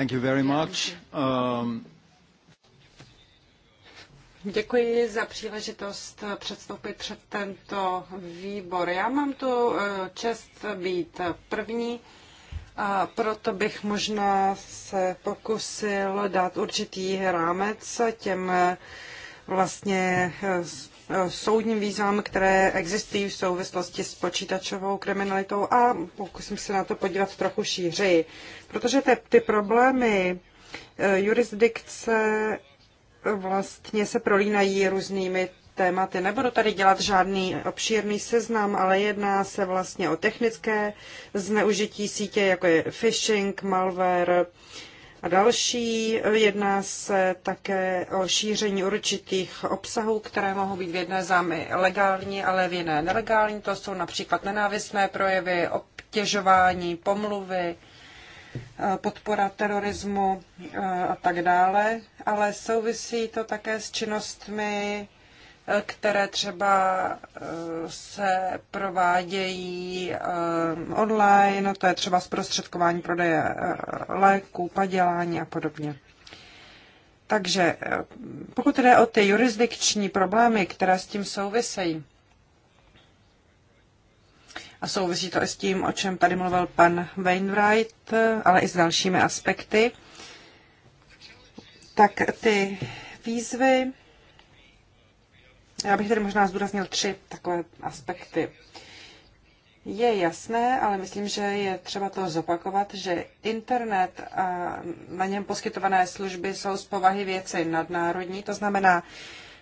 Thank you very much. Um... Děkuji za příležitost předstoupit před tento výbor. Já mám tu eh, čest být první, a proto bych možná se pokusil dát určitý rámec těm eh, vlastně eh, Eh, soudním výzvám, které existují v souvislosti s počítačovou kriminalitou a pokusím se na to podívat trochu šířeji. Protože te, ty problémy eh, jurisdikce vlastně se prolínají různými tématy. Nebudu tady dělat žádný obšírný seznam, ale jedná se vlastně o technické zneužití sítě, jako je phishing, malware, a další. Eh, jedná se také o šíření určitých obsahů, které mohou být v jedné zámi legální, ale v jiné nelegální. To jsou například nenávistné projevy, obtěžování, pomluvy, eh, podpora terorismu eh, a tak dále. Ale souvisí to také s činnostmi které třeba eh, se provádějí eh, online, to je třeba zprostředkování prodeje eh, léků, padělání a podobně. Takže pokud jde o ty jurisdikční problémy, které s tím souvisejí, a souvisí to i s tím, o čem tady mluvil pan Wainwright, ale i s dalšími aspekty, tak ty výzvy já bych tady možná zdůraznil tři takové aspekty. Je jasné, ale myslím, že je třeba to zopakovat, že internet a na něm poskytované služby jsou z povahy věci nadnárodní, to znamená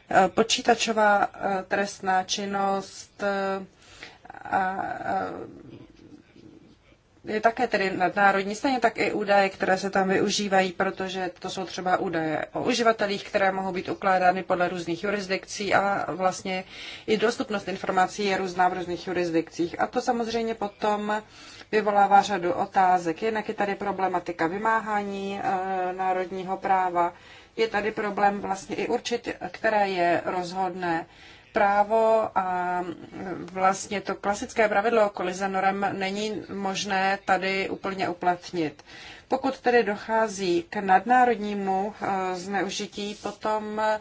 e, počítačová e, trestná činnost e, a je také tedy nadnárodní, stejně tak i údaje, které se tam využívají, protože to jsou třeba údaje o uživatelích, které mohou být ukládány podle různých jurisdikcí a vlastně i dostupnost informací je různá v různých jurisdikcích. A to samozřejmě potom vyvolává řadu otázek. Jednak je tady problematika vymáhání e, národního práva, je tady problém vlastně i určit, které je rozhodné. E, právo a vlastně to klasické pravidlo kolize norem není možné tady úplně uplatnit. Pokud tedy dochází k nadnárodnímu eh, zneužití, potom eh,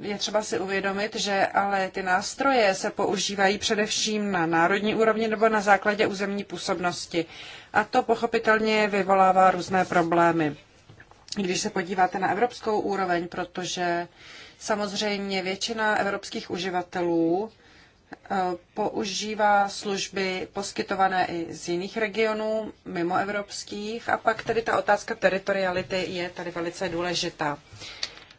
je třeba si uvědomit, že ale ty nástroje se používají především na národní úrovni nebo na základě územní působnosti. A to pochopitelně vyvolává různé problémy. Když se podíváte na evropskou úroveň, protože uh, Samozřejmě většina evropských uživatelů eh, používá služby poskytované i z jiných regionů, mimo evropských, a pak tedy ta otázka teritoriality je tady velice důležitá.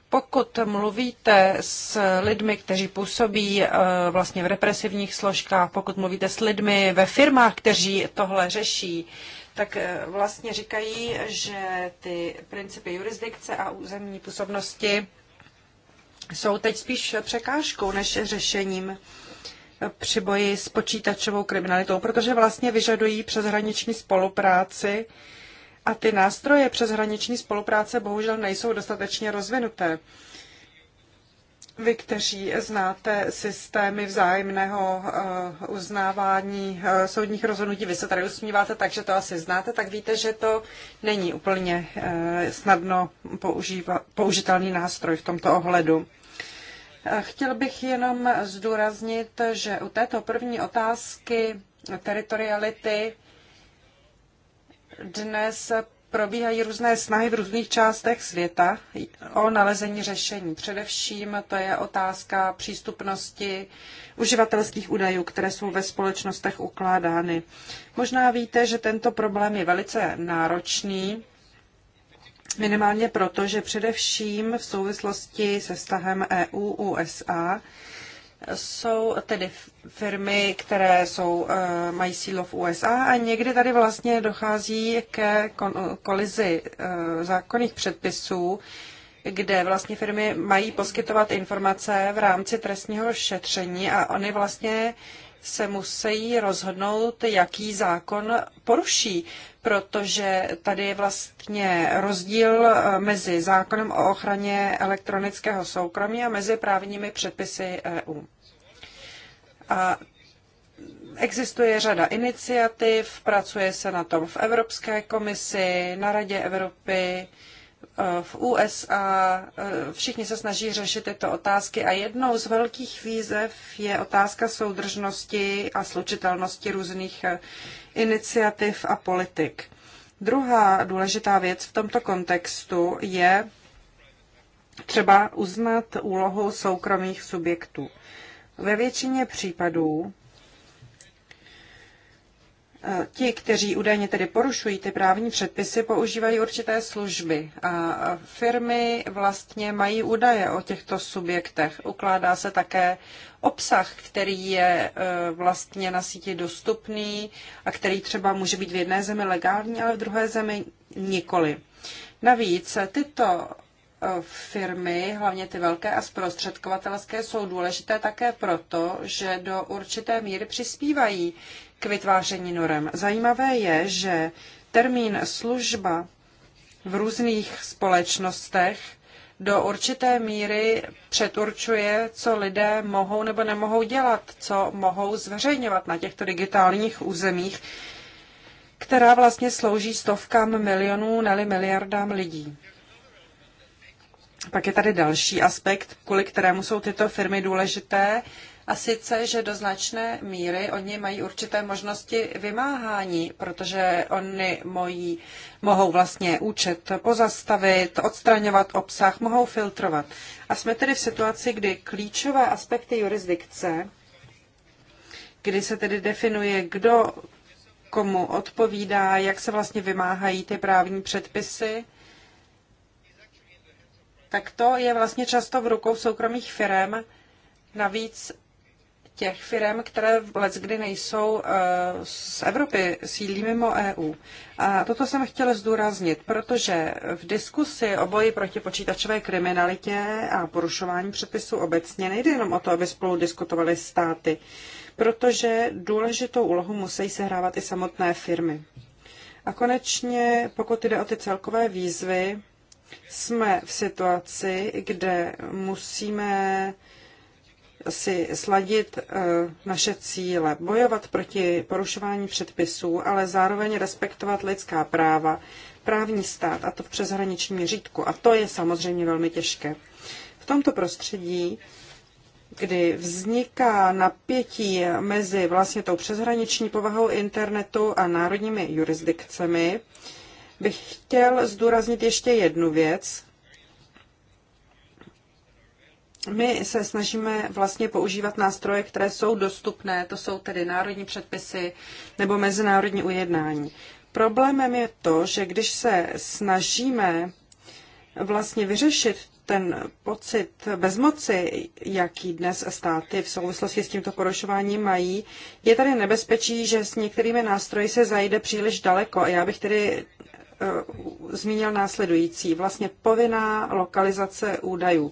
Pokud mluvíte s lidmi, kteří působí eh, vlastně v represivních složkách, pokud mluvíte s lidmi ve firmách, kteří tohle řeší, tak eh, vlastně říkají, že ty principy jurisdikce a územní působnosti jsou teď spíš překážkou než řešením při boji s počítačovou kriminalitou, protože vlastně vyžadují přeshraniční spolupráci a ty nástroje přeshraniční spolupráce bohužel nejsou dostatečně rozvinuté. Vy, kteří znáte systémy vzájemného eh, uznávání eh, soudních rozhodnutí, vy se tady usmíváte, takže to asi znáte, tak víte, že to není úplně eh, snadno použitelný nástroj v tomto ohledu. Chtěl bych jenom zdůraznit, že u této první otázky teritoriality dnes probíhají různé snahy v různých částech světa o nalezení řešení. Především to je otázka přístupnosti uživatelských údajů, které jsou ve společnostech ukládány. Možná víte, že tento problém je velice náročný Minimálně proto, že především v souvislosti se vztahem EU-USA jsou tedy firmy, které jsou, eh, mají sílo v USA a někdy tady vlastně dochází ke kolizi eh, zákonných předpisů, kde vlastně firmy mají poskytovat informace v rámci trestního šetření a oni vlastně se musí rozhodnout, jaký zákon poruší protože tady je vlastně rozdíl eh, mezi zákonem o ochraně elektronického soukromí a mezi právními předpisy EU. A existuje řada iniciativ, pracuje se na tom v Evropské komisi, na Radě Evropy, Eh, v USA eh, všichni se snaží řešit tyto otázky a jednou z velkých výzev je otázka soudržnosti a slučitelnosti různých eh, iniciativ a politik. Druhá důležitá věc v tomto kontextu je třeba uznat úlohu soukromých subjektů. Ve většině případů Ti, kteří údajně tedy porušují ty právní předpisy, používají určité služby a firmy vlastně mají údaje o těchto subjektech. Ukládá se také obsah, který je e, vlastně na síti dostupný a který třeba může být v jedné zemi legální, ale v druhé zemi nikoli. Navíc tyto e, firmy, hlavně ty velké a zprostředkovatelské, jsou důležité také proto, že do určité míry přispívají k vytváření norem. Zajímavé je, že termín služba v různých společnostech do určité míry předurčuje, co lidé mohou nebo nemohou dělat, co mohou zveřejňovat na těchto digitálních územích, která vlastně slouží stovkám milionů, neli miliardám lidí. Pak je tady další aspekt, kvůli kterému jsou tyto firmy důležité, a sice, že do značné míry oni mají určité možnosti vymáhání, protože oni mojí, mohou vlastně účet pozastavit, odstraňovat obsah, mohou filtrovat. A jsme tedy v situaci, kdy klíčové aspekty jurisdikce, kdy se tedy definuje, kdo komu odpovídá, jak se vlastně vymáhají ty právní předpisy, tak to je vlastně často v rukou soukromých firm. Navíc těch firm, které vůbec kdy nejsou eh, z Evropy, sídlí mimo EU. A toto jsem chtěla zdůraznit, protože v diskusi o boji proti počítačové kriminalitě a porušování předpisů obecně nejde jenom o to, aby spolu diskutovaly státy, protože důležitou úlohu musí sehrávat i samotné firmy. A konečně, pokud jde o ty celkové výzvy, jsme v situaci, kde musíme si sladit eh, naše cíle, bojovat proti porušování předpisů, ale zároveň respektovat lidská práva, právní stát a to v přeshraničním měřítku. A to je samozřejmě velmi těžké. V tomto prostředí kdy vzniká napětí mezi vlastně tou přeshraniční povahou internetu a národními jurisdikcemi, bych chtěl zdůraznit ještě jednu věc, my se snažíme vlastně používat nástroje, které jsou dostupné, to jsou tedy národní předpisy nebo mezinárodní ujednání. Problémem je to, že když se snažíme vlastně vyřešit ten pocit bezmoci, jaký dnes státy v souvislosti s tímto porušováním mají, je tady nebezpečí, že s některými nástroji se zajde příliš daleko. A já bych tedy e, zmínil následující. Vlastně povinná lokalizace údajů.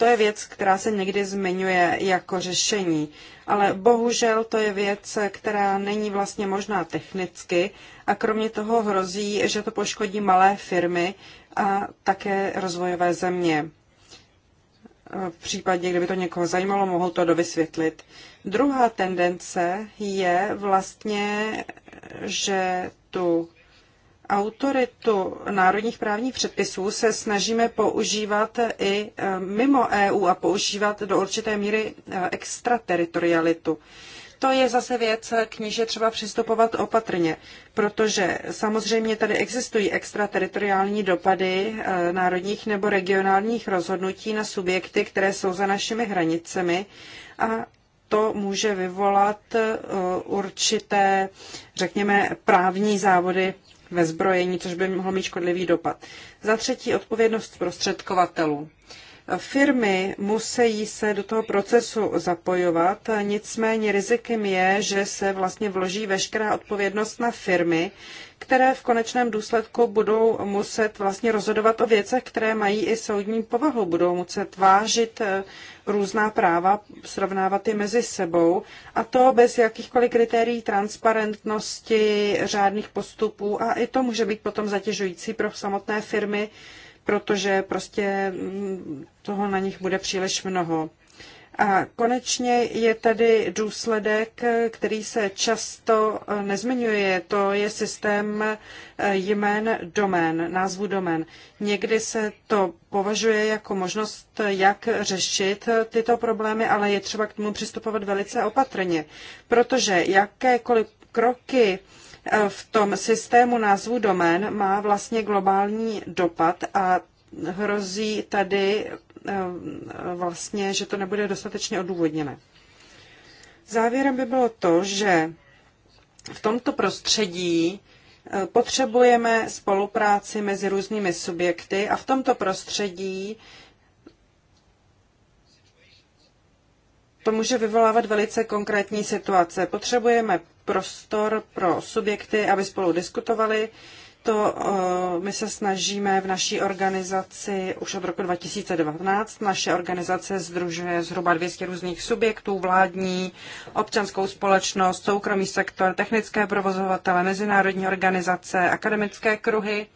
To je věc, která se někdy zmiňuje jako řešení, ale bohužel to je věc, která není vlastně možná technicky a kromě toho hrozí, že to poškodí malé firmy a také rozvojové země. V případě, kdyby to někoho zajímalo, mohou to dovysvětlit. Druhá tendence je vlastně, že tu autoritu národních právních předpisů se snažíme používat i e, mimo EU a používat do určité míry e, extrateritorialitu. To je zase věc, k níž je třeba přistupovat opatrně, protože samozřejmě tady existují extrateritoriální dopady e, národních nebo regionálních rozhodnutí na subjekty, které jsou za našimi hranicemi a to může vyvolat určité, řekněme, právní závody ve zbrojení, což by mohlo mít škodlivý dopad. Za třetí odpovědnost zprostředkovatelů. Firmy musí se do toho procesu zapojovat, nicméně rizikem je, že se vlastně vloží veškerá odpovědnost na firmy, které v konečném důsledku budou muset vlastně rozhodovat o věcech, které mají i soudní povahu. Budou muset vážit eh, různá práva, srovnávat je mezi sebou a to bez jakýchkoliv kritérií transparentnosti, řádných postupů a i to může být potom zatěžující pro samotné firmy, protože prostě mm, toho na nich bude příliš mnoho. A konečně je tady důsledek, který se často eh, nezmiňuje, to je systém eh, jmén domén, názvu domén. Někdy se to považuje jako možnost, jak řešit eh, tyto problémy, ale je třeba k tomu přistupovat velice opatrně, protože jakékoliv kroky, v tom systému názvu domén má vlastně globální dopad a hrozí tady eh, vlastně, že to nebude dostatečně odůvodněné. Závěrem by bylo to, že v tomto prostředí eh, potřebujeme spolupráci mezi různými subjekty a v tomto prostředí to může vyvolávat velice konkrétní situace. Potřebujeme prostor pro subjekty, aby spolu diskutovali. To eh, my se snažíme v naší organizaci už od roku 2012. Naše organizace združuje zhruba 200 různých subjektů, vládní, občanskou společnost, soukromý sektor, technické provozovatele, mezinárodní organizace, akademické kruhy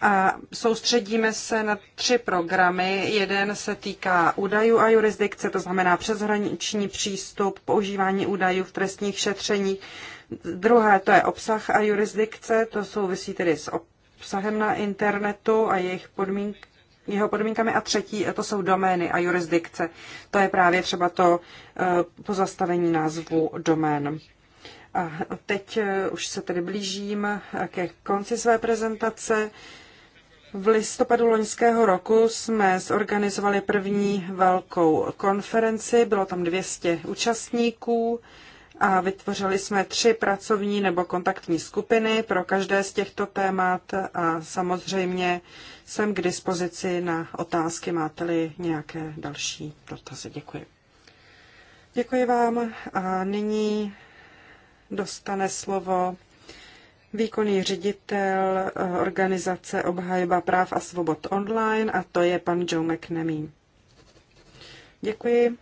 a soustředíme se na tři programy. Jeden se týká údajů a jurisdikce, to znamená přeshraniční přístup, používání údajů v trestních šetřeních. Druhé to je obsah a jurisdikce, to souvisí tedy s obsahem na internetu a jejich podmínk, jeho podmínkami. A třetí to jsou domény a jurisdikce. To je právě třeba to eh, pozastavení názvu domén. A teď eh, už se tedy blížím eh, ke konci své prezentace. V listopadu loňského roku jsme zorganizovali první velkou konferenci, bylo tam 200 účastníků a vytvořili jsme tři pracovní nebo kontaktní skupiny pro každé z těchto témat a samozřejmě jsem k dispozici na otázky, máte-li nějaké další dotazy. Děkuji. Děkuji vám a nyní dostane slovo výkonný ředitel eh, organizace Obhajba práv a svobod online a to je pan Joe McNamee. Děkuji.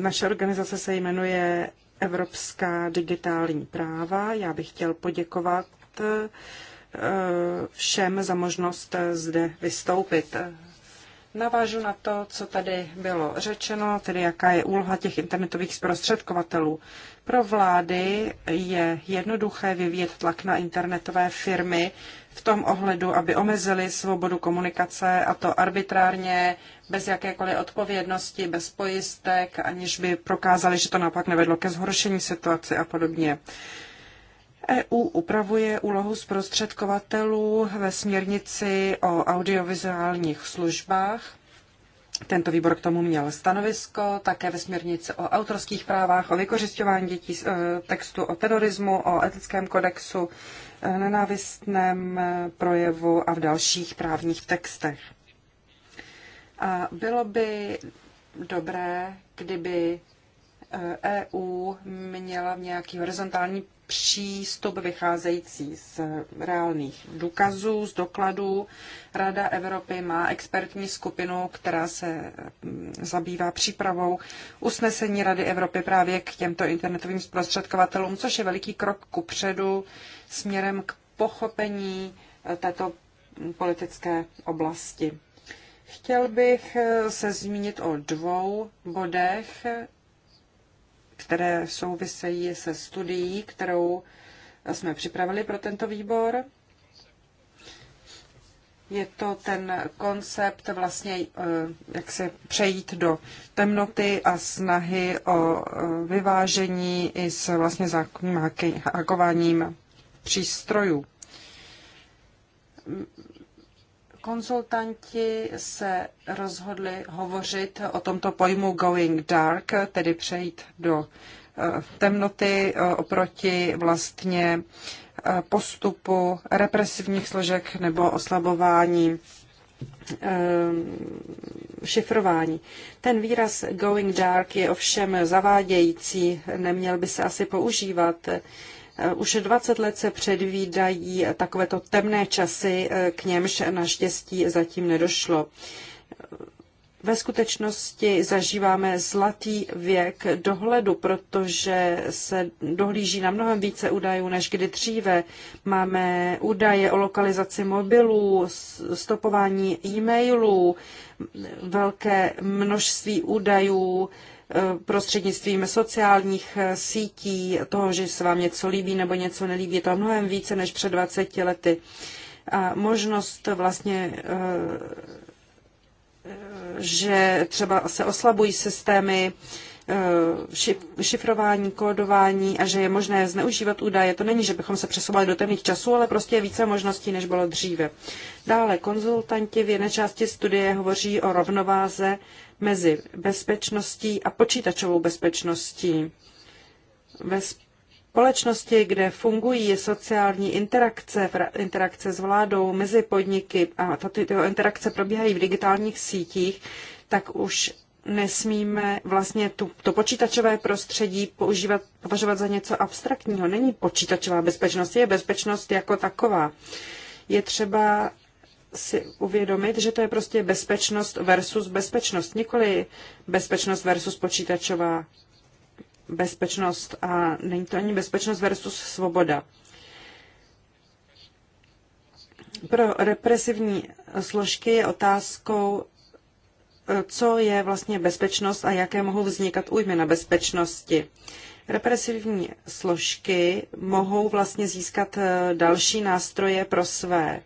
Naše organizace se jmenuje Evropská digitální práva. Já bych chtěl poděkovat eh, všem za možnost zde vystoupit. Navážu na to, co tady bylo řečeno, tedy jaká je úloha těch internetových zprostředkovatelů. Pro vlády je jednoduché vyvíjet tlak na internetové firmy v tom ohledu, aby omezili svobodu komunikace a to arbitrárně, bez jakékoliv odpovědnosti, bez pojistek, aniž by prokázali, že to naopak nevedlo ke zhoršení situace a podobně. EU upravuje úlohu zprostředkovatelů ve směrnici o audiovizuálních službách. Tento výbor k tomu měl stanovisko, také ve směrnici o autorských právách, o vykořišťování dětí, e, textu o terorismu, o etickém kodexu, e, nenávistném e, projevu a v dalších právních textech. A bylo by dobré, kdyby EU měla nějaký horizontální přístup vycházející z reálných důkazů, z dokladů. Rada Evropy má expertní skupinu, která se mm, zabývá přípravou usnesení Rady Evropy právě k těmto internetovým zprostředkovatelům, což je veliký krok ku předu směrem k pochopení eh, této politické oblasti. Chtěl bych eh, se zmínit o dvou bodech, které souvisejí se studií, kterou jsme připravili pro tento výbor. Je to ten koncept vlastně, eh, jak se přejít do temnoty a snahy o eh, vyvážení i s vlastně zákonným hakováním přístrojů Konzultanti se rozhodli hovořit o tomto pojmu going dark, tedy přejít do eh, temnoty eh, oproti vlastně eh, postupu represivních složek nebo oslabování šifrování. Ten výraz going dark je ovšem zavádějící, neměl by se asi používat. Eh, už 20 let se předvídají takovéto temné časy, eh, k němž naštěstí zatím nedošlo. Ve skutečnosti zažíváme zlatý věk dohledu, protože se dohlíží na mnohem více údajů než kdy dříve. Máme údaje o lokalizaci mobilů, stopování e-mailů, velké množství údajů Eh, prostřednictvím sociálních eh, sítí, toho, že se vám něco líbí nebo něco nelíbí, je to mnohem více než před 20 lety. A možnost vlastně eh, že třeba se oslabují systémy šifrování, kódování a že je možné zneužívat údaje. To není, že bychom se přesouvali do temných časů, ale prostě je více možností, než bylo dříve. Dále konzultanti v jedné části studie hovoří o rovnováze mezi bezpečností a počítačovou bezpečností. Ve společnosti, kde fungují sociální interakce, interakce s vládou, mezi podniky a tyto interakce probíhají v digitálních sítích, tak už nesmíme vlastně tu, to počítačové prostředí používat, považovat za něco abstraktního. Není počítačová bezpečnost, je bezpečnost jako taková. Je třeba si uvědomit, že to je prostě bezpečnost versus bezpečnost, nikoli bezpečnost versus počítačová bezpečnost a není to ani bezpečnost versus svoboda. Pro represivní složky je otázkou, co je vlastně bezpečnost a jaké mohou vznikat újmy na bezpečnosti. Represivní složky mohou vlastně získat eh, další nástroje pro své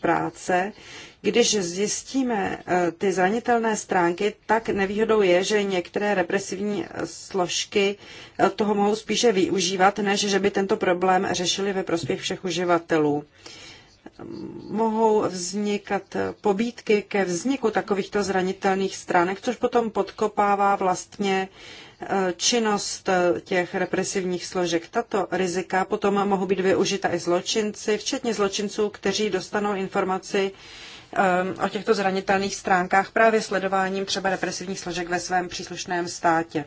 práce. Když zjistíme eh, ty zranitelné stránky, tak nevýhodou je, že některé represivní eh, složky eh, toho mohou spíše využívat, než že by tento problém řešili ve prospěch všech uživatelů mohou vznikat pobídky ke vzniku takovýchto zranitelných stránek, což potom podkopává vlastně činnost eh, těch represivních složek. Tato rizika potom mohou být využita i zločinci, včetně zločinců, kteří dostanou informaci eh, o těchto zranitelných stránkách právě sledováním třeba represivních složek ve svém příslušném státě.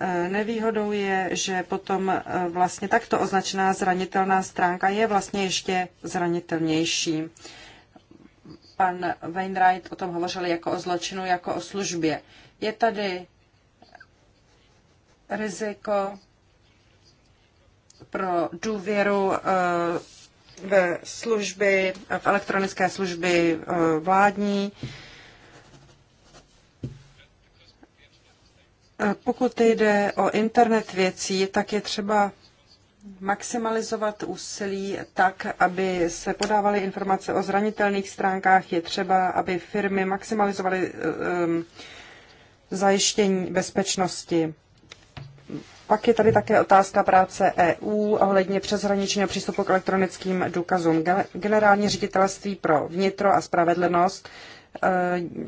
Eh, nevýhodou je, že potom vlastně takto označená zranitelná stránka je vlastně ještě zranitelnější. Pan Wainwright o tom hovořil jako o zločinu, jako o službě. Je tady riziko pro důvěru eh, ve služby, v elektronické služby eh, vládní. Pokud jde o internet věcí, tak je třeba maximalizovat úsilí tak, aby se podávaly informace o zranitelných stránkách. Je třeba, aby firmy maximalizovaly eh, zajištění bezpečnosti. Pak je tady také otázka práce EU ohledně přeshraničního přístupu k elektronickým důkazům. Generální ředitelství pro vnitro a spravedlnost eh,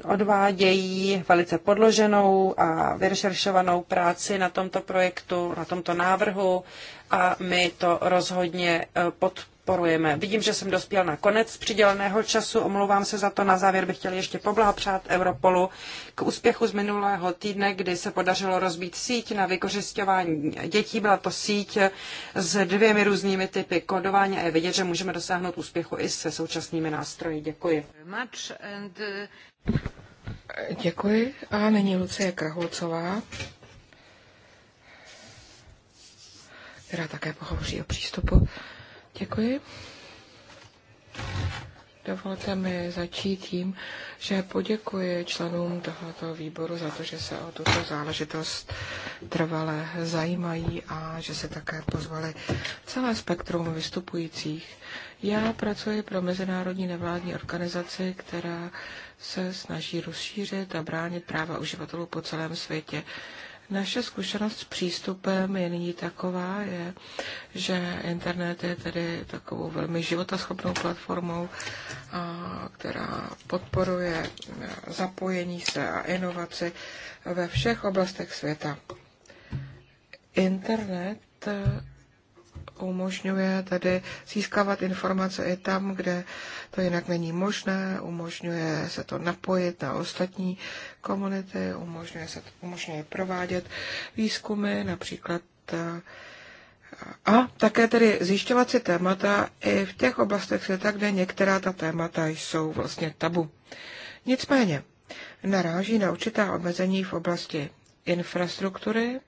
odvádějí velice podloženou a vyrešeršovanou práci na tomto projektu, na tomto návrhu a my to rozhodně eh, podporujeme podporujeme. Vidím, že jsem dospěl na konec přiděleného času, omlouvám se za to. Na závěr bych chtěl ještě poblahopřát Europolu k úspěchu z minulého týdne, kdy se podařilo rozbít síť na vykořišťování dětí. Byla to síť s dvěmi různými typy kodování a je vidět, že můžeme dosáhnout úspěchu i se současnými nástroji. Děkuji. Děkuji. A nyní Lucie Krahulcová, která také pohovoří o přístupu Děkuji. Dovolte mi začít tím, že poděkuji členům tohoto výboru za to, že se o tuto záležitost trvale zajímají a že se také pozvali celé spektrum vystupujících. Já pracuji pro mezinárodní nevládní organizaci, která se snaží rozšířit a bránit práva uživatelů po celém světě. Naše zkušenost s přístupem je nyní taková, je, že internet je tedy takovou velmi životaschopnou platformou, která podporuje e, zapojení se a inovaci ve všech oblastech světa. Internet e, umožňuje tedy získávat informace i tam, kde to jinak není možné, umožňuje se to napojit na ostatní komunity, umožňuje se to, umožňuje provádět výzkumy, například eh, a také tedy zjišťovat si témata i v těch oblastech světa, kde některá ta témata jsou vlastně tabu. Nicméně naráží na určitá omezení v oblasti infrastruktury,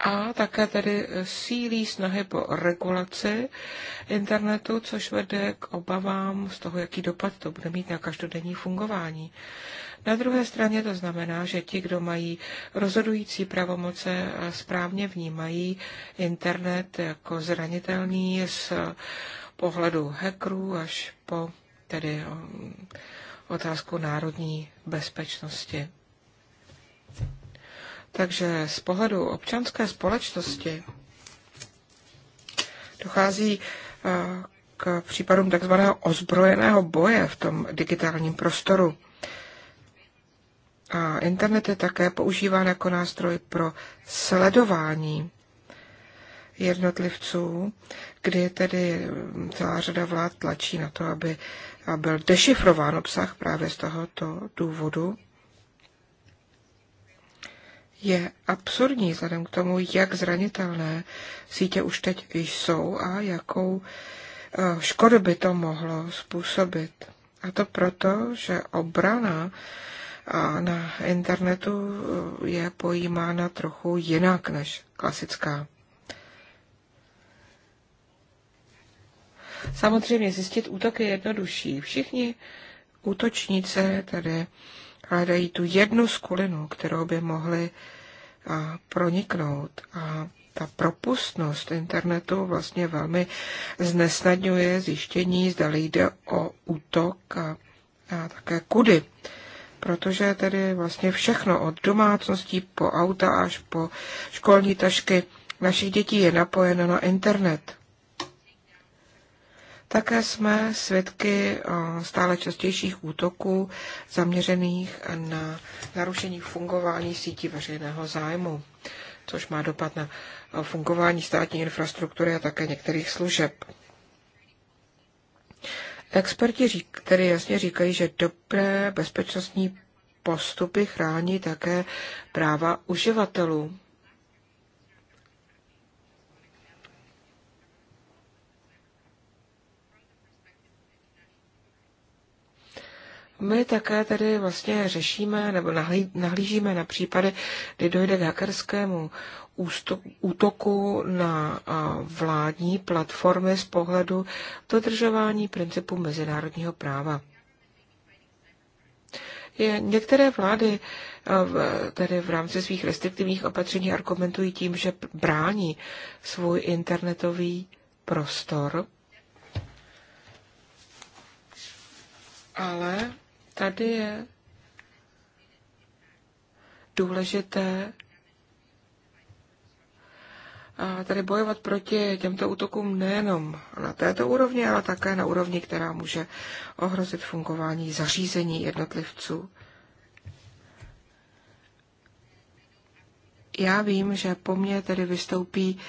a také tedy sílí snahy po regulaci internetu, což vede k obavám z toho, jaký dopad to bude mít na každodenní fungování. Na druhé straně to znamená, že ti, kdo mají rozhodující pravomoce, správně vnímají internet jako zranitelný z pohledu hackerů až po tedy um, otázku národní bezpečnosti. Takže z pohledu občanské společnosti dochází eh, k případům takzvaného ozbrojeného boje v tom digitálním prostoru. A internet je také používán jako nástroj pro sledování jednotlivců, kdy tedy celá řada vlád tlačí na to, aby byl dešifrován obsah právě z tohoto důvodu je absurdní vzhledem k tomu, jak zranitelné sítě už teď jsou a jakou eh, škodu by to mohlo způsobit. A to proto, že obrana eh, na internetu eh, je pojímána trochu jinak než klasická. Samozřejmě zjistit útok je jednodušší. Všichni útočníci tedy hledají tu jednu skulinu, kterou by mohli proniknout. A ta propustnost internetu vlastně velmi znesnadňuje zjištění, zda jde o útok a, a také kudy. Protože tedy vlastně všechno od domácností po auta až po školní tašky našich dětí je napojeno na internet. Také jsme svědky eh, stále častějších útoků zaměřených na narušení fungování sítí veřejného zájmu, což má dopad na eh, fungování státní infrastruktury a také některých služeb. Experti, tedy jasně říkají, že dobré bezpečnostní postupy chrání také práva uživatelů. My také tedy vlastně řešíme nebo nahlížíme na případy, kdy dojde k hackerskému útoku na vládní platformy z pohledu dodržování principu mezinárodního práva. Je, některé vlády tedy v rámci svých restriktivních opatření argumentují tím, že brání svůj internetový prostor, ale Tady je důležité Tady bojovat proti těmto útokům nejenom na této úrovni, ale také na úrovni, která může ohrozit fungování zařízení jednotlivců. Já vím, že po mně tedy vystoupí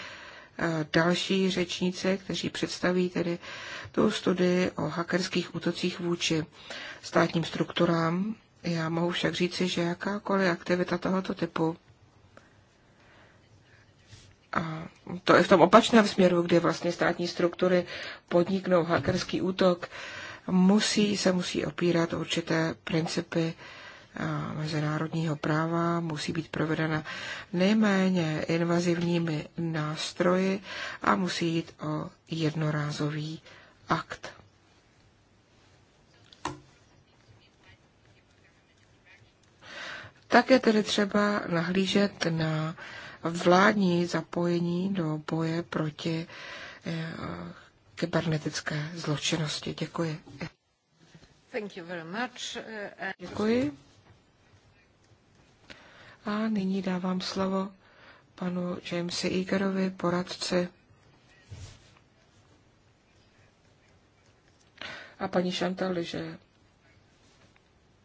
další řečníci, kteří představí tedy tu studii o hackerských útocích vůči státním strukturám. Já mohu však říci, že jakákoliv aktivita tohoto typu a to je v tom opačném směru, kdy vlastně státní struktury podniknou hackerský útok, musí se musí opírat určité principy mezinárodního práva musí být provedena nejméně invazivními nástroji a musí jít o jednorázový akt. Tak je tedy třeba nahlížet na vládní zapojení do boje proti eh, kybernetické zločinnosti. Děkuji. Thank you very much. Eh, Děkuji. A nyní dávám slovo panu Jamesi Egerovi, poradci a paní Chantal že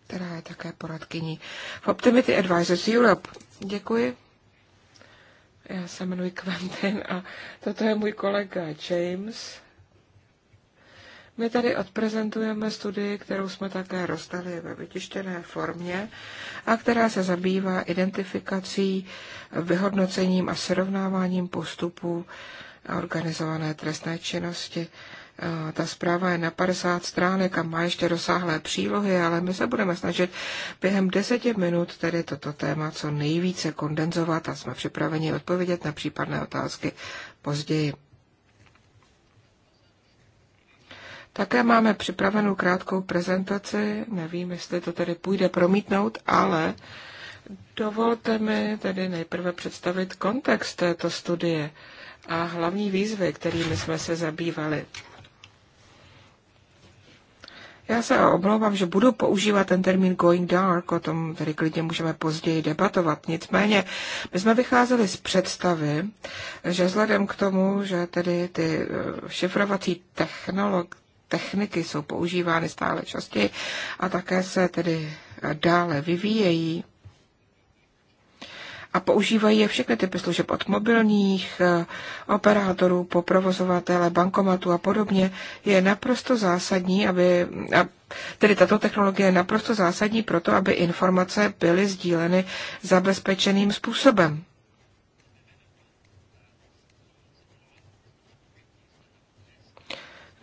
která je také poradkyní v Optimity Advisors Europe. Děkuji. Já se jmenuji Quentin a toto je můj kolega James. My tady odprezentujeme studii, kterou jsme také rozdali ve vytištěné formě a která se zabývá identifikací, vyhodnocením a srovnáváním postupů organizované trestné činnosti. E, ta zpráva je na 50 stránek a má ještě rozsáhlé přílohy, ale my se budeme snažit během deseti minut tedy toto téma co nejvíce kondenzovat a jsme připraveni odpovědět na případné otázky později. Také máme připravenou krátkou prezentaci, nevím, jestli to tedy půjde promítnout, ale dovolte mi tedy nejprve představit kontext této studie a hlavní výzvy, kterými jsme se zabývali. Já se omlouvám, že budu používat ten termín going dark, o tom tedy klidně můžeme později debatovat. Nicméně, my jsme vycházeli z představy, že vzhledem k tomu, že tedy ty eh, šifrovací technologie, techniky jsou používány stále častěji a také se tedy dále vyvíjejí a používají je všechny typy služeb od mobilních eh, operátorů po provozovatele bankomatu a podobně, je naprosto zásadní, aby, a tedy tato technologie je naprosto zásadní proto, aby informace byly sdíleny zabezpečeným způsobem.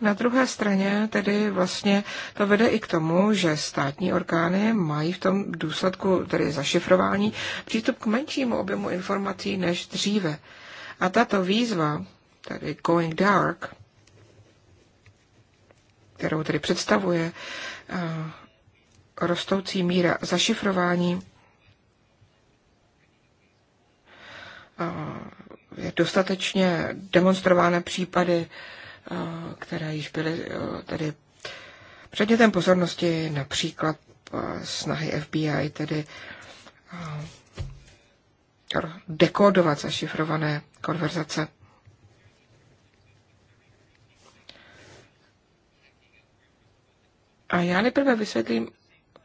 Na druhé straně tedy vlastně to vede i k tomu, že státní orgány mají v tom důsledku, tedy zašifrování, přístup k menšímu objemu informací než dříve. A tato výzva, tedy Going Dark, kterou tedy představuje eh, rostoucí míra zašifrování, eh, je dostatečně demonstrována případy které již byly e, tedy předmětem pozornosti, například e, snahy FBI, tedy e, dekodovat zašifrované konverzace. A já nejprve vysvětlím,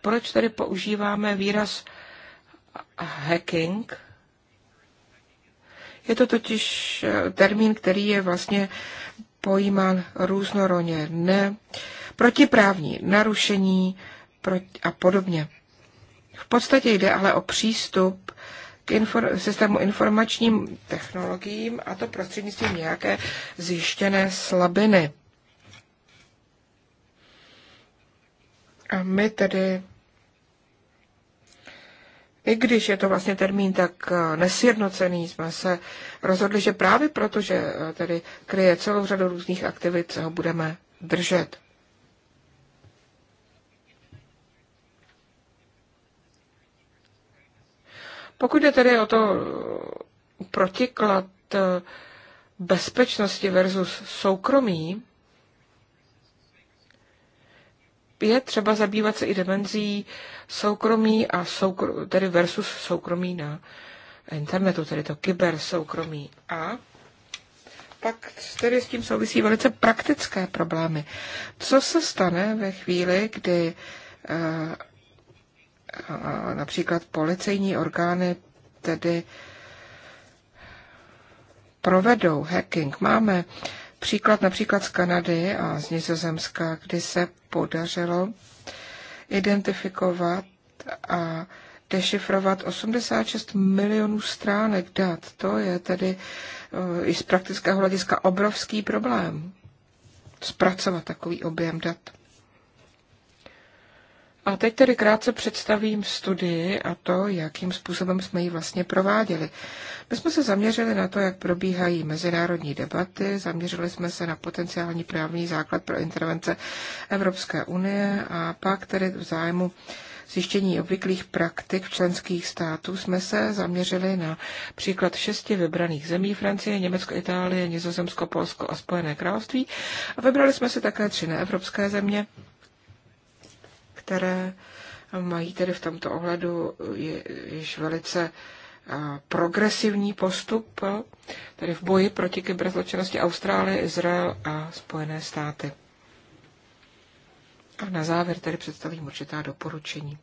proč tady používáme výraz hacking. Je to totiž termín, který je vlastně pojímán různoroně, ne, protiprávní narušení a podobně. V podstatě jde ale o přístup k infor- systému informačním technologiím a to prostřednictvím nějaké zjištěné slabiny. A my tedy i když je to vlastně termín tak eh, nesjednocený, jsme se rozhodli, že právě proto, že eh, tedy kryje celou řadu různých aktivit, se ho budeme držet. Pokud jde tedy o to eh, protiklad bezpečnosti versus soukromí, je třeba zabývat se i dimenzí soukromí a soukro, tedy versus soukromí na internetu, tedy to kyber soukromí. A pak tedy s tím souvisí velice praktické problémy. Co se stane ve chvíli, kdy eh, například policejní orgány tedy provedou hacking? Máme příklad například z Kanady a z Nizozemska, kdy se podařilo identifikovat a dešifrovat 86 milionů stránek dat. To je tedy eh, i z praktického hlediska obrovský problém zpracovat takový objem dat. A teď tedy krátce představím studii a to, jakým způsobem jsme ji vlastně prováděli. My jsme se zaměřili na to, jak probíhají mezinárodní debaty, zaměřili jsme se na potenciální právní základ pro intervence Evropské unie a pak tedy v zájmu zjištění obvyklých praktik v členských států jsme se zaměřili na příklad šesti vybraných zemí Francie, Německo, Itálie, Nizozemsko, Polsko a Spojené království a vybrali jsme se také tři neevropské země, které mají tedy v tomto ohledu již velice progresivní postup, tedy v boji proti kyberzločinnosti Austrálie, Izrael a Spojené státy. A na závěr tedy představím určitá doporučení.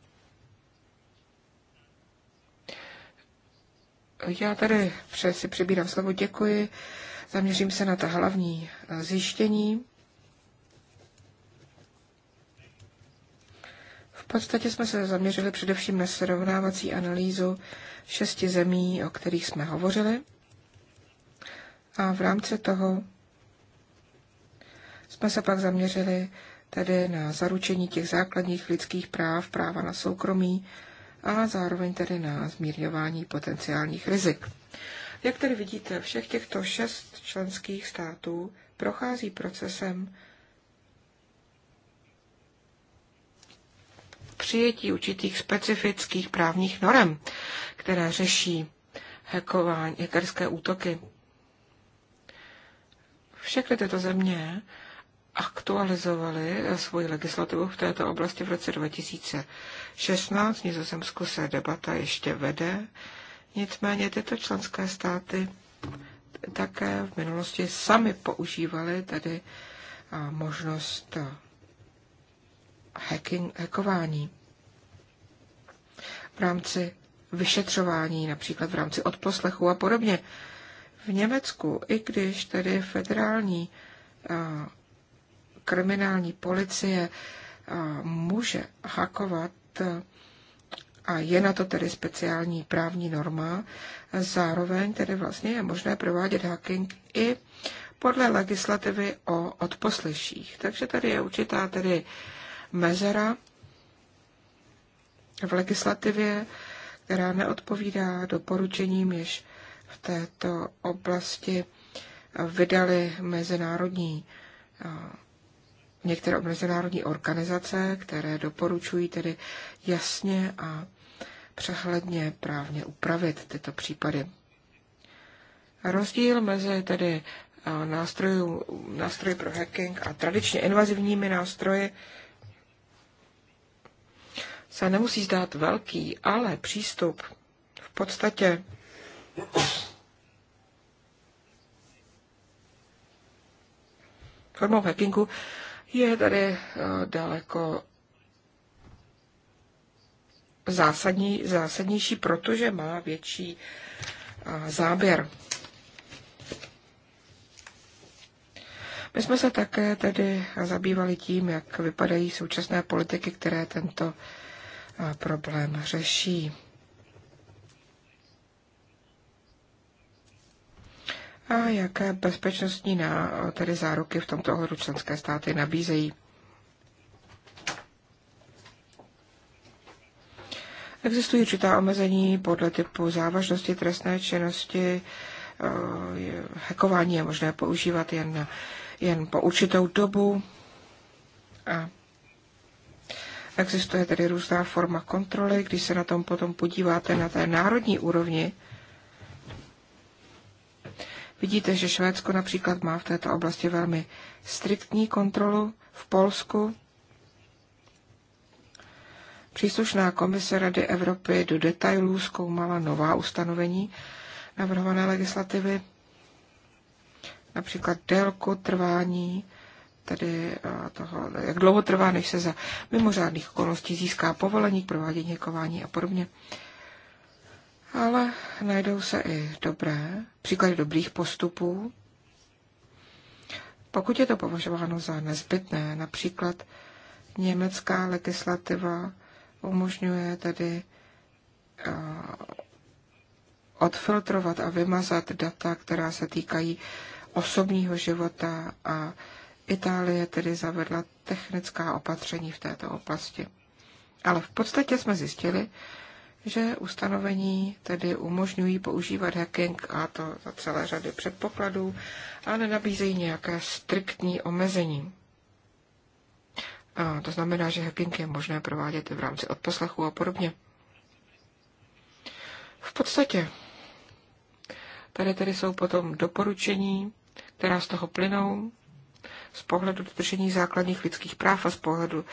Já tady si přebírám slovo děkuji, zaměřím se na ta hlavní e, zjištění. podstatě jsme se zaměřili především na srovnávací analýzu šesti zemí, o kterých jsme hovořili. A v rámci toho jsme se pak zaměřili tedy na zaručení těch základních lidských práv, práva na soukromí a zároveň tedy na zmírňování potenciálních rizik. Jak tedy vidíte, všech těchto šest členských států prochází procesem přijetí určitých specifických právních norem, které řeší hackování, hackerské útoky. Všechny tyto země aktualizovali svoji legislativu v této oblasti v roce 2016. Nizozemsku se debata ještě vede. Nicméně tyto členské státy také v minulosti sami používaly tedy možnost hacking, hackování v rámci vyšetřování, například v rámci odposlechu a podobně. V Německu, i když tedy federální a, kriminální policie a, může hakovat a, a je na to tedy speciální právní norma, zároveň tedy vlastně je možné provádět hacking i podle legislativy o odposleších. Takže tady je určitá tedy mezera v legislativě, která neodpovídá doporučením, jež v této oblasti vydali mezinárodní eh, některé mezinárodní organizace, které doporučují tedy jasně a přehledně právně upravit tyto případy. Rozdíl mezi tedy eh, nástrojů, nástroji pro hacking a tradičně invazivními nástroji se nemusí zdát velký, ale přístup v podstatě formou hackingu je tady eh, daleko zásadní, zásadnější, protože má větší eh, záběr. My jsme se také tedy zabývali tím, jak vypadají současné politiky, které tento problém řeší. A jaké bezpečnostní na, tedy záruky v tomto ohledu členské státy nabízejí? Existují určitá omezení podle typu závažnosti trestné činnosti. Hekování eh, je možné používat jen, jen po určitou dobu. A Existuje tedy různá forma kontroly, když se na tom potom podíváte na té národní úrovni, Vidíte, že Švédsko například má v této oblasti velmi striktní kontrolu v Polsku. Příslušná komise Rady Evropy do detailů zkoumala nová ustanovení navrhované legislativy, například délku trvání tedy eh, toho, jak dlouho trvá, než se za mimořádných okolností získá povolení k provádění kování a podobně. Ale najdou se i dobré, příklady dobrých postupů. Pokud je to považováno za nezbytné, například německá legislativa umožňuje tedy eh, odfiltrovat a vymazat data, která se týkají osobního života a Itálie tedy zavedla technická opatření v této oblasti. Ale v podstatě jsme zjistili, že ustanovení tedy umožňují používat hacking a to za celé řady předpokladů a nenabízejí nějaké striktní omezení. A to znamená, že hacking je možné provádět i v rámci odposlechu a podobně. V podstatě tady tedy jsou potom doporučení, která z toho plynou, z pohledu dodržení základních lidských práv a z pohledu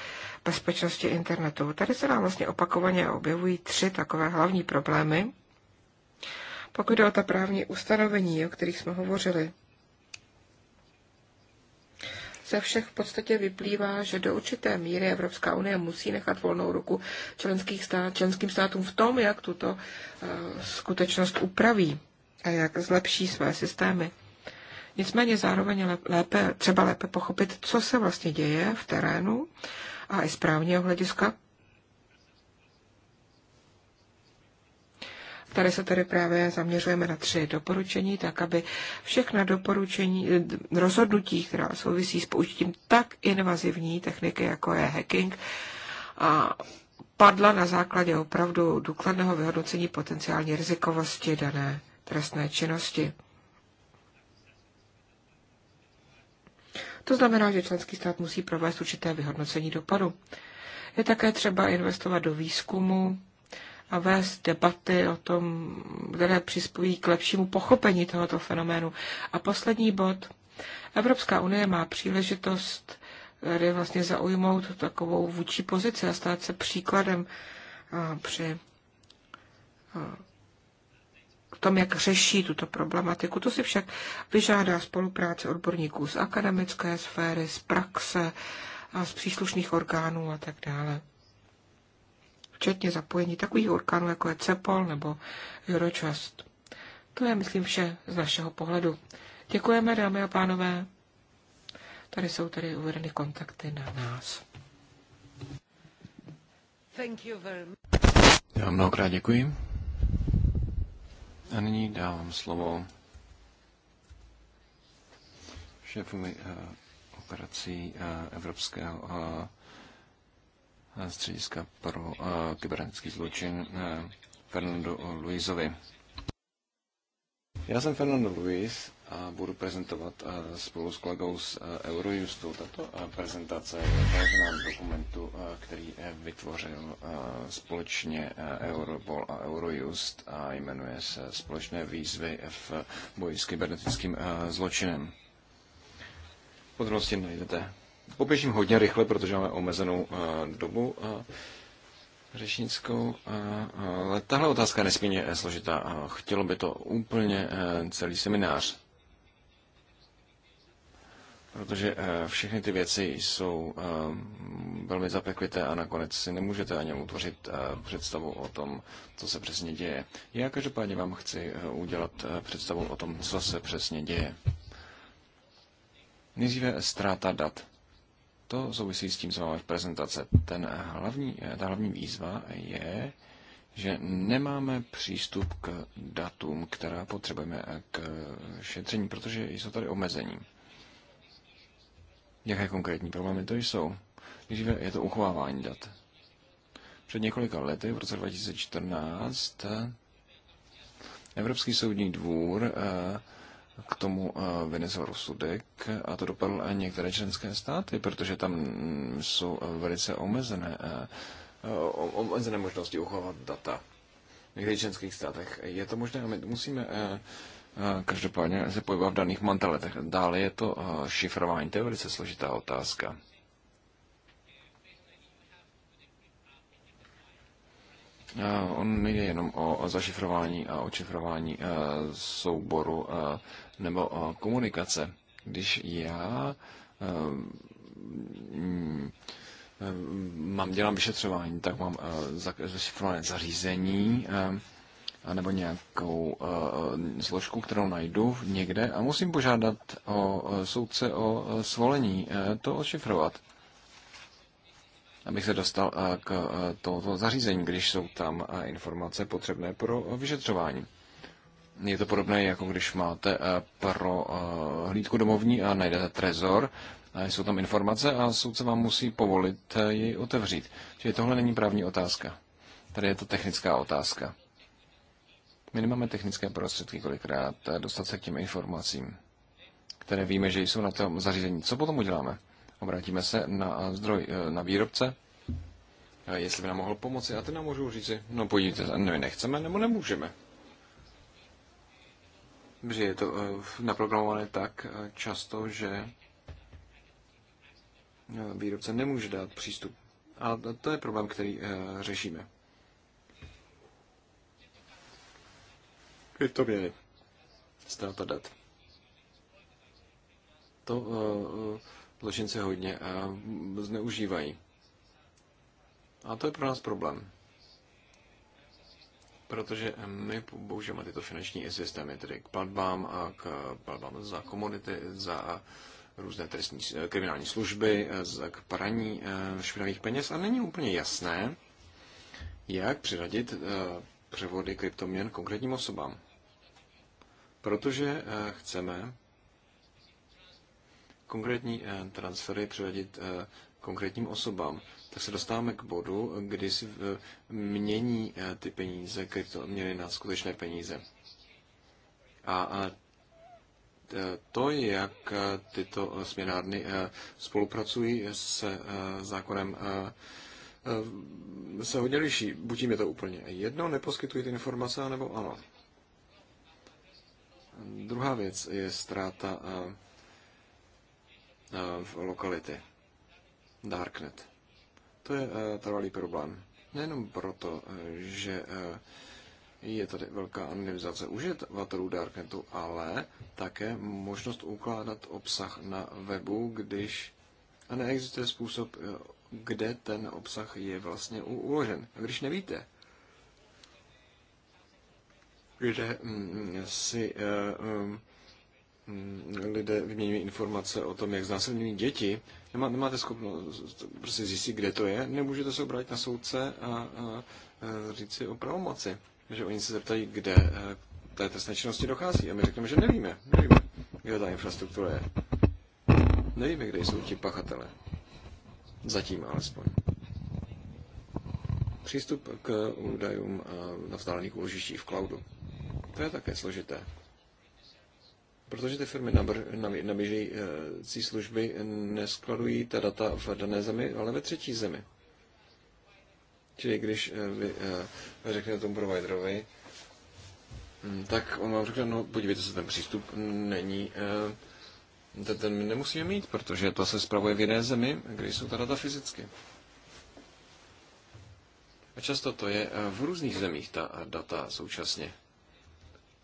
bezpečnosti internetu. Tady se nám vlastně opakovaně objevují tři takové hlavní problémy. Pokud jde o ta právní ustanovení, o kterých jsme hovořili, ze všech v podstatě vyplývá, že do určité míry Evropská unie musí nechat volnou ruku členských stát, členským státům v tom, jak tuto eh, skutečnost upraví a jak zlepší své systémy. Nicméně zároveň lépe, třeba lépe pochopit, co se vlastně děje v terénu a i z právního hlediska. Tady se tedy právě zaměřujeme na tři doporučení, tak aby všechna doporučení, eh, rozhodnutí, která souvisí s použitím tak invazivní techniky, jako je hacking, a padla na základě opravdu důkladného vyhodnocení potenciální rizikovosti dané trestné činnosti. To znamená, že členský stát musí provést určité vyhodnocení dopadu. Je také třeba investovat do výzkumu a vést debaty o tom, které přispějí k lepšímu pochopení tohoto fenoménu. A poslední bod. Evropská unie má příležitost tady eh, vlastně zaujmout takovou vůči pozici a stát se příkladem eh, při eh, tom, jak řeší tuto problematiku. To si však vyžádá spolupráce odborníků z akademické sféry, z praxe, a z příslušných orgánů a tak dále. Včetně zapojení takových orgánů, jako je CEPOL nebo Eurojust, To je, myslím, vše z našeho pohledu. Děkujeme, dámy a pánové. Tady jsou tady uvedeny kontakty na nás. Thank you very much. Já mnohokrát děkuji. A nyní dávám slovo šéfovi eh, operací eh, Evropského eh, střediska pro kybernetický zločin Fernando Luizovi. Já jsem Fernando Luis a budu prezentovat eh, spolu s kolegou z eh, Eurojustu. Tato eh, prezentace je založena na dokumentu, který vytvořil společně Europol a Eurojust a jmenuje se Společné výzvy v boji s kybernetickým zločinem. Podrobnosti najdete. Poběžím hodně rychle, protože máme omezenou dobu řečnickou. Ale tahle otázka je nesmírně složitá. Chtělo by to úplně celý seminář. Protože eh, všechny ty věci jsou eh, velmi zapeklité a nakonec si nemůžete ani utvořit eh, představu o tom, co se přesně děje. Já každopádně vám chci udělat představu o tom, co se přesně děje. Nejdříve ztráta dat. To souvisí s tím, co máme v prezentace. Ten hlavní, ta hlavní výzva je, že nemáme přístup k datům, která potřebujeme k šetření, protože jsou tady omezení. Jaké konkrétní problémy to jsou? Nejdříve je to uchovávání dat. Před několika lety, v roce 2014, Evropský soudní dvůr eh, k tomu eh, vynesl rozsudek a to dopadlo i některé členské státy, protože tam mm, jsou eh, velice omezené, omezené možnosti uchovat data. V některých členských státech je to možné, my musíme Eh, každopádně se pohybá v daných manteletech. Dále je to eh, šifrování, to je velice složitá otázka. Eh, on nejde jenom o zašifrování a očifrování souboru nebo komunikace. Když já mm, mám dělám vyšetřování, tak mám zašifrované zařízení, nebo nějakou uh, složku, kterou najdu někde a musím požádat o eh, soudce o svolení uh, to ošifrovat, abych se dostal uh, k uh, tohoto zařízení, když jsou tam uh, informace potřebné pro uh, vyšetřování. Je to podobné, jako když máte uh, pro uh, hlídku domovní a najdete trezor, a jsou tam informace a soudce vám musí povolit uh, jej otevřít. Čili tohle není právní otázka. Tady je to technická otázka. My nemáme technické prostředky kolikrát eh, dostat se k těm informacím, které víme, že jsou na tom zařízení. Co potom uděláme? Obrátíme se na eh, zdroj, eh, na výrobce, jestli by nám mohl pomoci. A ty nám můžou říct, no podívejte, ne, no, nechceme nebo nemůžeme. Že je to naprogramované tak často, že výrobce nemůže dát přístup. A to je problém, který řešíme. opětovně ztráta dat. To uh, ložince hodně uh, zneužívají. A to je pro nás problém. Protože my používáme tyto finanční systémy, tedy k platbám a k platbám za komodity, za různé trestní, kriminální služby, za k praní špinavých peněz a není úplně jasné, jak přiradit převody kryptoměn konkrétním osobám. Protože eh, chceme konkrétní eh, transfery převedit eh, konkrétním osobám, tak se dostáváme k bodu, kdy si mění ty peníze, které měly na skutečné peníze. A to, jak tyto směnárny spolupracují se zákonem, se hodně liší. Buď jim je to úplně jedno, neposkytují ty informace, nebo ano. Druhá věc je ztráta eh, eh, v lokality. Darknet. To je eh, trvalý problém. Nejenom proto, že je tady velká anonymizace uživatelů Darknetu, ale také možnost ukládat obsah na webu, když a neexistuje způsob, kde ten obsah je vlastně uložen. A když nevíte, kde mm, mm, si eh, mm, lidé vyměňují informace o tom, jak znásilňují děti, Nemá, nemáte schopnost prostě zjistit, kde to je, nemůžete se obrátit na soudce a, a, a říct si o pravomoci. Že oni se zeptají, kde k eh, té trestné činnosti dochází. A my řekneme, že nevíme, nevíme, kde ta infrastruktura je. Nevíme, kde jsou ti pachatele. Zatím alespoň. Přístup k údajům na vzdálených úložištích v cloudu. To je také složité. Protože ty firmy nabížející služby neskladují ta data v dané zemi, ale ve třetí zemi. Čili když eh, vy eh, řeknete tomu providerovi, hm, tak on vám řekne, no podívejte se, ten přístup není, eh, ten, ten nemusíme mít, protože to se spravuje v jiné zemi, kde jsou ta data fyzicky. A často to je v různých zemích ta data současně.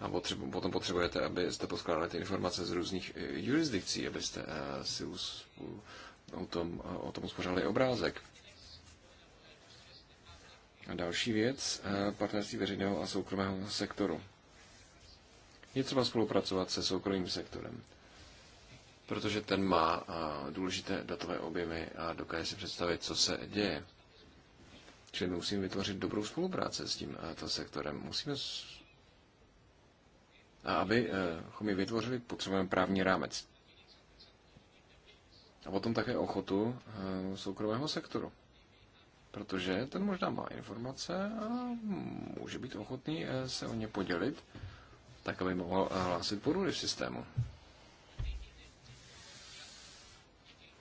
A potřebu, potom potřebujete, abyste poskládali ty informace z různých eh, jurisdikcí, abyste eh, si us, eh, o, tom, o tom uspořádali obrázek. A další věc, partnerství veřejného a soukromého sektoru. Je třeba spolupracovat se soukromým sektorem, protože ten má důležité datové objemy a dokáže si představit, co se děje. Čili musíme vytvořit dobrou spolupráci s tím sektorem. Musíme a eh, abychom ji vytvořili, potřebujeme právní rámec. A potom také ochotu eh, soukromého sektoru. Protože ten možná má informace a může být ochotný eh, se o ně podělit, tak aby mohl hlásit porudy v systému.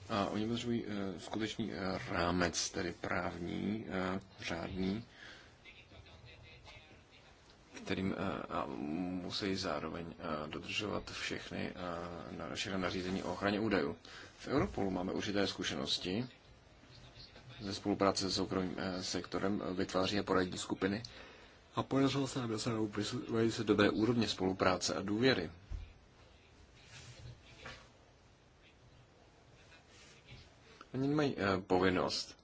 A oni potřebují skutečný rámec, tedy právní, řádný, kterým eh, musí zároveň eh, dodržovat všechny eh, naše nařízení o ochraně údajů. V Europolu máme určité zkušenosti ze spolupráce s soukromým sektorem, vytváří a poradní skupiny a podařilo se nám dosáhnout velice dobré úrovně spolupráce a důvěry. Oni mají povinnost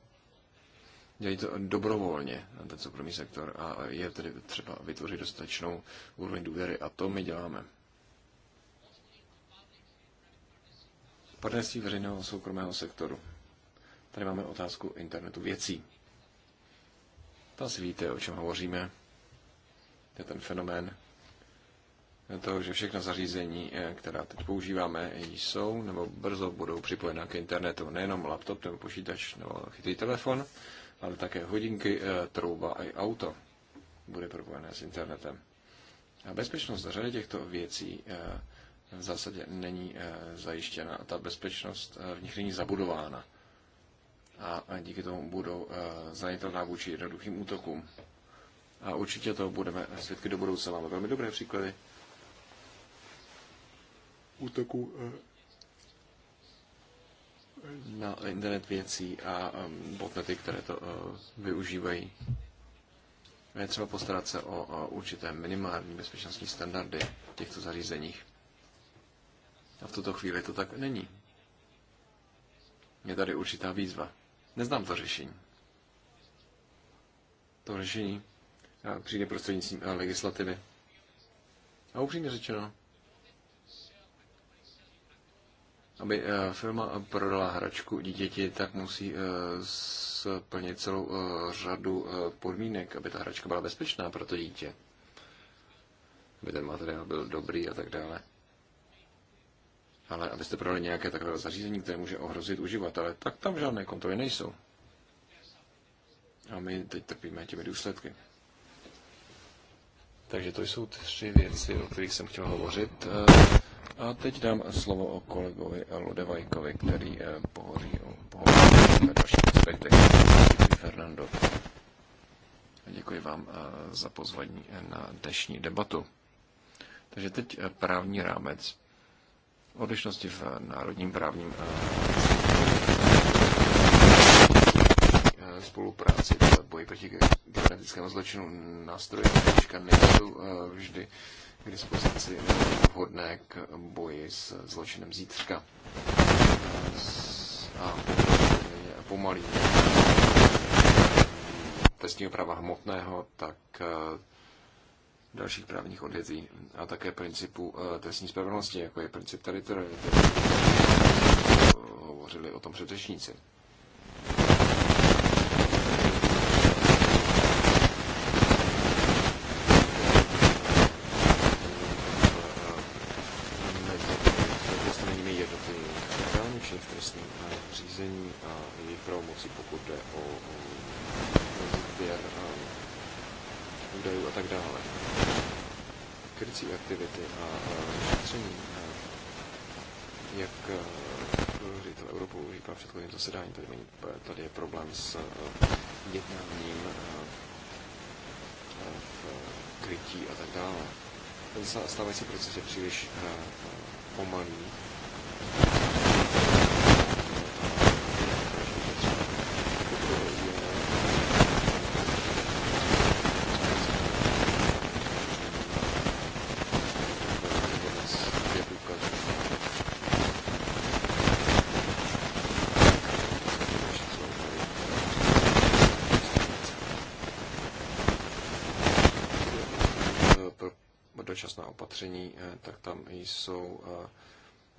Dělají to dobrovolně, ten soukromý sektor, a je tedy třeba vytvořit dostatečnou úroveň důvěry. A to my děláme. Partnerství veřejného soukromého sektoru. Tady máme otázku internetu věcí. To asi víte, o čem hovoříme. To je ten fenomén toho, že všechna zařízení, eh, která teď používáme, jsou nebo brzo budou připojena k internetu. Nejenom laptop nebo počítač nebo chytrý telefon, ale také hodinky, eh, trouba a i auto bude propojené s internetem. A bezpečnost řady těchto věcí eh, v zásadě není eh, zajištěna. Ta bezpečnost v nich není zabudována. A díky tomu budou zranitelná vůči jednoduchým útokům. A určitě to budeme svědky do budoucna. Máme velmi dobré příklady útoků na internet věcí a um, botnety, které to uh, využívají. Je třeba postarat se o určité minimální bezpečnostní standardy v těchto zařízeních. A v tuto chvíli to tak není. Je tady určitá výzva. Neznám to řešení. To řešení uh, přijde prostřednictvím uh, legislativy. A upřímně řečeno, Aby eh, firma prodala hračku dítěti, tak musí eh, splnit celou eh, řadu podmínek, aby ta hračka byla bezpečná pro to dítě. Aby ten materiál byl dobrý a tak dále. Ale abyste prodali nějaké takové zařízení, které může ohrozit uživatele, tak tam žádné kontroly nejsou. A my teď trpíme těmi důsledky. Takže to jsou tři věci, o kterých jsem chtěl hovořit. A teď dám slovo o kolegovi Ludevajkovi, který eh, pohoří o pohoří a dalších aspektech. Děkuji, Fernando. Děkuji vám eh, za pozvání eh, na dnešní debatu. Takže teď právní rámec odlišnosti v národním právním spolupráci v boji proti kybernetickému zločinu nástroje dneška nejsou eh, vždy k dispozici eh, vhodné k boji s zločinem zítřka. A pomalý trestního práva hmotného, tak eh, dalších právních odvětví a také principu trestní spravedlnosti, jako je princip teritoriality. Hovořili o tom předřečníci. stávající proces je příliš eh, pomalý opatření, eh, tak tam jsou eh,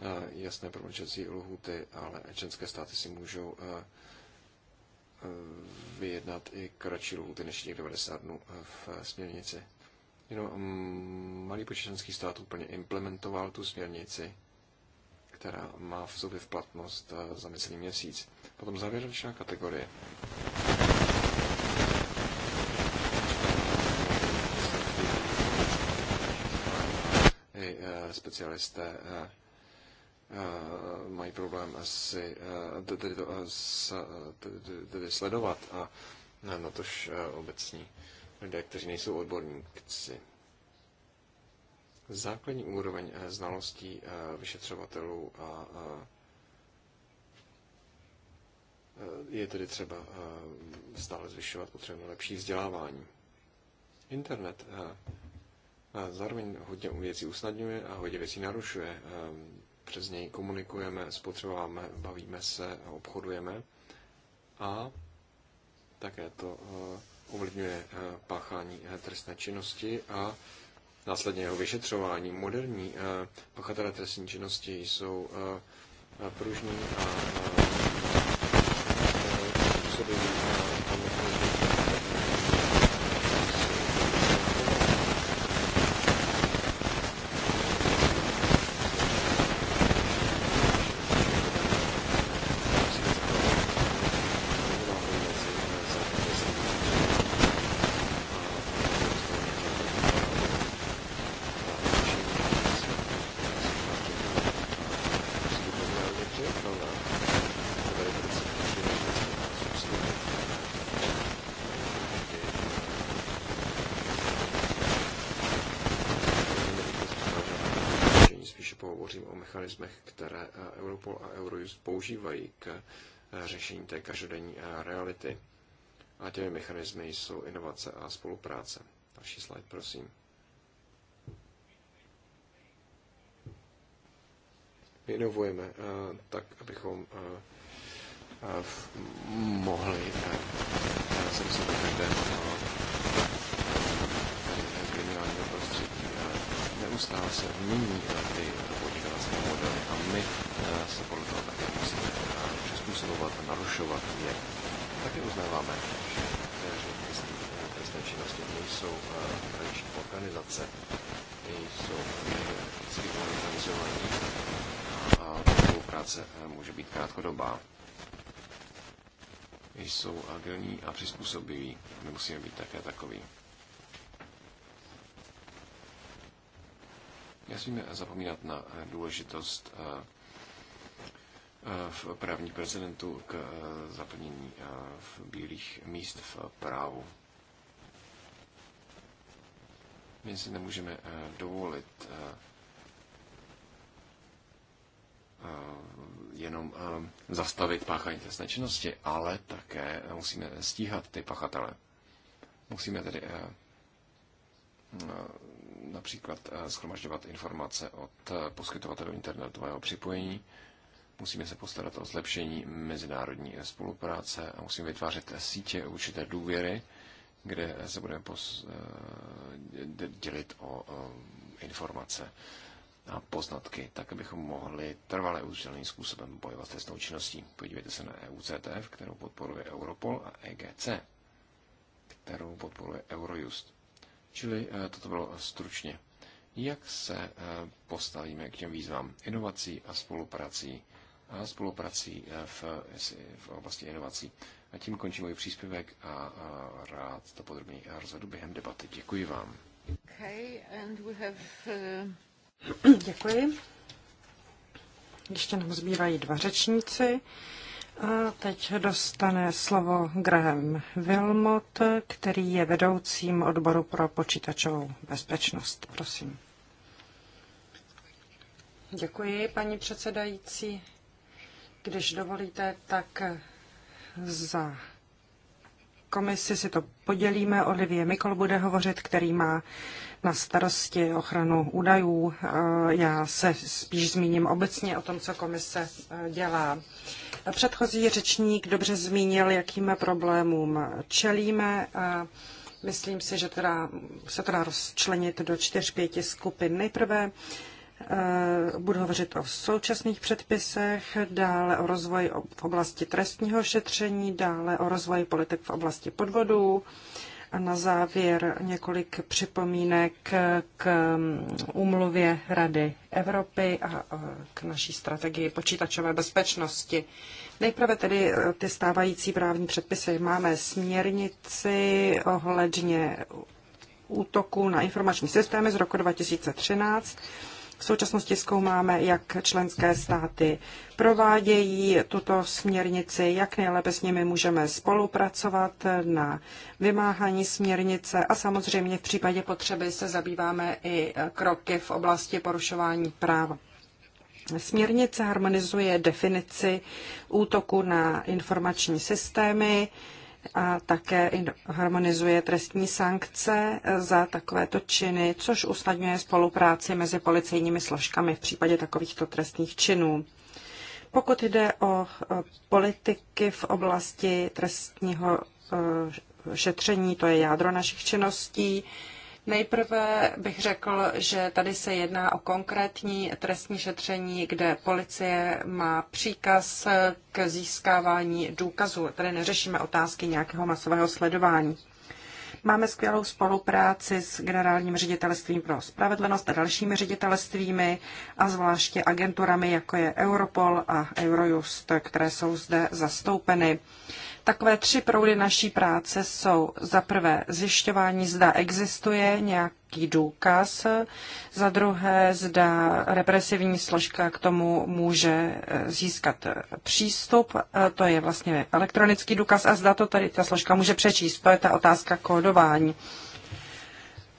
eh, jasné promlčecí lhuty, ale členské státy si můžou vyjednat i kratší lhuty než těch 90 dnů v směrnici. Jenom mm, malý počet členských států plně implementoval tu směrnici, která má v sobě v platnost za necelý měsíc. Potom závěrečná kategorie. i e, specialisté e, e, mají problém si tedy, to, sledovat a na tož obecní lidé, kteří nejsou odborníci. Základní úroveň znalostí vyšetřovatelů a je tedy třeba stále zvyšovat, potřebné lepší vzdělávání. Internet Zároveň hodně věcí usnadňuje a hodně věcí narušuje. Ehm, přes něj komunikujeme, spotřebováme, bavíme se, obchodujeme a také to eh, ovlivňuje eh, páchání eh, trestné činnosti a následně jeho vyšetřování. Moderní pachatelé trestní činnosti jsou pružní a mechanismech, které eh, Europol a Eurojust používají k eh, řešení té každodenní eh, reality. A těmi mechanismy jsou inovace a spolupráce. Další slide, prosím. My inovujeme tak, abychom mohli zamyslet na každém kriminálního prostředí. Neustále se mění ty vzdělávací modely a my eh, se podle toho také musíme eh, přizpůsobovat a narušovat je. Také uznáváme, že aktéři eh, trestné činnosti nejsou tradiční organizace, nejsou vždycky organizovaní a spolupráce může být krátkodobá. Jsou agilní a přizpůsobiví. My musíme být také takový. Nesmíme zapomínat na eh, důležitost eh, eh, v právní prezidentu k zaplnění v bílých míst v právu. My si nemůžeme dovolit jenom zastavit páchání trestné činnosti, ale také musíme stíhat ty pachatele. Musíme tedy například eh, schromažďovat informace od eh, poskytovatelů internetového připojení. Musíme se postarat o zlepšení mezinárodní eh, spolupráce a musíme vytvářet sítě určité důvěry, kde se budeme pos, dělit o informace a poznatky, tak abychom mohli trvale udržitelným způsobem bojovat s trestnou činností. Podívejte se na EUCTF, kterou podporuje Europol a EGC, kterou podporuje Eurojust. Čili eh, toto bylo stručně. Jak se eh, postavíme k těm výzvám inovací a spoluprací a spoluprací eh, v, v oblasti inovací? A tím končí můj příspěvek a rád to podrobněji rozvedu během debaty. Děkuji vám. Okay, and we have, uh... Děkuji. Ještě nám zbývají dva řečníci. A teď dostane slovo Graham Wilmot, který je vedoucím odboru pro počítačovou bezpečnost. Prosím. Děkuji, paní předsedající. Když dovolíte, tak za komisi si to podělíme. Olivie Mikol bude hovořit, který má na starosti ochranu údajů. Eh, já se spíš zmíním obecně o tom, co komise eh, dělá. Předchozí řečník dobře zmínil, jakým problémům čelíme. Eh, myslím si, že teda se to dá rozčlenit do čtyř, pěti skupin. Nejprve Eh, budu hovořit o současných předpisech, dále o rozvoji v oblasti trestního šetření, dále o rozvoji politik v oblasti podvodů a na závěr několik připomínek k mm, úmluvě Rady Evropy a eh, k naší strategii počítačové bezpečnosti. Nejprve tedy eh, ty stávající právní předpisy. Máme směrnici ohledně útoku na informační systémy z roku 2013 v současnosti zkoumáme, jak členské státy provádějí tuto směrnici, jak nejlépe s nimi můžeme spolupracovat na vymáhání směrnice a samozřejmě v případě potřeby se zabýváme i kroky v oblasti porušování práva. Směrnice harmonizuje definici útoku na informační systémy, a také harmonizuje trestní sankce e, za takovéto činy, což usnadňuje spolupráci mezi policejními složkami v případě takovýchto trestných činů. Pokud jde o e, politiky v oblasti trestního e, šetření, to je jádro našich činností, Nejprve bych řekl, že tady se jedná o konkrétní trestní šetření, kde policie má příkaz k získávání důkazů. Tady neřešíme otázky nějakého masového sledování. Máme skvělou spolupráci s generálním ředitelstvím pro spravedlnost a dalšími ředitelstvími a zvláště agenturami, jako je Europol a Eurojust, které jsou zde zastoupeny. Takové tři proudy naší práce jsou za prvé zjišťování, zda existuje nějaký důkaz, za druhé, zda represivní složka k tomu může eh, získat eh, přístup, eh, to je vlastně elektronický důkaz, a zda to tady ta složka může přečíst, to je ta otázka kódování.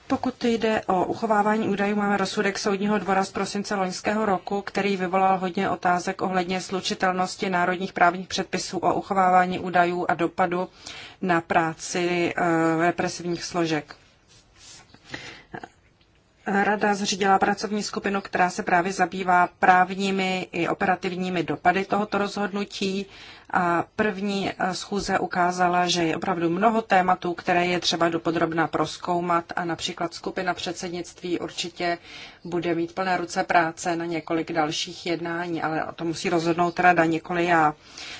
Pokud jde o uchovávání údajů, máme rozsudek Soudního dvora z prosince loňského roku, který vyvolal hodně otázek ohledně slučitelnosti národních právních předpisů o uchovávání údajů a dopadu na práci eh, represivních složek. Rada zřídila pracovní skupinu, která se právě zabývá právními i operativními dopady tohoto rozhodnutí. A první eh, schůze ukázala, že je opravdu mnoho tématů, které je třeba dopodrobná proskoumat a například skupina předsednictví určitě bude mít plné ruce práce na několik dalších jednání, ale o to musí rozhodnout rada, nikoli já.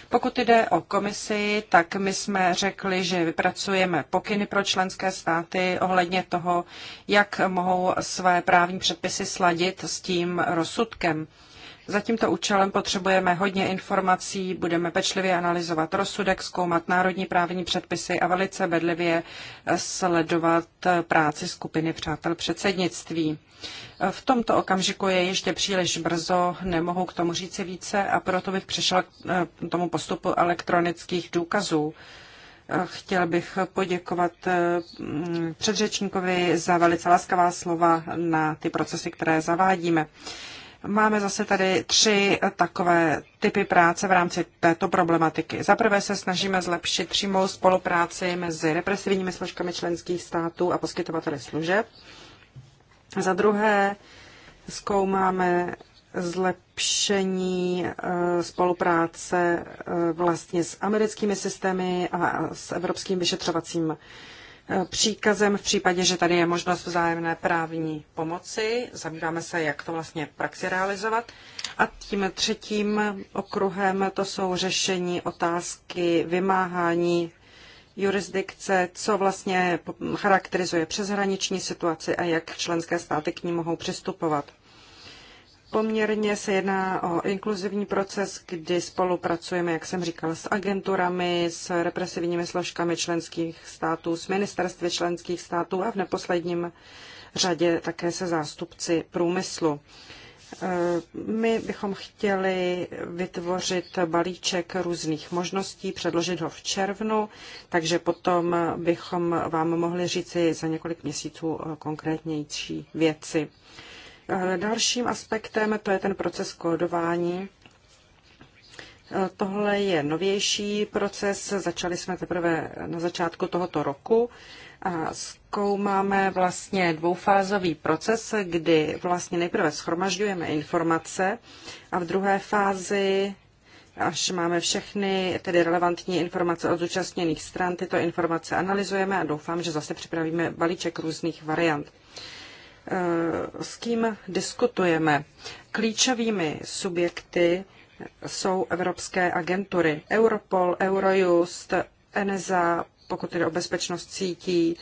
Pokud jde o komisi, tak my jsme řekli, že vypracujeme pokyny pro členské státy ohledně toho, jak mohou své právní předpisy sladit s tím rozsudkem. Za tímto účelem potřebujeme hodně informací, budeme pečlivě analyzovat rozsudek, zkoumat národní právní předpisy a velice bedlivě sledovat práci skupiny přátel předsednictví. V tomto okamžiku je ještě příliš brzo, nemohu k tomu říci více a proto bych přešla k eh, tomu postupu elektronických důkazů. Chtěl bych poděkovat eh, mm, předřečníkovi za velice laskavá slova na ty procesy, které zavádíme. Máme zase tady tři takové typy práce v rámci této problematiky. Za prvé se snažíme zlepšit přímou spolupráci mezi represivními složkami členských států a poskytovateli služeb. Za druhé zkoumáme zlepšení eh, spolupráce eh, vlastně s americkými systémy a s evropským vyšetřovacím příkazem v případě, že tady je možnost vzájemné právní pomoci. Zabýváme se, jak to vlastně v praxi realizovat. A tím třetím okruhem to jsou řešení otázky vymáhání jurisdikce, co vlastně charakterizuje přeshraniční situaci a jak členské státy k ní mohou přistupovat. Poměrně se jedná o inkluzivní proces, kdy spolupracujeme, jak jsem říkala, s agenturami, s represivními složkami členských států, s ministerstvy členských států a v neposledním řadě také se zástupci průmyslu. Eh, my bychom chtěli vytvořit balíček různých možností, předložit ho v červnu, takže potom bychom vám mohli říci za několik měsíců eh, konkrétnější věci. Dalším aspektem to je ten proces kódování. E, tohle je novější proces, začali jsme teprve na začátku tohoto roku a zkoumáme vlastně dvoufázový proces, kdy vlastně nejprve schromažďujeme informace a v druhé fázi až máme všechny tedy relevantní informace od zúčastněných stran, tyto informace analyzujeme a doufám, že zase připravíme balíček různých variant. Eh, s kým diskutujeme. Klíčovými subjekty jsou evropské agentury Europol, Eurojust, NSA, pokud jde o bezpečnost sítí,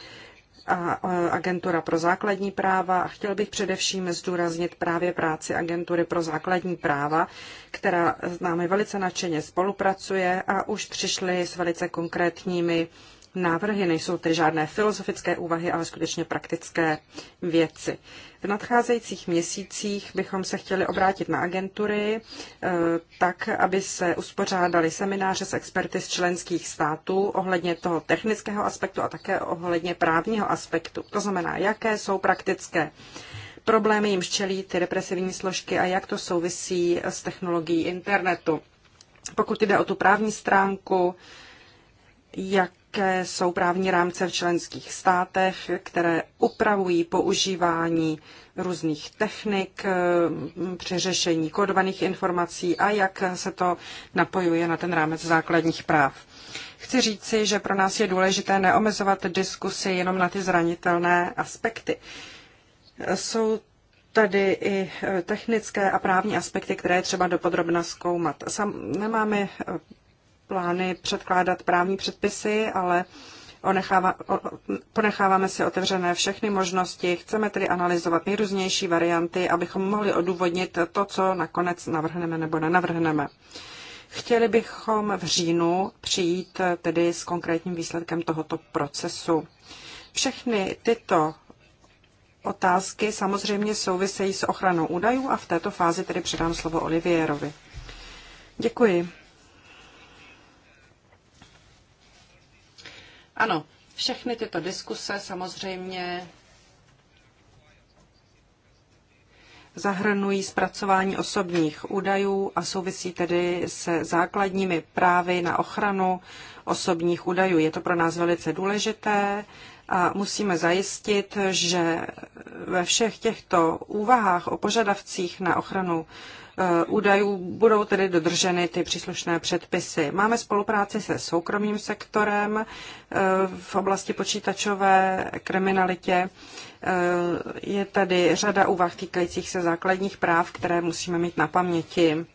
a eh, agentura pro základní práva a chtěl bych především zdůraznit právě práci agentury pro základní práva, která s námi velice nadšeně spolupracuje a už přišly s velice konkrétními návrhy. Nejsou tedy žádné filozofické úvahy, ale skutečně praktické věci. V nadcházejících měsících bychom se chtěli obrátit na agentury eh, tak, aby se uspořádali semináře s experty z členských států ohledně toho technického aspektu a také ohledně právního aspektu. To znamená, jaké jsou praktické problémy jim čelí ty represivní složky a jak to souvisí s technologií internetu. Pokud jde o tu právní stránku, jak jaké jsou právní rámce v členských státech, které upravují používání různých technik mm, při řešení kodovaných informací a jak se to napojuje na ten rámec základních práv. Chci říci, že pro nás je důležité neomezovat diskusy jenom na ty zranitelné aspekty. Jsou tady i e, technické a právní aspekty, které je třeba dopodrobna zkoumat. Sam nemáme e, plány předkládat právní předpisy, ale onechává, o, ponecháváme si otevřené všechny možnosti. Chceme tedy analyzovat nejrůznější varianty, abychom mohli odůvodnit to, co nakonec navrhneme nebo nenavrhneme. Chtěli bychom v říjnu přijít eh, tedy s konkrétním výsledkem tohoto procesu. Všechny tyto otázky samozřejmě souvisejí s ochranou údajů a v této fázi tedy předám slovo Olivierovi. Děkuji. Ano, všechny tyto diskuse samozřejmě zahrnují zpracování osobních údajů a souvisí tedy se základními právy na ochranu osobních údajů. Je to pro nás velice důležité a musíme zajistit, že ve všech těchto úvahách o požadavcích na ochranu Eh, údajů budou tedy dodrženy ty příslušné předpisy. Máme spolupráci se soukromým sektorem eh, v oblasti počítačové kriminalitě. Eh, je tady řada úvah týkajících se základních práv, které musíme mít na paměti.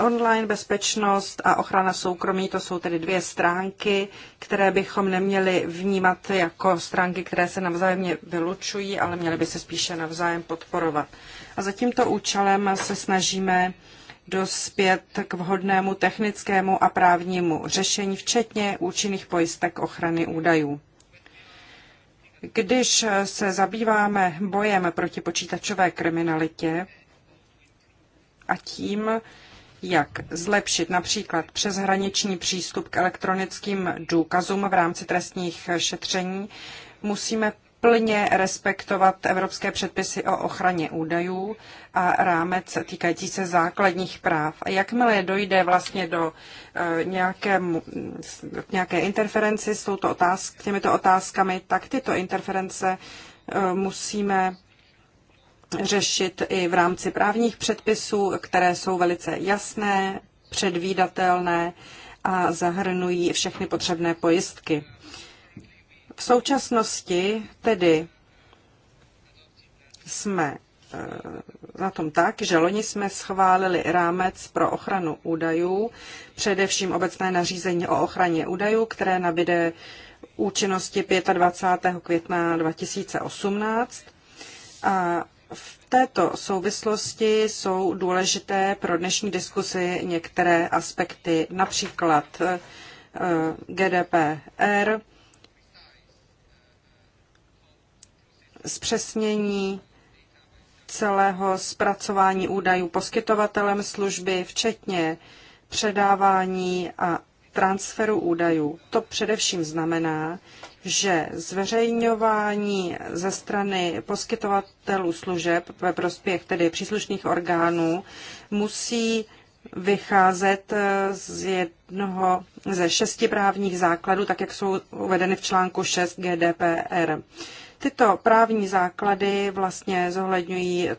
Online bezpečnost a ochrana soukromí, to jsou tedy dvě stránky, které bychom neměli vnímat jako stránky, které se navzájemně vylučují, ale měly by se spíše navzájem podporovat. A za tímto účelem se snažíme dospět k vhodnému technickému a právnímu řešení, včetně účinných pojistek ochrany údajů. Když se zabýváme bojem proti počítačové kriminalitě a tím, jak zlepšit například přeshraniční přístup k elektronickým důkazům v rámci trestních šetření, musíme plně respektovat evropské předpisy o ochraně údajů a rámec týkající se základních práv. A jakmile dojde vlastně do eh, nějaké, nějaké interferenci s touto otázk, těmito otázkami, tak tyto interference eh, musíme řešit i v rámci právních předpisů, které jsou velice jasné, předvídatelné a zahrnují všechny potřebné pojistky. V současnosti tedy jsme eh, na tom tak, že loni jsme schválili rámec pro ochranu údajů, především obecné nařízení o ochraně údajů, které nabide účinnosti 25. května 2018. A v této souvislosti jsou důležité pro dnešní diskusi některé aspekty, například eh, GDPR, zpřesnění celého zpracování údajů poskytovatelem služby, včetně předávání a transferu údajů. To především znamená, že zveřejňování ze strany poskytovatelů služeb ve prospěch tedy příslušných orgánů musí vycházet eh, z jednoho ze šesti právních základů, tak jak jsou uvedeny v článku 6 GDPR. Tyto právní základy vlastně zohledňují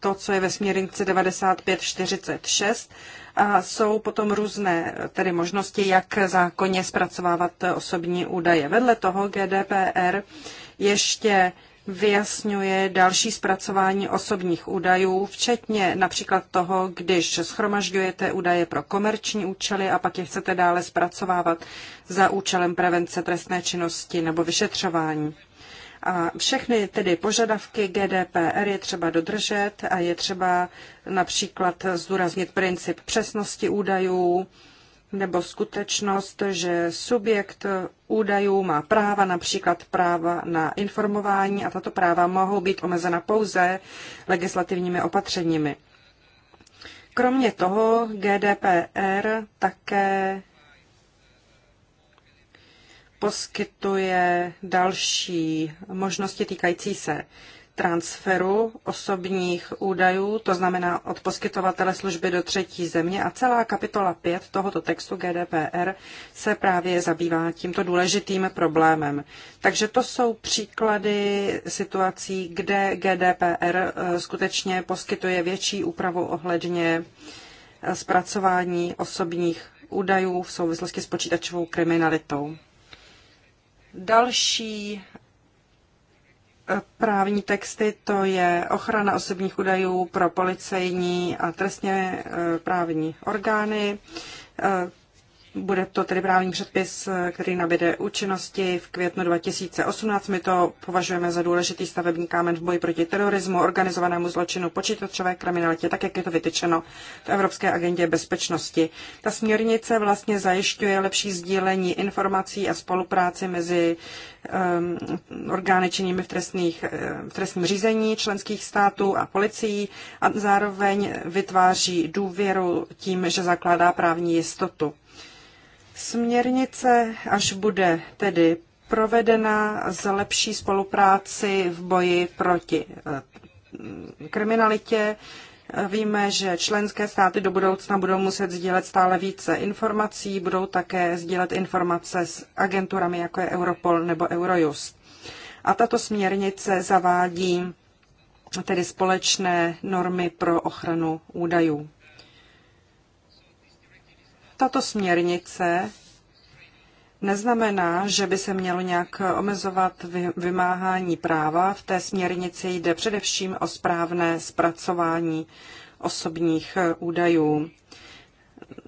to, co je ve směrnici 9546 a jsou potom různé tedy možnosti, jak zákonně zpracovávat osobní údaje. Vedle toho GDPR ještě vyjasňuje další zpracování osobních údajů, včetně například toho, když schromažďujete údaje pro komerční účely a pak je chcete dále zpracovávat za účelem prevence trestné činnosti nebo vyšetřování. A všechny tedy požadavky GDPR je třeba dodržet a je třeba například zdůraznit princip přesnosti údajů nebo skutečnost, že subjekt údajů má práva, například práva na informování a tato práva mohou být omezena pouze legislativními opatřeními. Kromě toho GDPR také poskytuje další možnosti týkající se transferu osobních údajů, to znamená od poskytovatele služby do třetí země a celá kapitola 5 tohoto textu GDPR se právě zabývá tímto důležitým problémem. Takže to jsou příklady situací, kde GDPR eh, skutečně poskytuje větší úpravu ohledně eh, zpracování osobních údajů v souvislosti s počítačovou kriminalitou. Další eh, právní texty, to je ochrana osobních údajů pro policejní a trestně eh, právní orgány, eh, bude to tedy právní předpis, který nabide účinnosti v květnu 2018. My to považujeme za důležitý stavební kámen v boji proti terorismu, organizovanému zločinu, počítačové kriminalitě, tak jak je to vytyčeno v Evropské agendě bezpečnosti. Ta směrnice vlastně zajišťuje lepší sdílení informací a spolupráci mezi um, orgány činnými v, trestných, ehm, v trestním řízení členských států a policií a zároveň vytváří důvěru tím, že zakládá právní jistotu. Směrnice, až bude tedy provedena, zlepší spolupráci v boji proti eh, kriminalitě. Eh, víme, že členské státy do budoucna budou muset sdílet stále více informací, budou také sdílet informace s agenturami, jako je Europol nebo Eurojust. A tato směrnice zavádí tedy společné normy pro ochranu údajů. Tato směrnice neznamená, že by se mělo nějak omezovat vymáhání práva. V té směrnici jde především o správné zpracování osobních eh, údajů.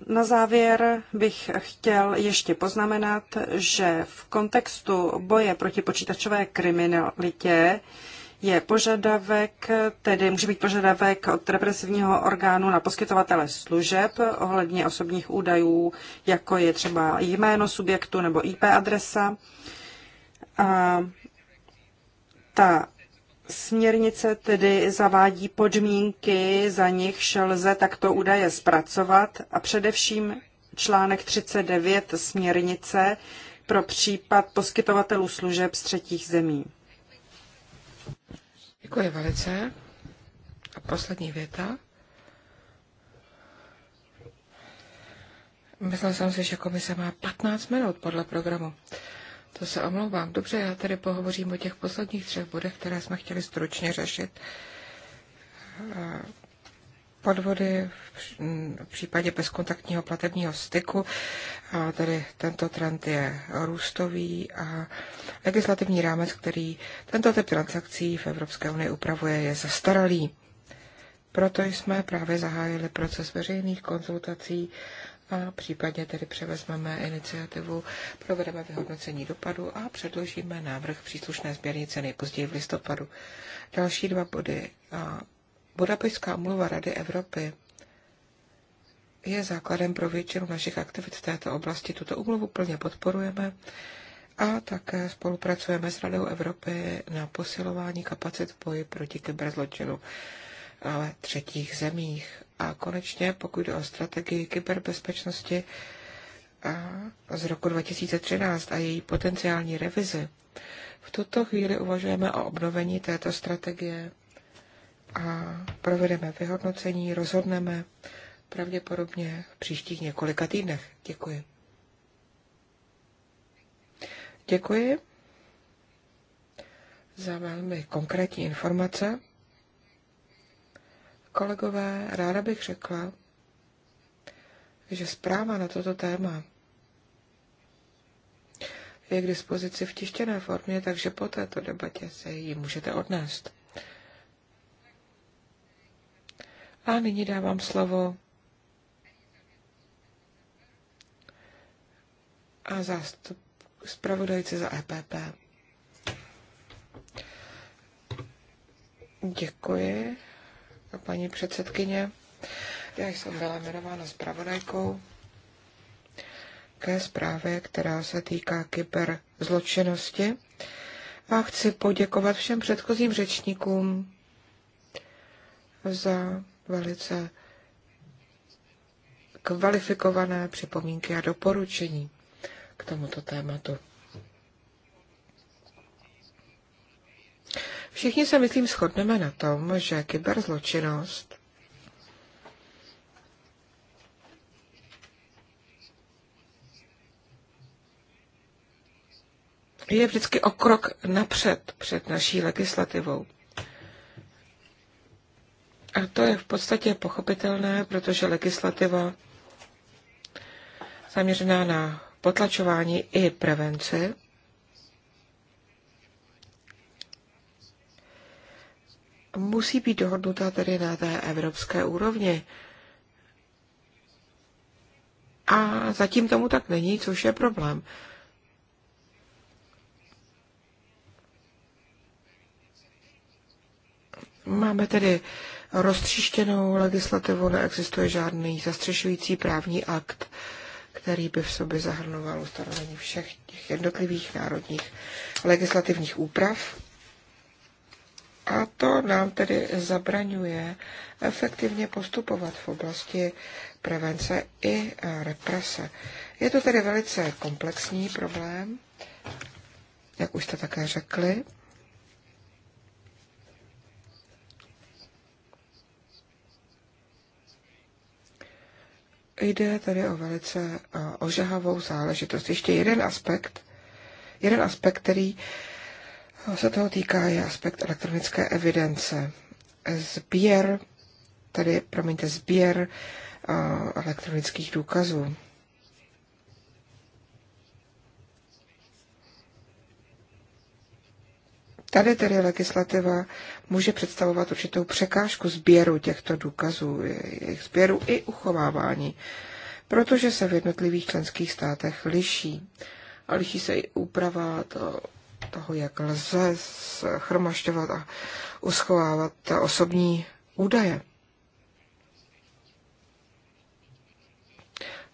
Na závěr bych chtěl ještě poznamenat, že v kontextu boje proti počítačové kriminalitě je požadavek, tedy může být požadavek od represivního orgánu na poskytovatele služeb ohledně osobních údajů, jako je třeba jméno subjektu nebo IP adresa. A ta směrnice tedy zavádí podmínky, za nichž lze takto údaje zpracovat a především článek 39 směrnice pro případ poskytovatelů služeb z třetích zemí. Děkuji velice. A poslední věta. Myslel jsem si, že komise má 15 minut podle programu. To se omlouvám. Dobře, já tedy pohovořím o těch posledních třech bodech, které jsme chtěli stručně řešit podvody v případě bezkontaktního platebního styku, a tedy tento trend je růstový a legislativní rámec, který tento typ transakcí v Evropské unii upravuje, je zastaralý. Proto jsme právě zahájili proces veřejných konzultací a případně tedy převezmeme iniciativu, provedeme vyhodnocení dopadu a předložíme návrh příslušné sběrnice nejpozději v listopadu. Další dva body Budapešská umluva Rady Evropy je základem pro většinu našich aktivit v této oblasti. Tuto umluvu plně podporujeme a také spolupracujeme s Radou Evropy na posilování kapacit v boji proti kyberzločinu ve třetích zemích. A konečně, pokud jde o strategii kyberbezpečnosti z roku 2013 a její potenciální revizi, v tuto chvíli uvažujeme o obnovení této strategie a provedeme vyhodnocení, rozhodneme pravděpodobně v příštích několika týdnech. Děkuji. Děkuji za velmi konkrétní informace. Kolegové, ráda bych řekla, že zpráva na toto téma je k dispozici v tištěné formě, takže po této debatě se ji můžete odnést. A nyní dávám slovo a zástup zpravodajce za EPP. Děkuji, paní předsedkyně. Já jsem byla jmenována zpravodajkou ke zprávě, která se týká kyberzločinnosti. A chci poděkovat všem předchozím řečníkům za velice kvalifikované připomínky a doporučení k tomuto tématu. Všichni se, myslím, shodneme na tom, že kyberzločinnost je vždycky o krok napřed před naší legislativou. A to je v podstatě pochopitelné, protože legislativa zaměřená na potlačování i prevenci musí být dohodnutá tedy na té evropské úrovni. A zatím tomu tak není, což je problém. Máme tedy roztříštěnou legislativu, neexistuje žádný zastřešující právní akt, který by v sobě zahrnoval ustanovení všech těch jednotlivých národních legislativních úprav. A to nám tedy zabraňuje efektivně postupovat v oblasti prevence i represe. Je to tedy velice komplexní problém, jak už jste také řekli. Jde tady o velice eh, ožahavou záležitost. Ještě jeden aspekt, jeden aspekt, který eh, se toho týká, je aspekt elektronické evidence. Sběr, tedy, promiňte, sběr eh, elektronických důkazů. Tady tedy legislativa může představovat určitou překážku sběru těchto důkazů, jejich sběru i uchovávání, protože se v jednotlivých členských státech liší. A liší se i úprava to, toho, jak lze schromašťovat a uschovávat osobní údaje.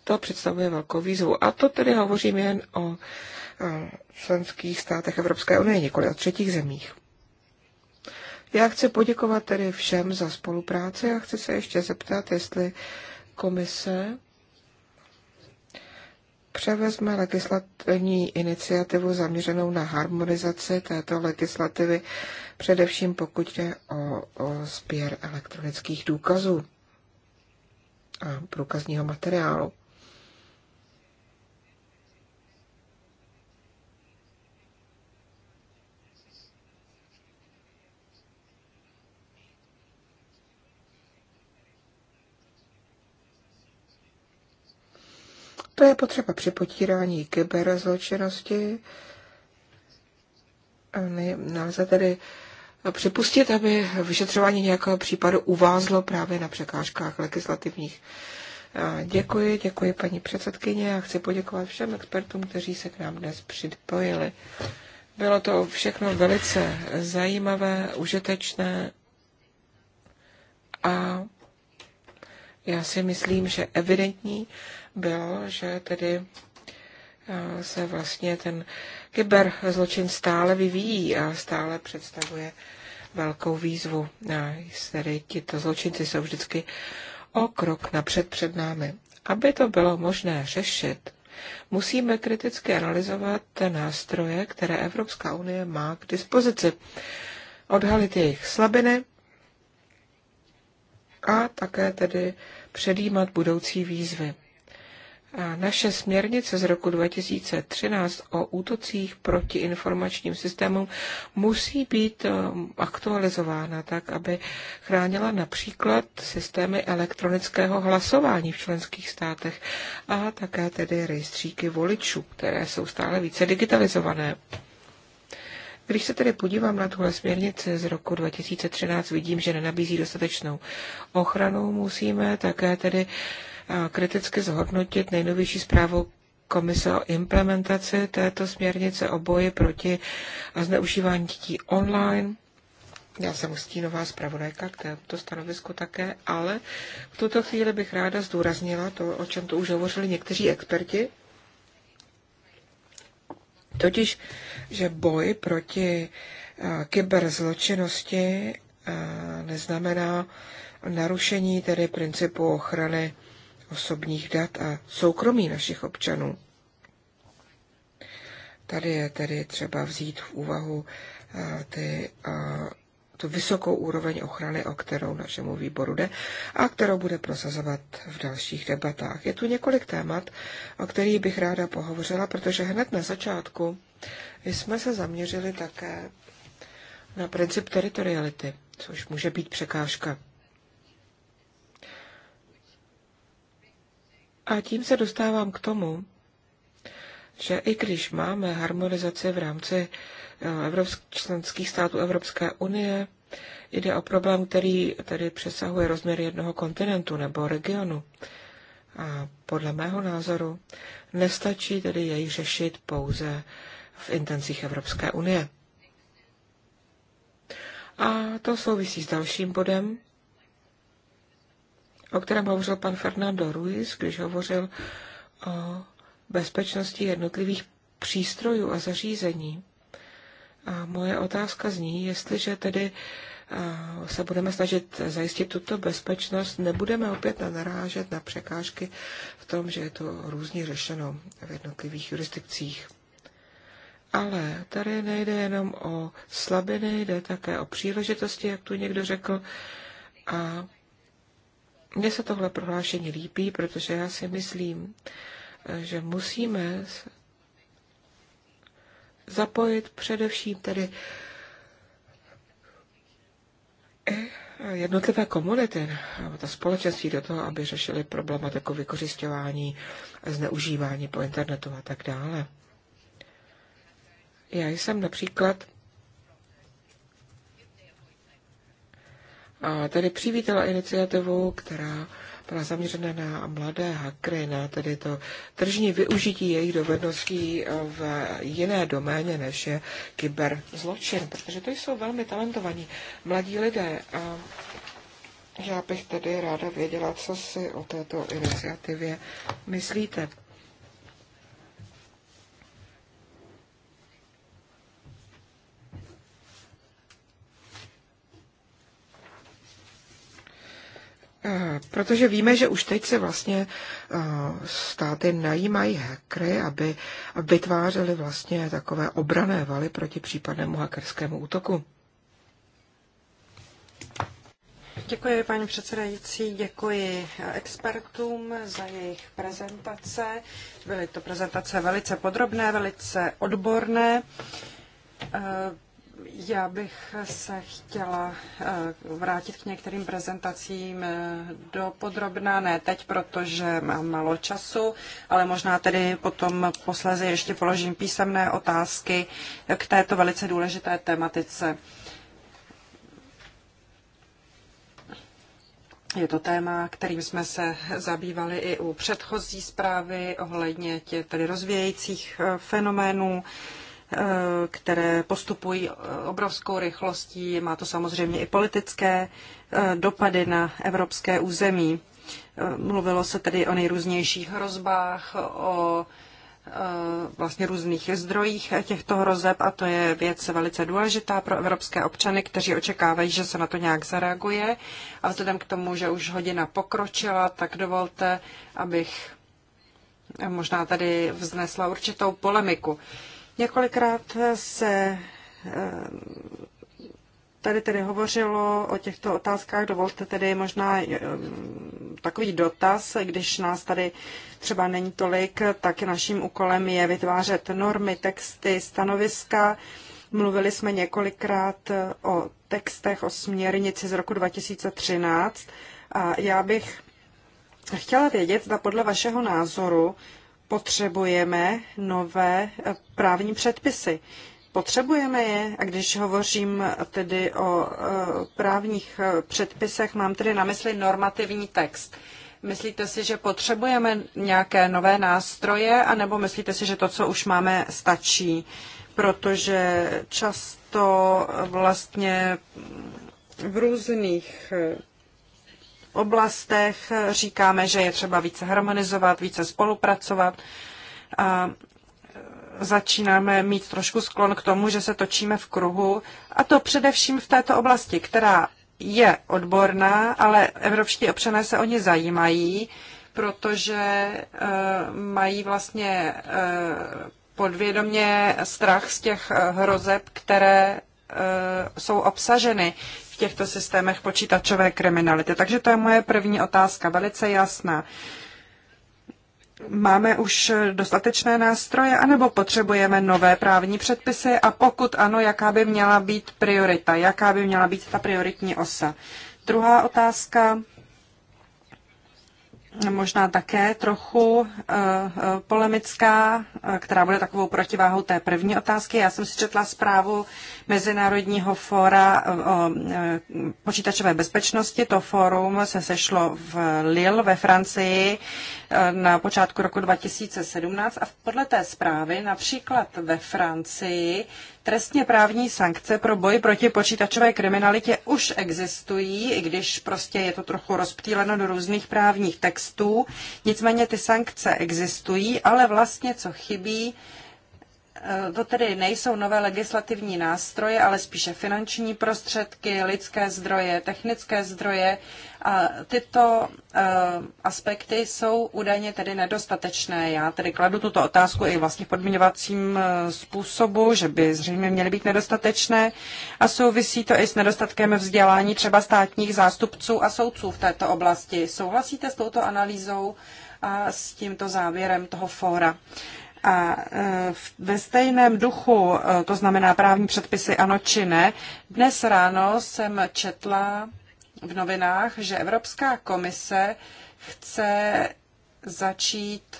To představuje velkou výzvu. A to tedy hovořím jen o Eh, členských státech Evropské unie, nikoli o třetích zemích. Já chci poděkovat tedy všem za spolupráci a chci se ještě zeptat, jestli komise převezme legislativní iniciativu zaměřenou na harmonizaci této legislativy, především pokud jde o, o sběr elektronických důkazů a průkazního materiálu. To je potřeba při potírání kyberzločinnosti. Nelze tedy připustit, aby vyšetřování nějakého případu uvázlo právě na překážkách legislativních. Děkuji, děkuji paní předsedkyně a chci poděkovat všem expertům, kteří se k nám dnes připojili. Bylo to všechno velice zajímavé, užitečné a já si myslím, že evidentní bylo, že tedy eh, se vlastně ten kyberzločin stále vyvíjí a stále představuje velkou výzvu. A tedy tito zločinci jsou vždycky o krok napřed před námi. Aby to bylo možné řešit, musíme kriticky analyzovat nástroje, které Evropská unie má k dispozici, odhalit jejich slabiny a také tedy předjímat budoucí výzvy. A naše směrnice z roku 2013 o útocích proti informačním systémům musí být eh, aktualizována tak, aby chránila například systémy elektronického hlasování v členských státech a také tedy rejstříky voličů, které jsou stále více digitalizované. Když se tedy podívám na tuhle směrnici z roku 2013, vidím, že nenabízí dostatečnou ochranu. Musíme také tedy kriticky zhodnotit nejnovější zprávu Komise o implementaci této směrnice o boji proti zneužívání dětí online. Já jsem stínová zpravodajka k tomuto stanovisku také, ale v tuto chvíli bych ráda zdůraznila to, o čem to už hovořili někteří experti, totiž, že boj proti eh, kyberzločinnosti eh, neznamená narušení tedy principu ochrany osobních dat a soukromí našich občanů. Tady je tedy třeba vzít v úvahu eh, ty, eh, tu vysokou úroveň ochrany, o kterou našemu výboru jde a kterou bude prosazovat v dalších debatách. Je tu několik témat, o kterých bych ráda pohovořila, protože hned na začátku jsme se zaměřili také na princip teritoriality, což může být překážka. A tím se dostávám k tomu, že i když máme harmonizaci v rámci eh, členských států Evropské unie, jde o problém, který tedy přesahuje rozměr jednoho kontinentu nebo regionu. A podle mého názoru nestačí tedy jej řešit pouze v intencích Evropské unie. A to souvisí s dalším bodem, o kterém hovořil pan Fernando Ruiz, když hovořil o bezpečnosti jednotlivých přístrojů a zařízení. A moje otázka zní, jestliže tedy se budeme snažit zajistit tuto bezpečnost, nebudeme opět narážet na překážky v tom, že je to různě řešeno v jednotlivých jurisdikcích. Ale tady nejde jenom o slabiny, jde také o příležitosti, jak tu někdo řekl, a mně se tohle prohlášení líbí, protože já si myslím, že musíme zapojit především tedy eh, jednotlivé komunity, ta společenství do toho, aby řešili problematiku vykořišťování, zneužívání po internetu a tak dále. Já jsem například a tedy přivítala iniciativu, která byla zaměřena na mladé hackery, na tedy to tržní využití jejich dovedností v jiné doméně, než je kyberzločin, protože to jsou velmi talentovaní mladí lidé. A já bych tedy ráda věděla, co si o této iniciativě myslíte. Eh, protože víme, že už teď se vlastně eh, státy najímají hackery, aby vytvářely vlastně takové obrané valy proti případnému hackerskému útoku. Děkuji, paní předsedající, děkuji expertům za jejich prezentace. Byly to prezentace velice podrobné, velice odborné. Eh, já bych se chtěla eh, vrátit k některým prezentacím eh, do podrobná, ne teď, protože mám málo času, ale možná tedy potom posléze ještě položím písemné otázky k této velice důležité tematice. Je to téma, kterým jsme se zabývali i u předchozí zprávy ohledně těch tedy rozvějících eh, fenoménů. Eh, které postupují obrovskou rychlostí. Má to samozřejmě i politické eh, dopady na evropské území. Eh, mluvilo se tedy o nejrůznějších hrozbách, o vlastně různých zdrojích těchto hrozeb a to je věc velice důležitá pro evropské občany, kteří očekávají, že se na to nějak zareaguje. A vzhledem k tomu, že už hodina pokročila, tak dovolte, abych možná tady vznesla určitou polemiku. Uh, Několikrát se eh, tady tedy hovořilo o těchto otázkách. Dovolte tedy možná eh, takový dotaz, když nás tady třeba není tolik, tak naším úkolem je vytvářet normy, texty, stanoviska. Mluvili jsme několikrát eh, o textech, o směrnici z roku 2013 a já bych chtěla vědět, zda podle vašeho názoru potřebujeme nové eh, právní předpisy. Potřebujeme je, a když hovořím tedy o eh, právních eh, předpisech, mám tedy na mysli normativní text. Myslíte si, že potřebujeme nějaké nové nástroje, anebo myslíte si, že to, co už máme, stačí? Protože často vlastně v různých oblastech. Říkáme, že je třeba více harmonizovat, více spolupracovat. A začínáme mít trošku sklon k tomu, že se točíme v kruhu, a to především v této oblasti, která je odborná, ale evropští občané se o ně zajímají, protože uh, mají vlastně uh, podvědomě strach z těch eh, hrozeb, které jsou obsaženy těchto systémech počítačové kriminality. Takže to je moje první otázka, velice jasná. Máme už dostatečné nástroje, anebo potřebujeme nové právní předpisy a pokud ano, jaká by měla být priorita, jaká by měla být ta prioritní osa. Druhá otázka možná také trochu eh, eh, polemická, eh, která bude takovou protiváhou té první otázky. Já jsem si četla zprávu Mezinárodního fóra o počítačové bezpečnosti. To fórum se sešlo v Lille ve Francii na počátku roku 2017 a podle té zprávy například ve Francii trestně právní sankce pro boj proti počítačové kriminalitě už existují, i když prostě je to trochu rozptýleno do různých právních textů. Nicméně ty sankce existují, ale vlastně co chybí, Eh, to tedy nejsou nové legislativní nástroje, ale spíše finanční prostředky, lidské zdroje, technické zdroje. A tyto eh, aspekty jsou údajně tedy nedostatečné. Já tedy kladu tuto otázku i vlastně v podmiňovacím eh, způsobu, že by zřejmě měly být nedostatečné. A souvisí to i s nedostatkem vzdělání třeba státních zástupců a soudců v této oblasti. Souhlasíte s touto analýzou a s tímto závěrem toho fóra? A e, ve stejném duchu, e, to znamená právní předpisy ano či ne, dnes ráno jsem četla v novinách, že Evropská komise chce začít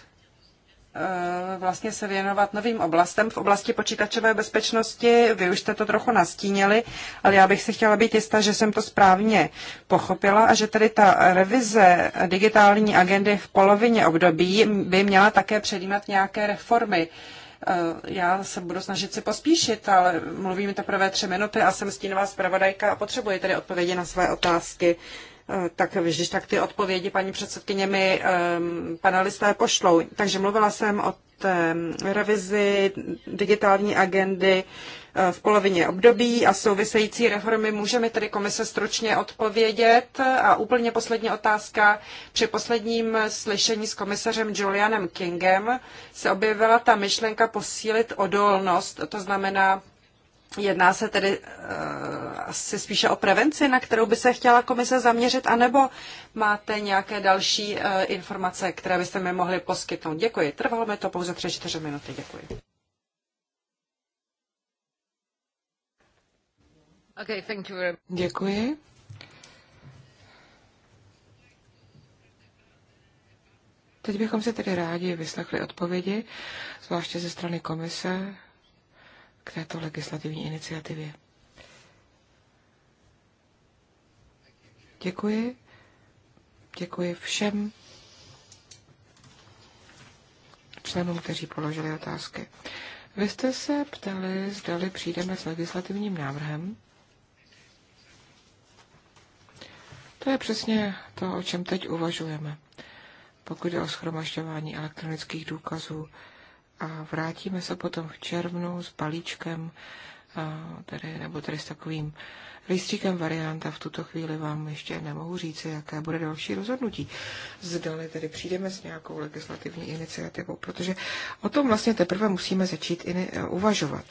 Eh, vlastně se věnovat novým oblastem v oblasti počítačové bezpečnosti. Vy už jste to trochu nastínili, ale já bych si chtěla být jistá, že jsem to správně pochopila a že tedy ta revize digitální agendy v polovině období by měla také předjímat nějaké reformy. Eh, já se budu snažit si pospíšit, ale mluvím teprve tři minuty a jsem stínová zpravodajka a potřebuji tedy odpovědi na své otázky. Eh, tak když tak ty odpovědi paní předsedkyně mi ehm, panelisté pošlou. Takže mluvila jsem o té revizi digitální agendy eh, v polovině období a související reformy. Můžeme tedy komise stručně odpovědět. A úplně poslední otázka. Při posledním slyšení s komisařem Julianem Kingem se objevila ta myšlenka posílit odolnost, to znamená Jedná se tedy uh, asi spíše o prevenci, na kterou by se chtěla komise zaměřit, anebo máte nějaké další uh, informace, které byste mi mohli poskytnout? Děkuji. Trvalo mi to pouze 3-4 minuty. Děkuji. Okay, thank you very much. Děkuji. Teď bychom se tedy rádi vyslechli odpovědi, zvláště ze strany komise k této legislativní iniciativě. Děkuji. Děkuji všem členům, kteří položili otázky. Vy jste se ptali, zdali přijdeme s legislativním návrhem. To je přesně to, o čem teď uvažujeme. Pokud je o schromažďování elektronických důkazů, a vrátíme se potom v červnu s balíčkem, tedy, nebo tedy s takovým rejstříkem varianta. v tuto chvíli vám ještě nemohu říct jaké bude další rozhodnutí. Zdali tedy přijdeme s nějakou legislativní iniciativou, protože o tom vlastně teprve musíme začít e, uvažovat.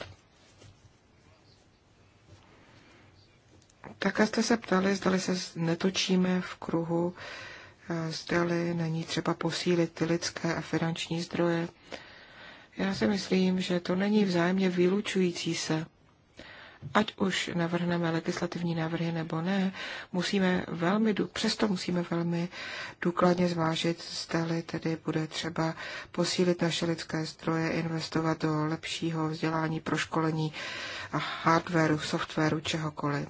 Také jste se ptali, zdali se netočíme v kruhu, e, zdali není třeba posílit ty lidské a finanční zdroje. Já si myslím, že to není vzájemně vylučující se. Ať už navrhneme legislativní návrhy nebo ne, musíme velmi, přesto musíme velmi důkladně zvážit, zdali tedy bude třeba posílit naše lidské stroje, investovat do lepšího vzdělání, proškolení, hardwareu, softwaru, čehokoliv.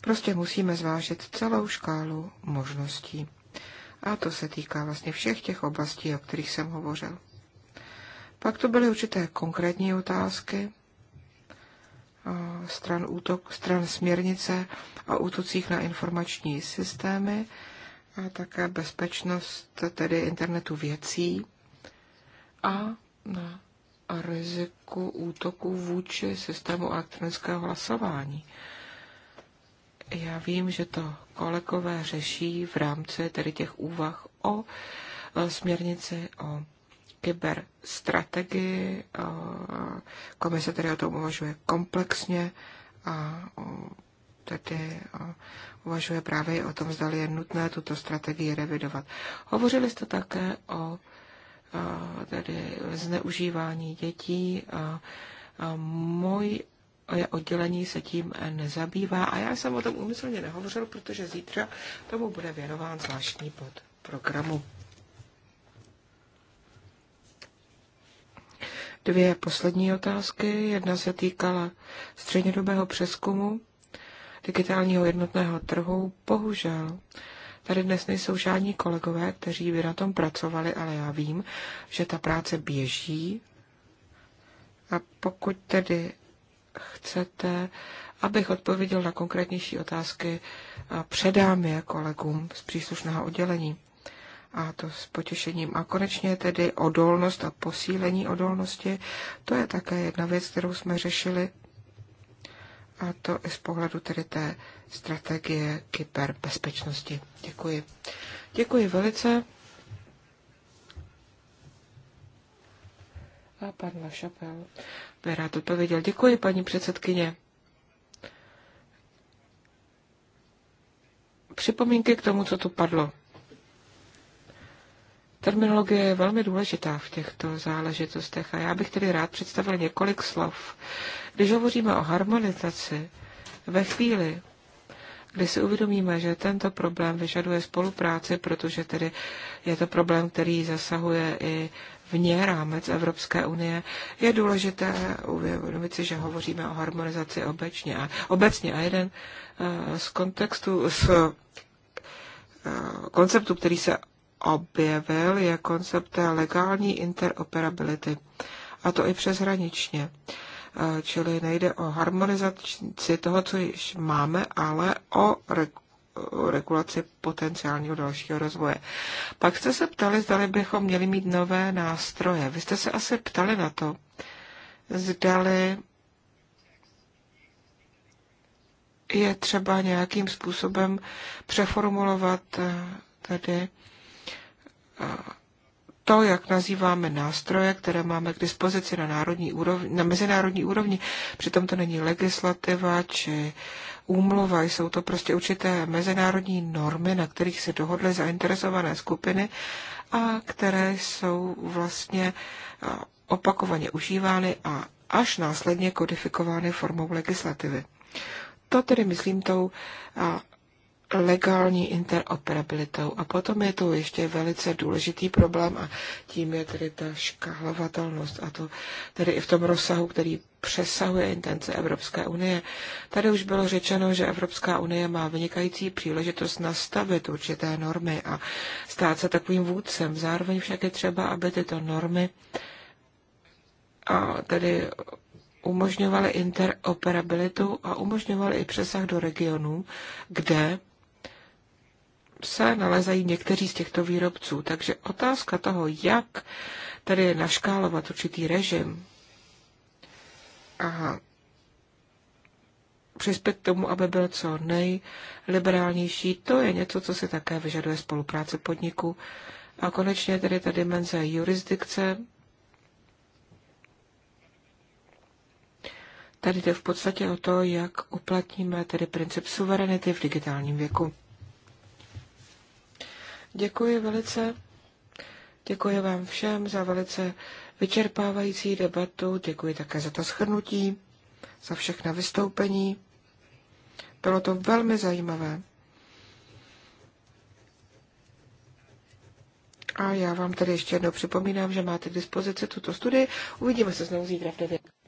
Prostě musíme zvážit celou škálu možností. A to se týká vlastně všech těch oblastí, o kterých jsem hovořil. Pak to byly určité konkrétní otázky stran, útok, stran směrnice a útocích na informační systémy a také bezpečnost tedy internetu věcí a na a riziku útoku vůči systému elektronického hlasování. Já vím, že to kolegové řeší v rámci tedy těch úvah o e, směrnici o kyberstrategii. Komise tedy o tom uvažuje komplexně a tedy uvažuje právě o tom, zda je nutné tuto strategii revidovat. Hovořili jste také o tedy zneužívání dětí. Můj je oddělení se tím nezabývá a já jsem o tom úmyslně nehovořil, protože zítra tomu bude věnován zvláštní bod programu. dvě poslední otázky. Jedna se týkala střednědobého přeskumu digitálního jednotného trhu. Bohužel, tady dnes nejsou žádní kolegové, kteří by na tom pracovali, ale já vím, že ta práce běží. A pokud tedy chcete, abych odpověděl na konkrétnější otázky, předám je kolegům z příslušného oddělení a to s potěšením. A konečně tedy odolnost a posílení odolnosti, to je také jedna věc, kterou jsme řešili a to i z pohledu tedy té strategie kyberbezpečnosti. Děkuji. Děkuji velice. A pan Lašapel by rád odpověděl. Děkuji, paní předsedkyně. Připomínky k tomu, co tu padlo. Terminologie je velmi důležitá v těchto záležitostech a já bych tedy rád představil několik slov. Když hovoříme o harmonizaci, ve chvíli, kdy si uvědomíme, že tento problém vyžaduje spolupráci, protože tedy je to problém, který zasahuje i vně rámec Evropské unie, je důležité uvědomit si, že hovoříme o harmonizaci obecně. A, obecně a jeden eh, z kontextu, z eh, konceptu, který se objevil, je koncept té legální interoperability. A to i přeshraničně. E, čili nejde o harmonizaci toho, co již máme, ale o regulaci potenciálního dalšího rozvoje. Pak jste se ptali, zdali bychom měli mít nové nástroje. Vy jste se asi ptali na to, zdali je třeba nějakým způsobem přeformulovat e, tedy to, jak nazýváme nástroje, které máme k dispozici na, národní úrovni, na mezinárodní úrovni, přitom to není legislativa či úmluva, jsou to prostě určité mezinárodní normy, na kterých se dohodly zainteresované skupiny a které jsou vlastně opakovaně užívány a až následně kodifikovány formou legislativy. To tedy myslím tou legální interoperabilitou. A potom je to ještě velice důležitý problém a tím je tedy ta škálovatelnost a to tedy i v tom rozsahu, který přesahuje intence Evropské unie. Tady už bylo řečeno, že Evropská unie má vynikající příležitost nastavit určité normy a stát se takovým vůdcem. Zároveň však je třeba, aby tyto normy a tedy umožňovaly interoperabilitu a umožňovaly i přesah do regionů, kde se nalezají někteří z těchto výrobců. Takže otázka toho, jak tady naškálovat určitý režim a přispět k tomu, aby byl co nejliberálnější, to je něco, co si také vyžaduje spolupráce podniku. A konečně tedy ta dimenze jurisdikce. Tady jde v podstatě o to, jak uplatníme tedy princip suverenity v digitálním věku. Děkuji velice. Děkuji vám všem za velice vyčerpávající debatu. Děkuji také za to shrnutí, za všechna vystoupení. Bylo to velmi zajímavé. A já vám tady ještě jednou připomínám, že máte k dispozici tuto studii. Uvidíme se znovu zítra v 9.